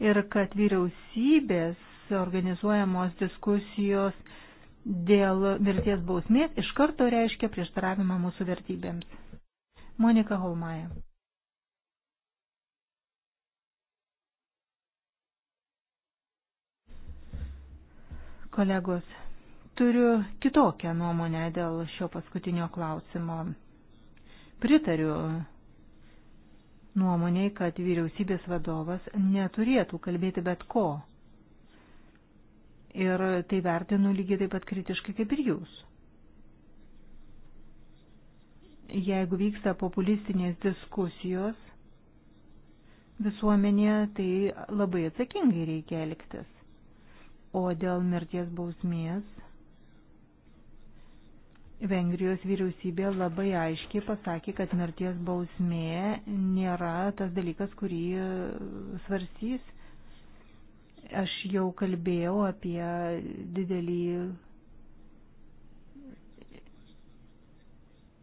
ir kad vyriausybės organizuojamos diskusijos dėl mirties bausmės iš karto reiškia prieštaravimą mūsų vertybėms. Monika Holmaja. Kolegos, turiu kitokią nuomonę dėl šio paskutinio klausimo. Pritariu nuomoniai, kad vyriausybės vadovas neturėtų kalbėti bet ko. Ir tai vertinu lygiai taip pat kritiškai kaip ir jūs. Jeigu vyksta populistinės diskusijos visuomenėje, tai labai atsakingai reikia elgtis. O dėl mirties bausmės Vengrijos vyriausybė labai aiškiai pasakė, kad mirties bausmė nėra tas dalykas, kurį e, svarstys. Aš jau kalbėjau apie didelį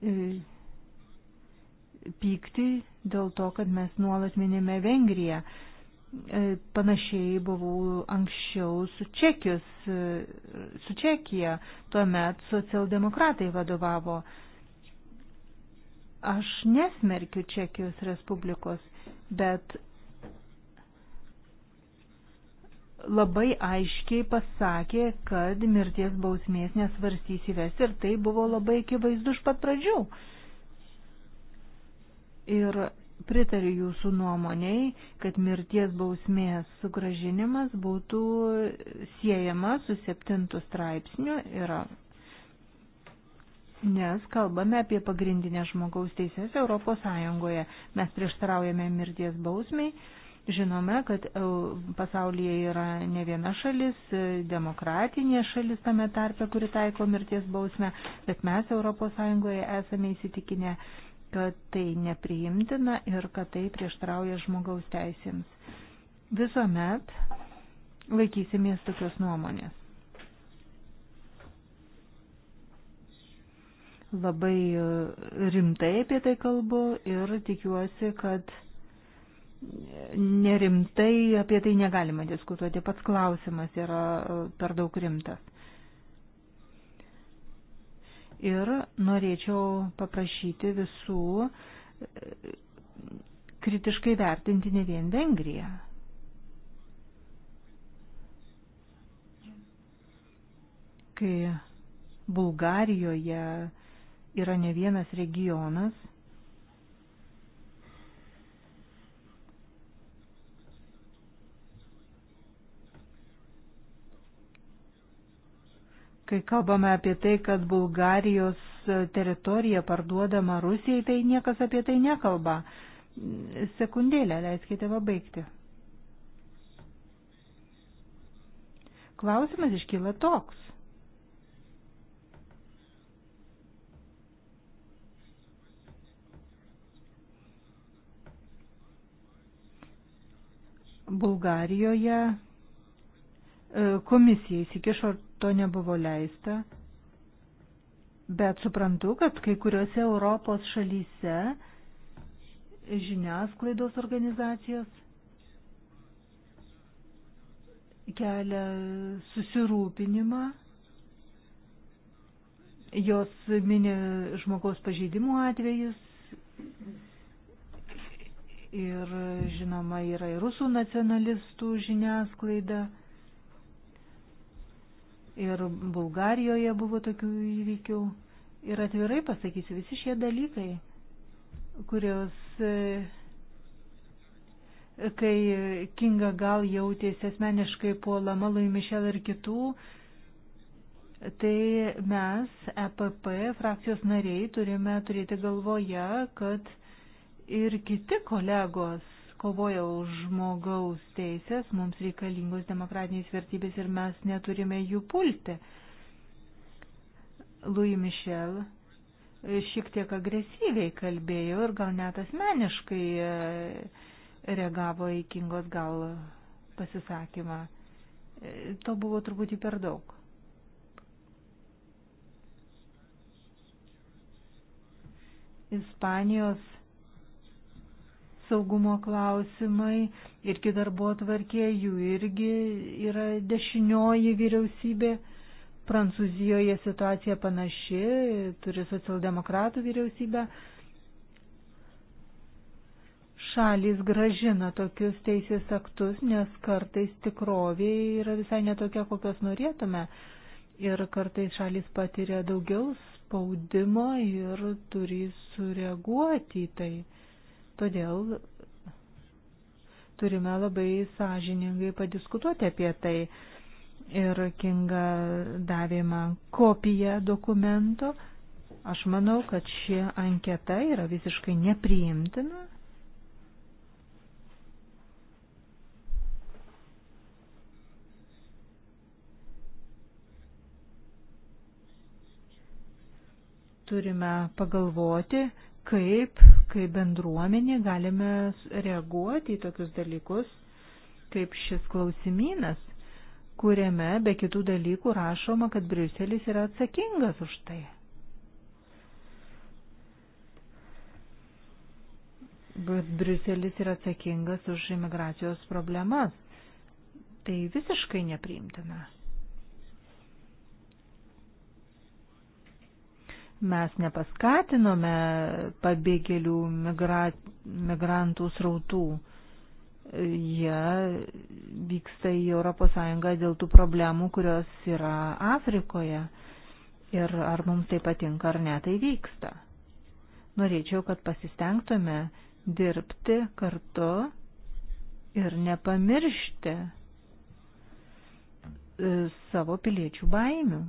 e, pykti dėl to, kad mes nuolat minime Vengriją. E, panašiai buvau anksčiau su, Čekijos, e, su Čekija, tuomet socialdemokratai vadovavo. Aš nesmerkiu Čekijos Respublikos, bet labai aiškiai pasakė, kad mirties bausmės nesvarstys įvesti ir tai buvo labai akivaizdu iš pat pradžių. Ir pritariu jūsų nuomoniai, kad mirties bausmės sugražinimas būtų siejama su septintu straipsniu ir nes kalbame apie pagrindinę žmogaus teises Europos Sąjungoje. Mes prieštraujame mirties bausmiai. Žinome, kad pasaulyje yra ne viena šalis, demokratinė šalis tame tarpe, kuri taiko mirties bausmę, bet mes Europos Sąjungoje esame įsitikinę, kad tai nepriimtina ir kad tai prieštrauja žmogaus teisėms. Visuomet laikysimės tokios nuomonės. Labai rimtai apie tai kalbu ir tikiuosi, kad nerimtai apie tai negalima diskutuoti. Pats klausimas yra per daug rimtas ir norėčiau paprašyti visų e, kritiškai vertinti ne vien Vengriją. Kai Bulgarijoje yra ne vienas regionas, kai kalbame apie tai, kad Bulgarijos teritorija parduodama Rusijai, tai niekas apie tai nekalba. Sekundėlę, leiskite pabaigti. Klausimas iškyla toks. Bulgarijoje E, komisija įsikišo, to nebuvo leista. Bet suprantu, kad kai kuriuose Europos šalyse žiniasklaidos organizacijos kelia susirūpinimą, jos mini žmogaus pažeidimų atvejus ir žinoma yra ir rusų nacionalistų žiniasklaida ir Bulgarijoje buvo tokių įvykių. Ir atvirai pasakysiu, visi šie dalykai, kurios, e, kai Kinga gal jautėsi asmeniškai puolama Lui Mišel ir kitų, tai mes, EPP frakcijos nariai, turime turėti galvoje, kad ir kiti kolegos kovoja už žmogaus teisės, mums reikalingos demokratinės vertybės ir mes neturime jų pulti. Louis Michel e, šiek tiek agresyviai kalbėjo ir gal net asmeniškai e, reagavo į Kingos gal pasisakymą. E, to buvo truputį per daug. Ispanijos saugumo klausimai ir kiti darbo atvarkė, jų irgi yra dešinioji vyriausybė. Prancūzijoje situacija panaši, turi socialdemokratų vyriausybę. Šalis gražina tokius teisės aktus, nes kartais tikrovė yra visai netokia, kokios norėtume. Ir kartais šalis patiria daugiau spaudimo ir turi sureaguoti į tai. Todėl turime labai sąžiningai padiskutuoti apie tai. Ir Kinga davė man kopiją dokumento. Aš manau, kad ši anketa yra visiškai nepriimtina. Turime pagalvoti, kaip, kaip bendruomenė galime reaguoti į tokius dalykus, kaip šis klausimynas, kuriame be kitų dalykų rašoma, kad Briuselis yra atsakingas už tai. Bet Briuselis yra atsakingas už imigracijos problemas. Tai visiškai nepriimtina. Mes nepaskatinome pabėgėlių migra, migrantų srautų. Jie vyksta į ES dėl tų problemų, kurios yra Afrikoje. Ir ar mums tai patinka ar ne, tai vyksta. Norėčiau, kad pasistengtume dirbti kartu ir nepamiršti e, savo piliečių baimių.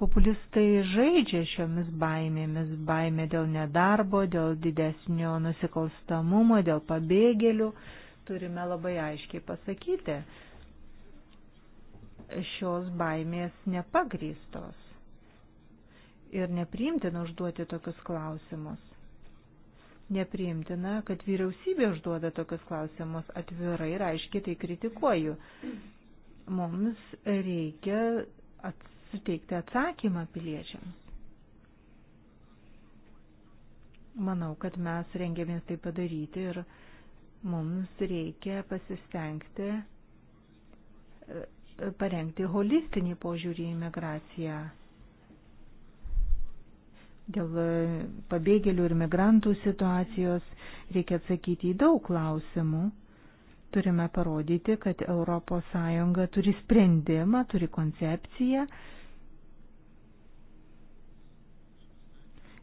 populistai žaidžia šiomis baimėmis - baimė dėl nedarbo, dėl didesnio nusikalstamumo, dėl pabėgėlių. Turime labai aiškiai pasakyti, šios baimės nepagrystos ir nepriimtina užduoti tokius klausimus. Nepriimtina, kad vyriausybė užduoda tokius klausimus atvirai ir aiškiai tai kritikuoju. Mums reikia atsakyti suteikti atsakymą piliečiam. Manau, kad mes rengiamės tai padaryti ir mums reikia pasistengti e, parengti holistinį požiūrį į migraciją. Dėl e, pabėgėlių ir migrantų situacijos reikia atsakyti į daug klausimų. Turime parodyti, kad ES turi sprendimą, turi koncepciją,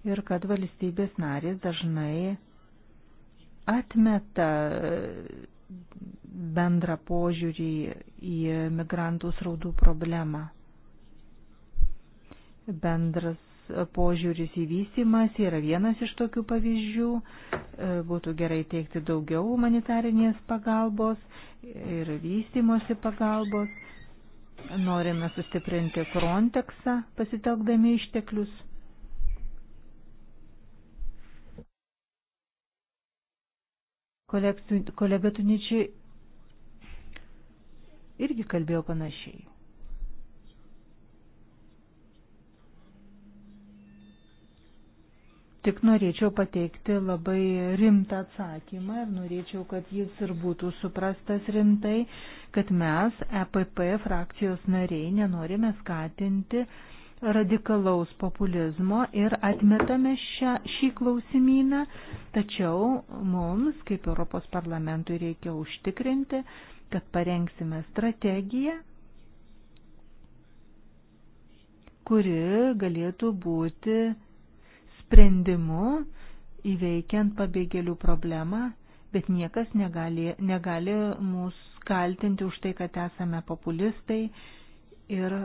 ir kad valstybės narės dažnai atmeta e, bendrą požiūrį į migrantų sraudų problemą. Bendras požiūris į vystimas yra vienas iš tokių pavyzdžių. E, būtų gerai teikti daugiau humanitarinės pagalbos ir vystimosi pagalbos. Norime sustiprinti Frontexą pasitelkdami išteklius. Kolega Tuničiai irgi kalbėjo panašiai. Tik norėčiau pateikti labai rimtą atsakymą ir norėčiau, kad jis ir būtų suprastas rimtai, kad mes, EPP frakcijos nariai, nenorime skatinti uh, radikalaus populizmo ir atmetame šią, šį klausimyną, tačiau mums, kaip Europos parlamentui, reikia užtikrinti, kad parengsime strategiją, kuri galėtų būti sprendimu įveikiant pabėgėlių problemą, bet niekas negali, negali mūsų kaltinti už tai, kad esame populistai ir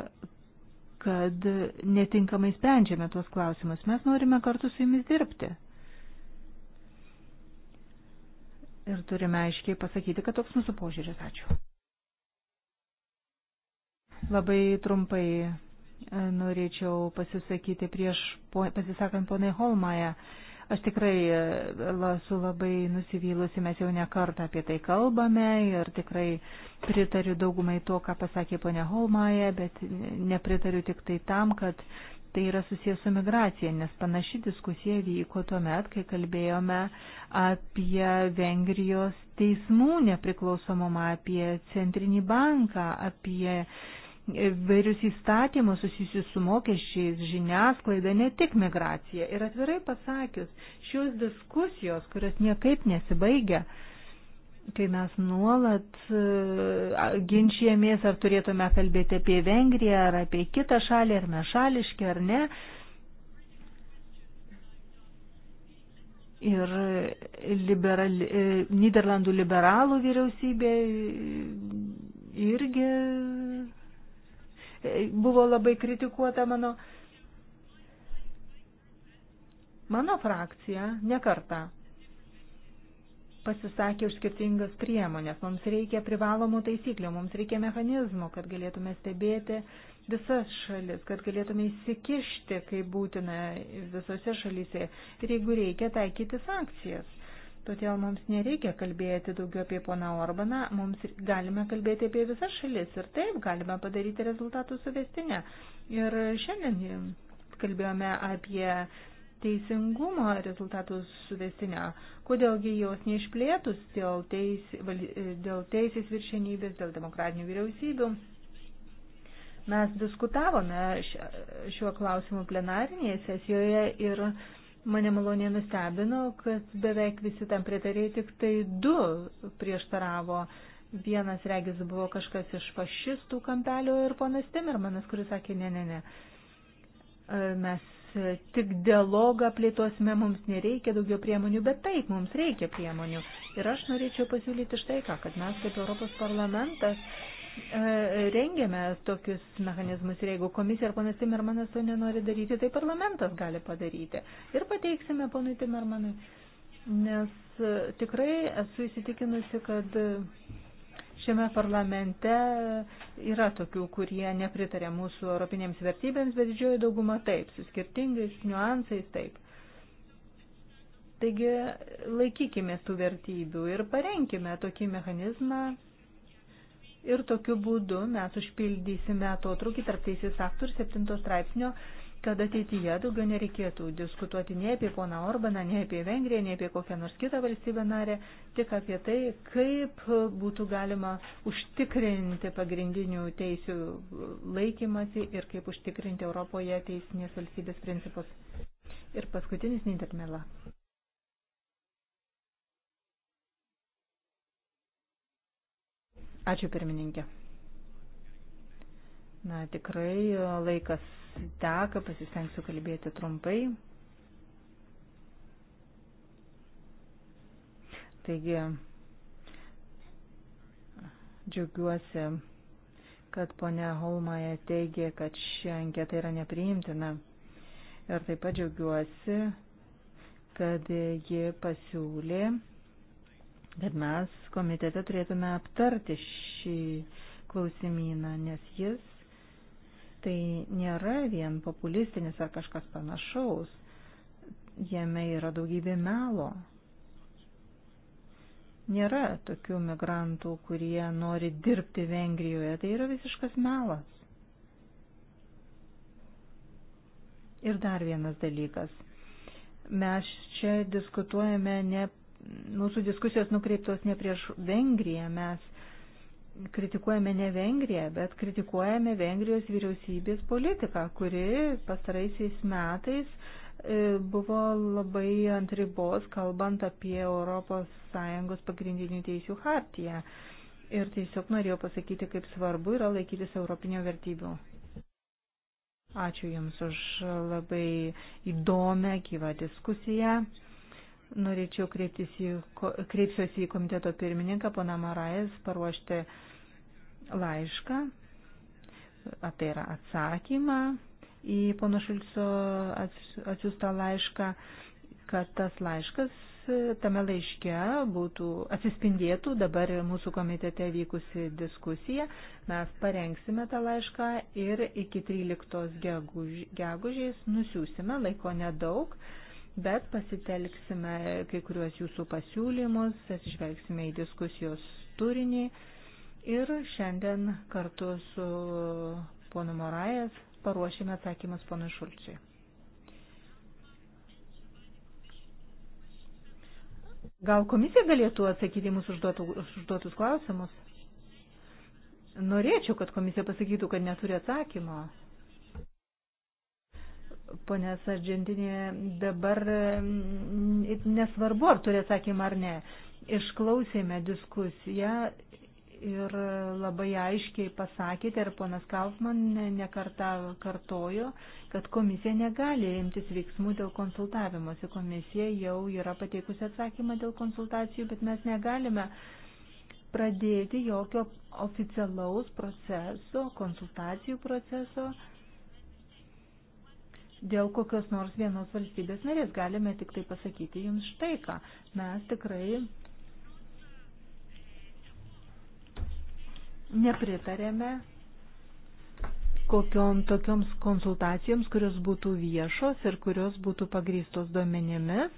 kad netinkamai sprendžiame tuos klausimus. Mes norime kartu su jumis dirbti. Ir turime aiškiai pasakyti, kad toks mūsų požiūris. Ačiū. Labai trumpai e, norėčiau pasisakyti prieš pasisakant ponai Holmaje. Aš tikrai e, esu labai nusivylusi, mes jau ne kartą apie tai kalbame ir tikrai pritariu daugumai to, ką pasakė ponia Holmaja, bet nepritariu tik tai tam, kad tai yra susijęs su migracija, nes panaši diskusija vyko tuo met, kai kalbėjome apie Vengrijos teismų nepriklausomumą, apie centrinį banką, apie vairius įstatymus susijusius su mokesčiais, žiniasklaida, ne tik migracija. Ir atvirai pasakius, šios diskusijos, kurios niekaip nesibaigia, kai mes nuolat e, ginčijamės, ar turėtume kalbėti apie Vengriją, ar apie kitą šalį, ar mes šališki, ar ne. Ir liberali, e, Niderlandų liberalų vyriausybė irgi buvo labai kritikuota mano, mano frakcija nekarta pasisakė už skirtingas priemonės. Mums reikia privalomų taisyklių, mums reikia mechanizmų, kad galėtume stebėti visas šalis, kad galėtume įsikišti, kai būtina visose šalyse ir jeigu reikia taikyti sankcijas. Todėl mums nereikia kalbėti daugiau apie poną Orbaną, mums galime kalbėti apie visas šalis ir taip galime padaryti rezultatų suvestinę. Ir šiandien kalbėjome apie teisingumo rezultatų suvestinę. Kodėlgi jos neišplėtus dėl, teis, dėl teisės viršenybės, dėl demokratinių vyriausybių. Mes diskutavome šiuo klausimu plenarinėje sesijoje ir Mane malonė nustebino, kad beveik visi tam pritarė, tik tai du prieštaravo. Vienas regis buvo kažkas iš fašistų kampelio ir ponas Timirmanas, kuris sakė, ne, ne, ne. Mes tik dialogą plėtosime, mums nereikia daugiau priemonių, bet taip, mums reikia priemonių. Ir aš norėčiau pasiūlyti štai ką, kad mes kaip Europos parlamentas E, rengiame tokius mechanizmus ir jeigu komisija ar ponas Timermanas to nenori daryti, tai parlamentas gali padaryti. Ir pateiksime ponui Timermanui, nes e, tikrai esu įsitikinusi, kad e, šiame parlamente yra tokių, kurie nepritarė mūsų europinėms vertybėms, bet didžioji dauguma taip, su skirtingais niuansais taip. Taigi laikykime tų vertybių ir parenkime tokį mechanizmą, ir tokiu būdu mes užpildysime atotrukį tarp teisės aktų ir septinto straipsnio, kad ateityje daugiau nereikėtų diskutuoti nei apie poną Orbaną, nei apie Vengriją, nei apie kokią nors kitą valstybę narę, tik apie tai, kaip būtų galima užtikrinti pagrindinių teisių laikymasi ir kaip užtikrinti Europoje teisinės valstybės principus. Ir paskutinis Nidermela. Ačiū pirmininkė. Na, tikrai e, laikas teka, pasistengsiu kalbėti trumpai. Taigi, džiaugiuosi, kad ponia Holmaja teigė, kad ši anketa yra nepriimtina. Ir taip pat džiaugiuosi, kad ji pasiūlė Bet mes komitete turėtume aptarti šį klausimyną, nes jis tai nėra vien populistinis ar kažkas panašaus. Jame yra daugybė melo. Nėra tokių migrantų, kurie nori dirbti Vengrijoje. Tai yra visiškas melas. Ir dar vienas dalykas. Mes čia diskutuojame ne mūsų diskusijos nukreiptos ne prieš Vengriją, mes kritikuojame ne Vengriją, bet kritikuojame Vengrijos vyriausybės politiką, kuri pastaraisiais metais e, buvo labai ant ribos, kalbant apie ES pagrindinių teisių hartiją. Ir tiesiog norėjau pasakyti, kaip svarbu yra laikytis europinio vertybių. Ačiū Jums už labai įdomią gyvą diskusiją. Norėčiau kreiptis į, kreipsiuosi į komiteto pirmininką, pana Marajas, paruošti laišką, tai yra atsakymą į pono Šulco atsiųstą laišką, kad tas laiškas tame laiške būtų atsispindėtų dabar mūsų komitete vykusi diskusija. Mes parengsime tą laišką ir iki 13 gegužės nusiūsime, laiko nedaug bet pasitelksime kai kuriuos jūsų pasiūlymus, atsižvelgsime į diskusijos turinį ir šiandien kartu su ponu Morajas paruošime atsakymus ponui Šulčiui. Gal komisija galėtų atsakyti mūsų užduotus klausimus? Norėčiau, kad komisija pasakytų, kad neturi atsakymo ponės Argentinė, dabar mm, nesvarbu, ar turi atsakymą ar ne. Išklausėme diskusiją ir labai aiškiai pasakėte, ir ponas Kaufman nekarta ne kartojo, kad komisija negali imtis veiksmų dėl konsultavimuose. Komisija jau yra pateikusi atsakymą dėl konsultacijų, bet mes negalime pradėti jokio oficialaus proceso, konsultacijų proceso dėl kokios nors vienos valstybės narės. Galime tik tai pasakyti jums štai ką. Mes tikrai nepritarėme kokiom tokioms konsultacijoms, kurios būtų viešos ir kurios būtų pagrįstos duomenimis,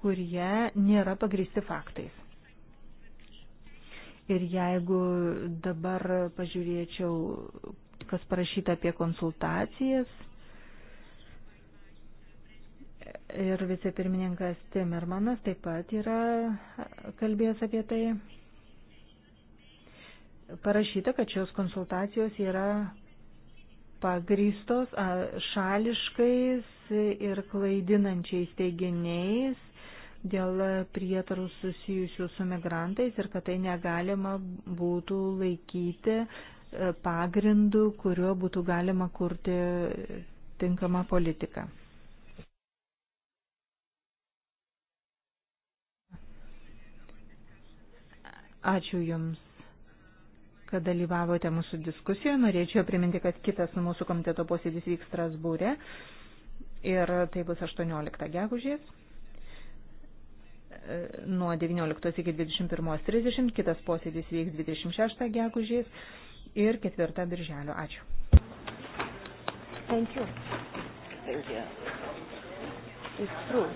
kurie nėra pagrįsti faktais. Ir jeigu dabar pažiūrėčiau, kas parašyta apie konsultacijas, ir vicepirmininkas Timermanas taip pat yra kalbėjęs apie tai. Parašyta, kad šios konsultacijos yra pagrystos šališkais ir klaidinančiais teiginiais dėl prietarų susijusių su migrantais ir kad tai negalima būtų laikyti e, pagrindų, kuriuo būtų galima kurti tinkamą politiką. Ačiū Jums kad dalyvavote mūsų diskusijoje. Norėčiau priminti, kad kitas mūsų komiteto posėdis vyks Strasbūrė ir tai bus 18 gegužės e, nuo 19 iki 21.30, kitas posėdis vyks 26 gegužės ir 4 birželio. Ačiū. Thank you. Thank you. It's true.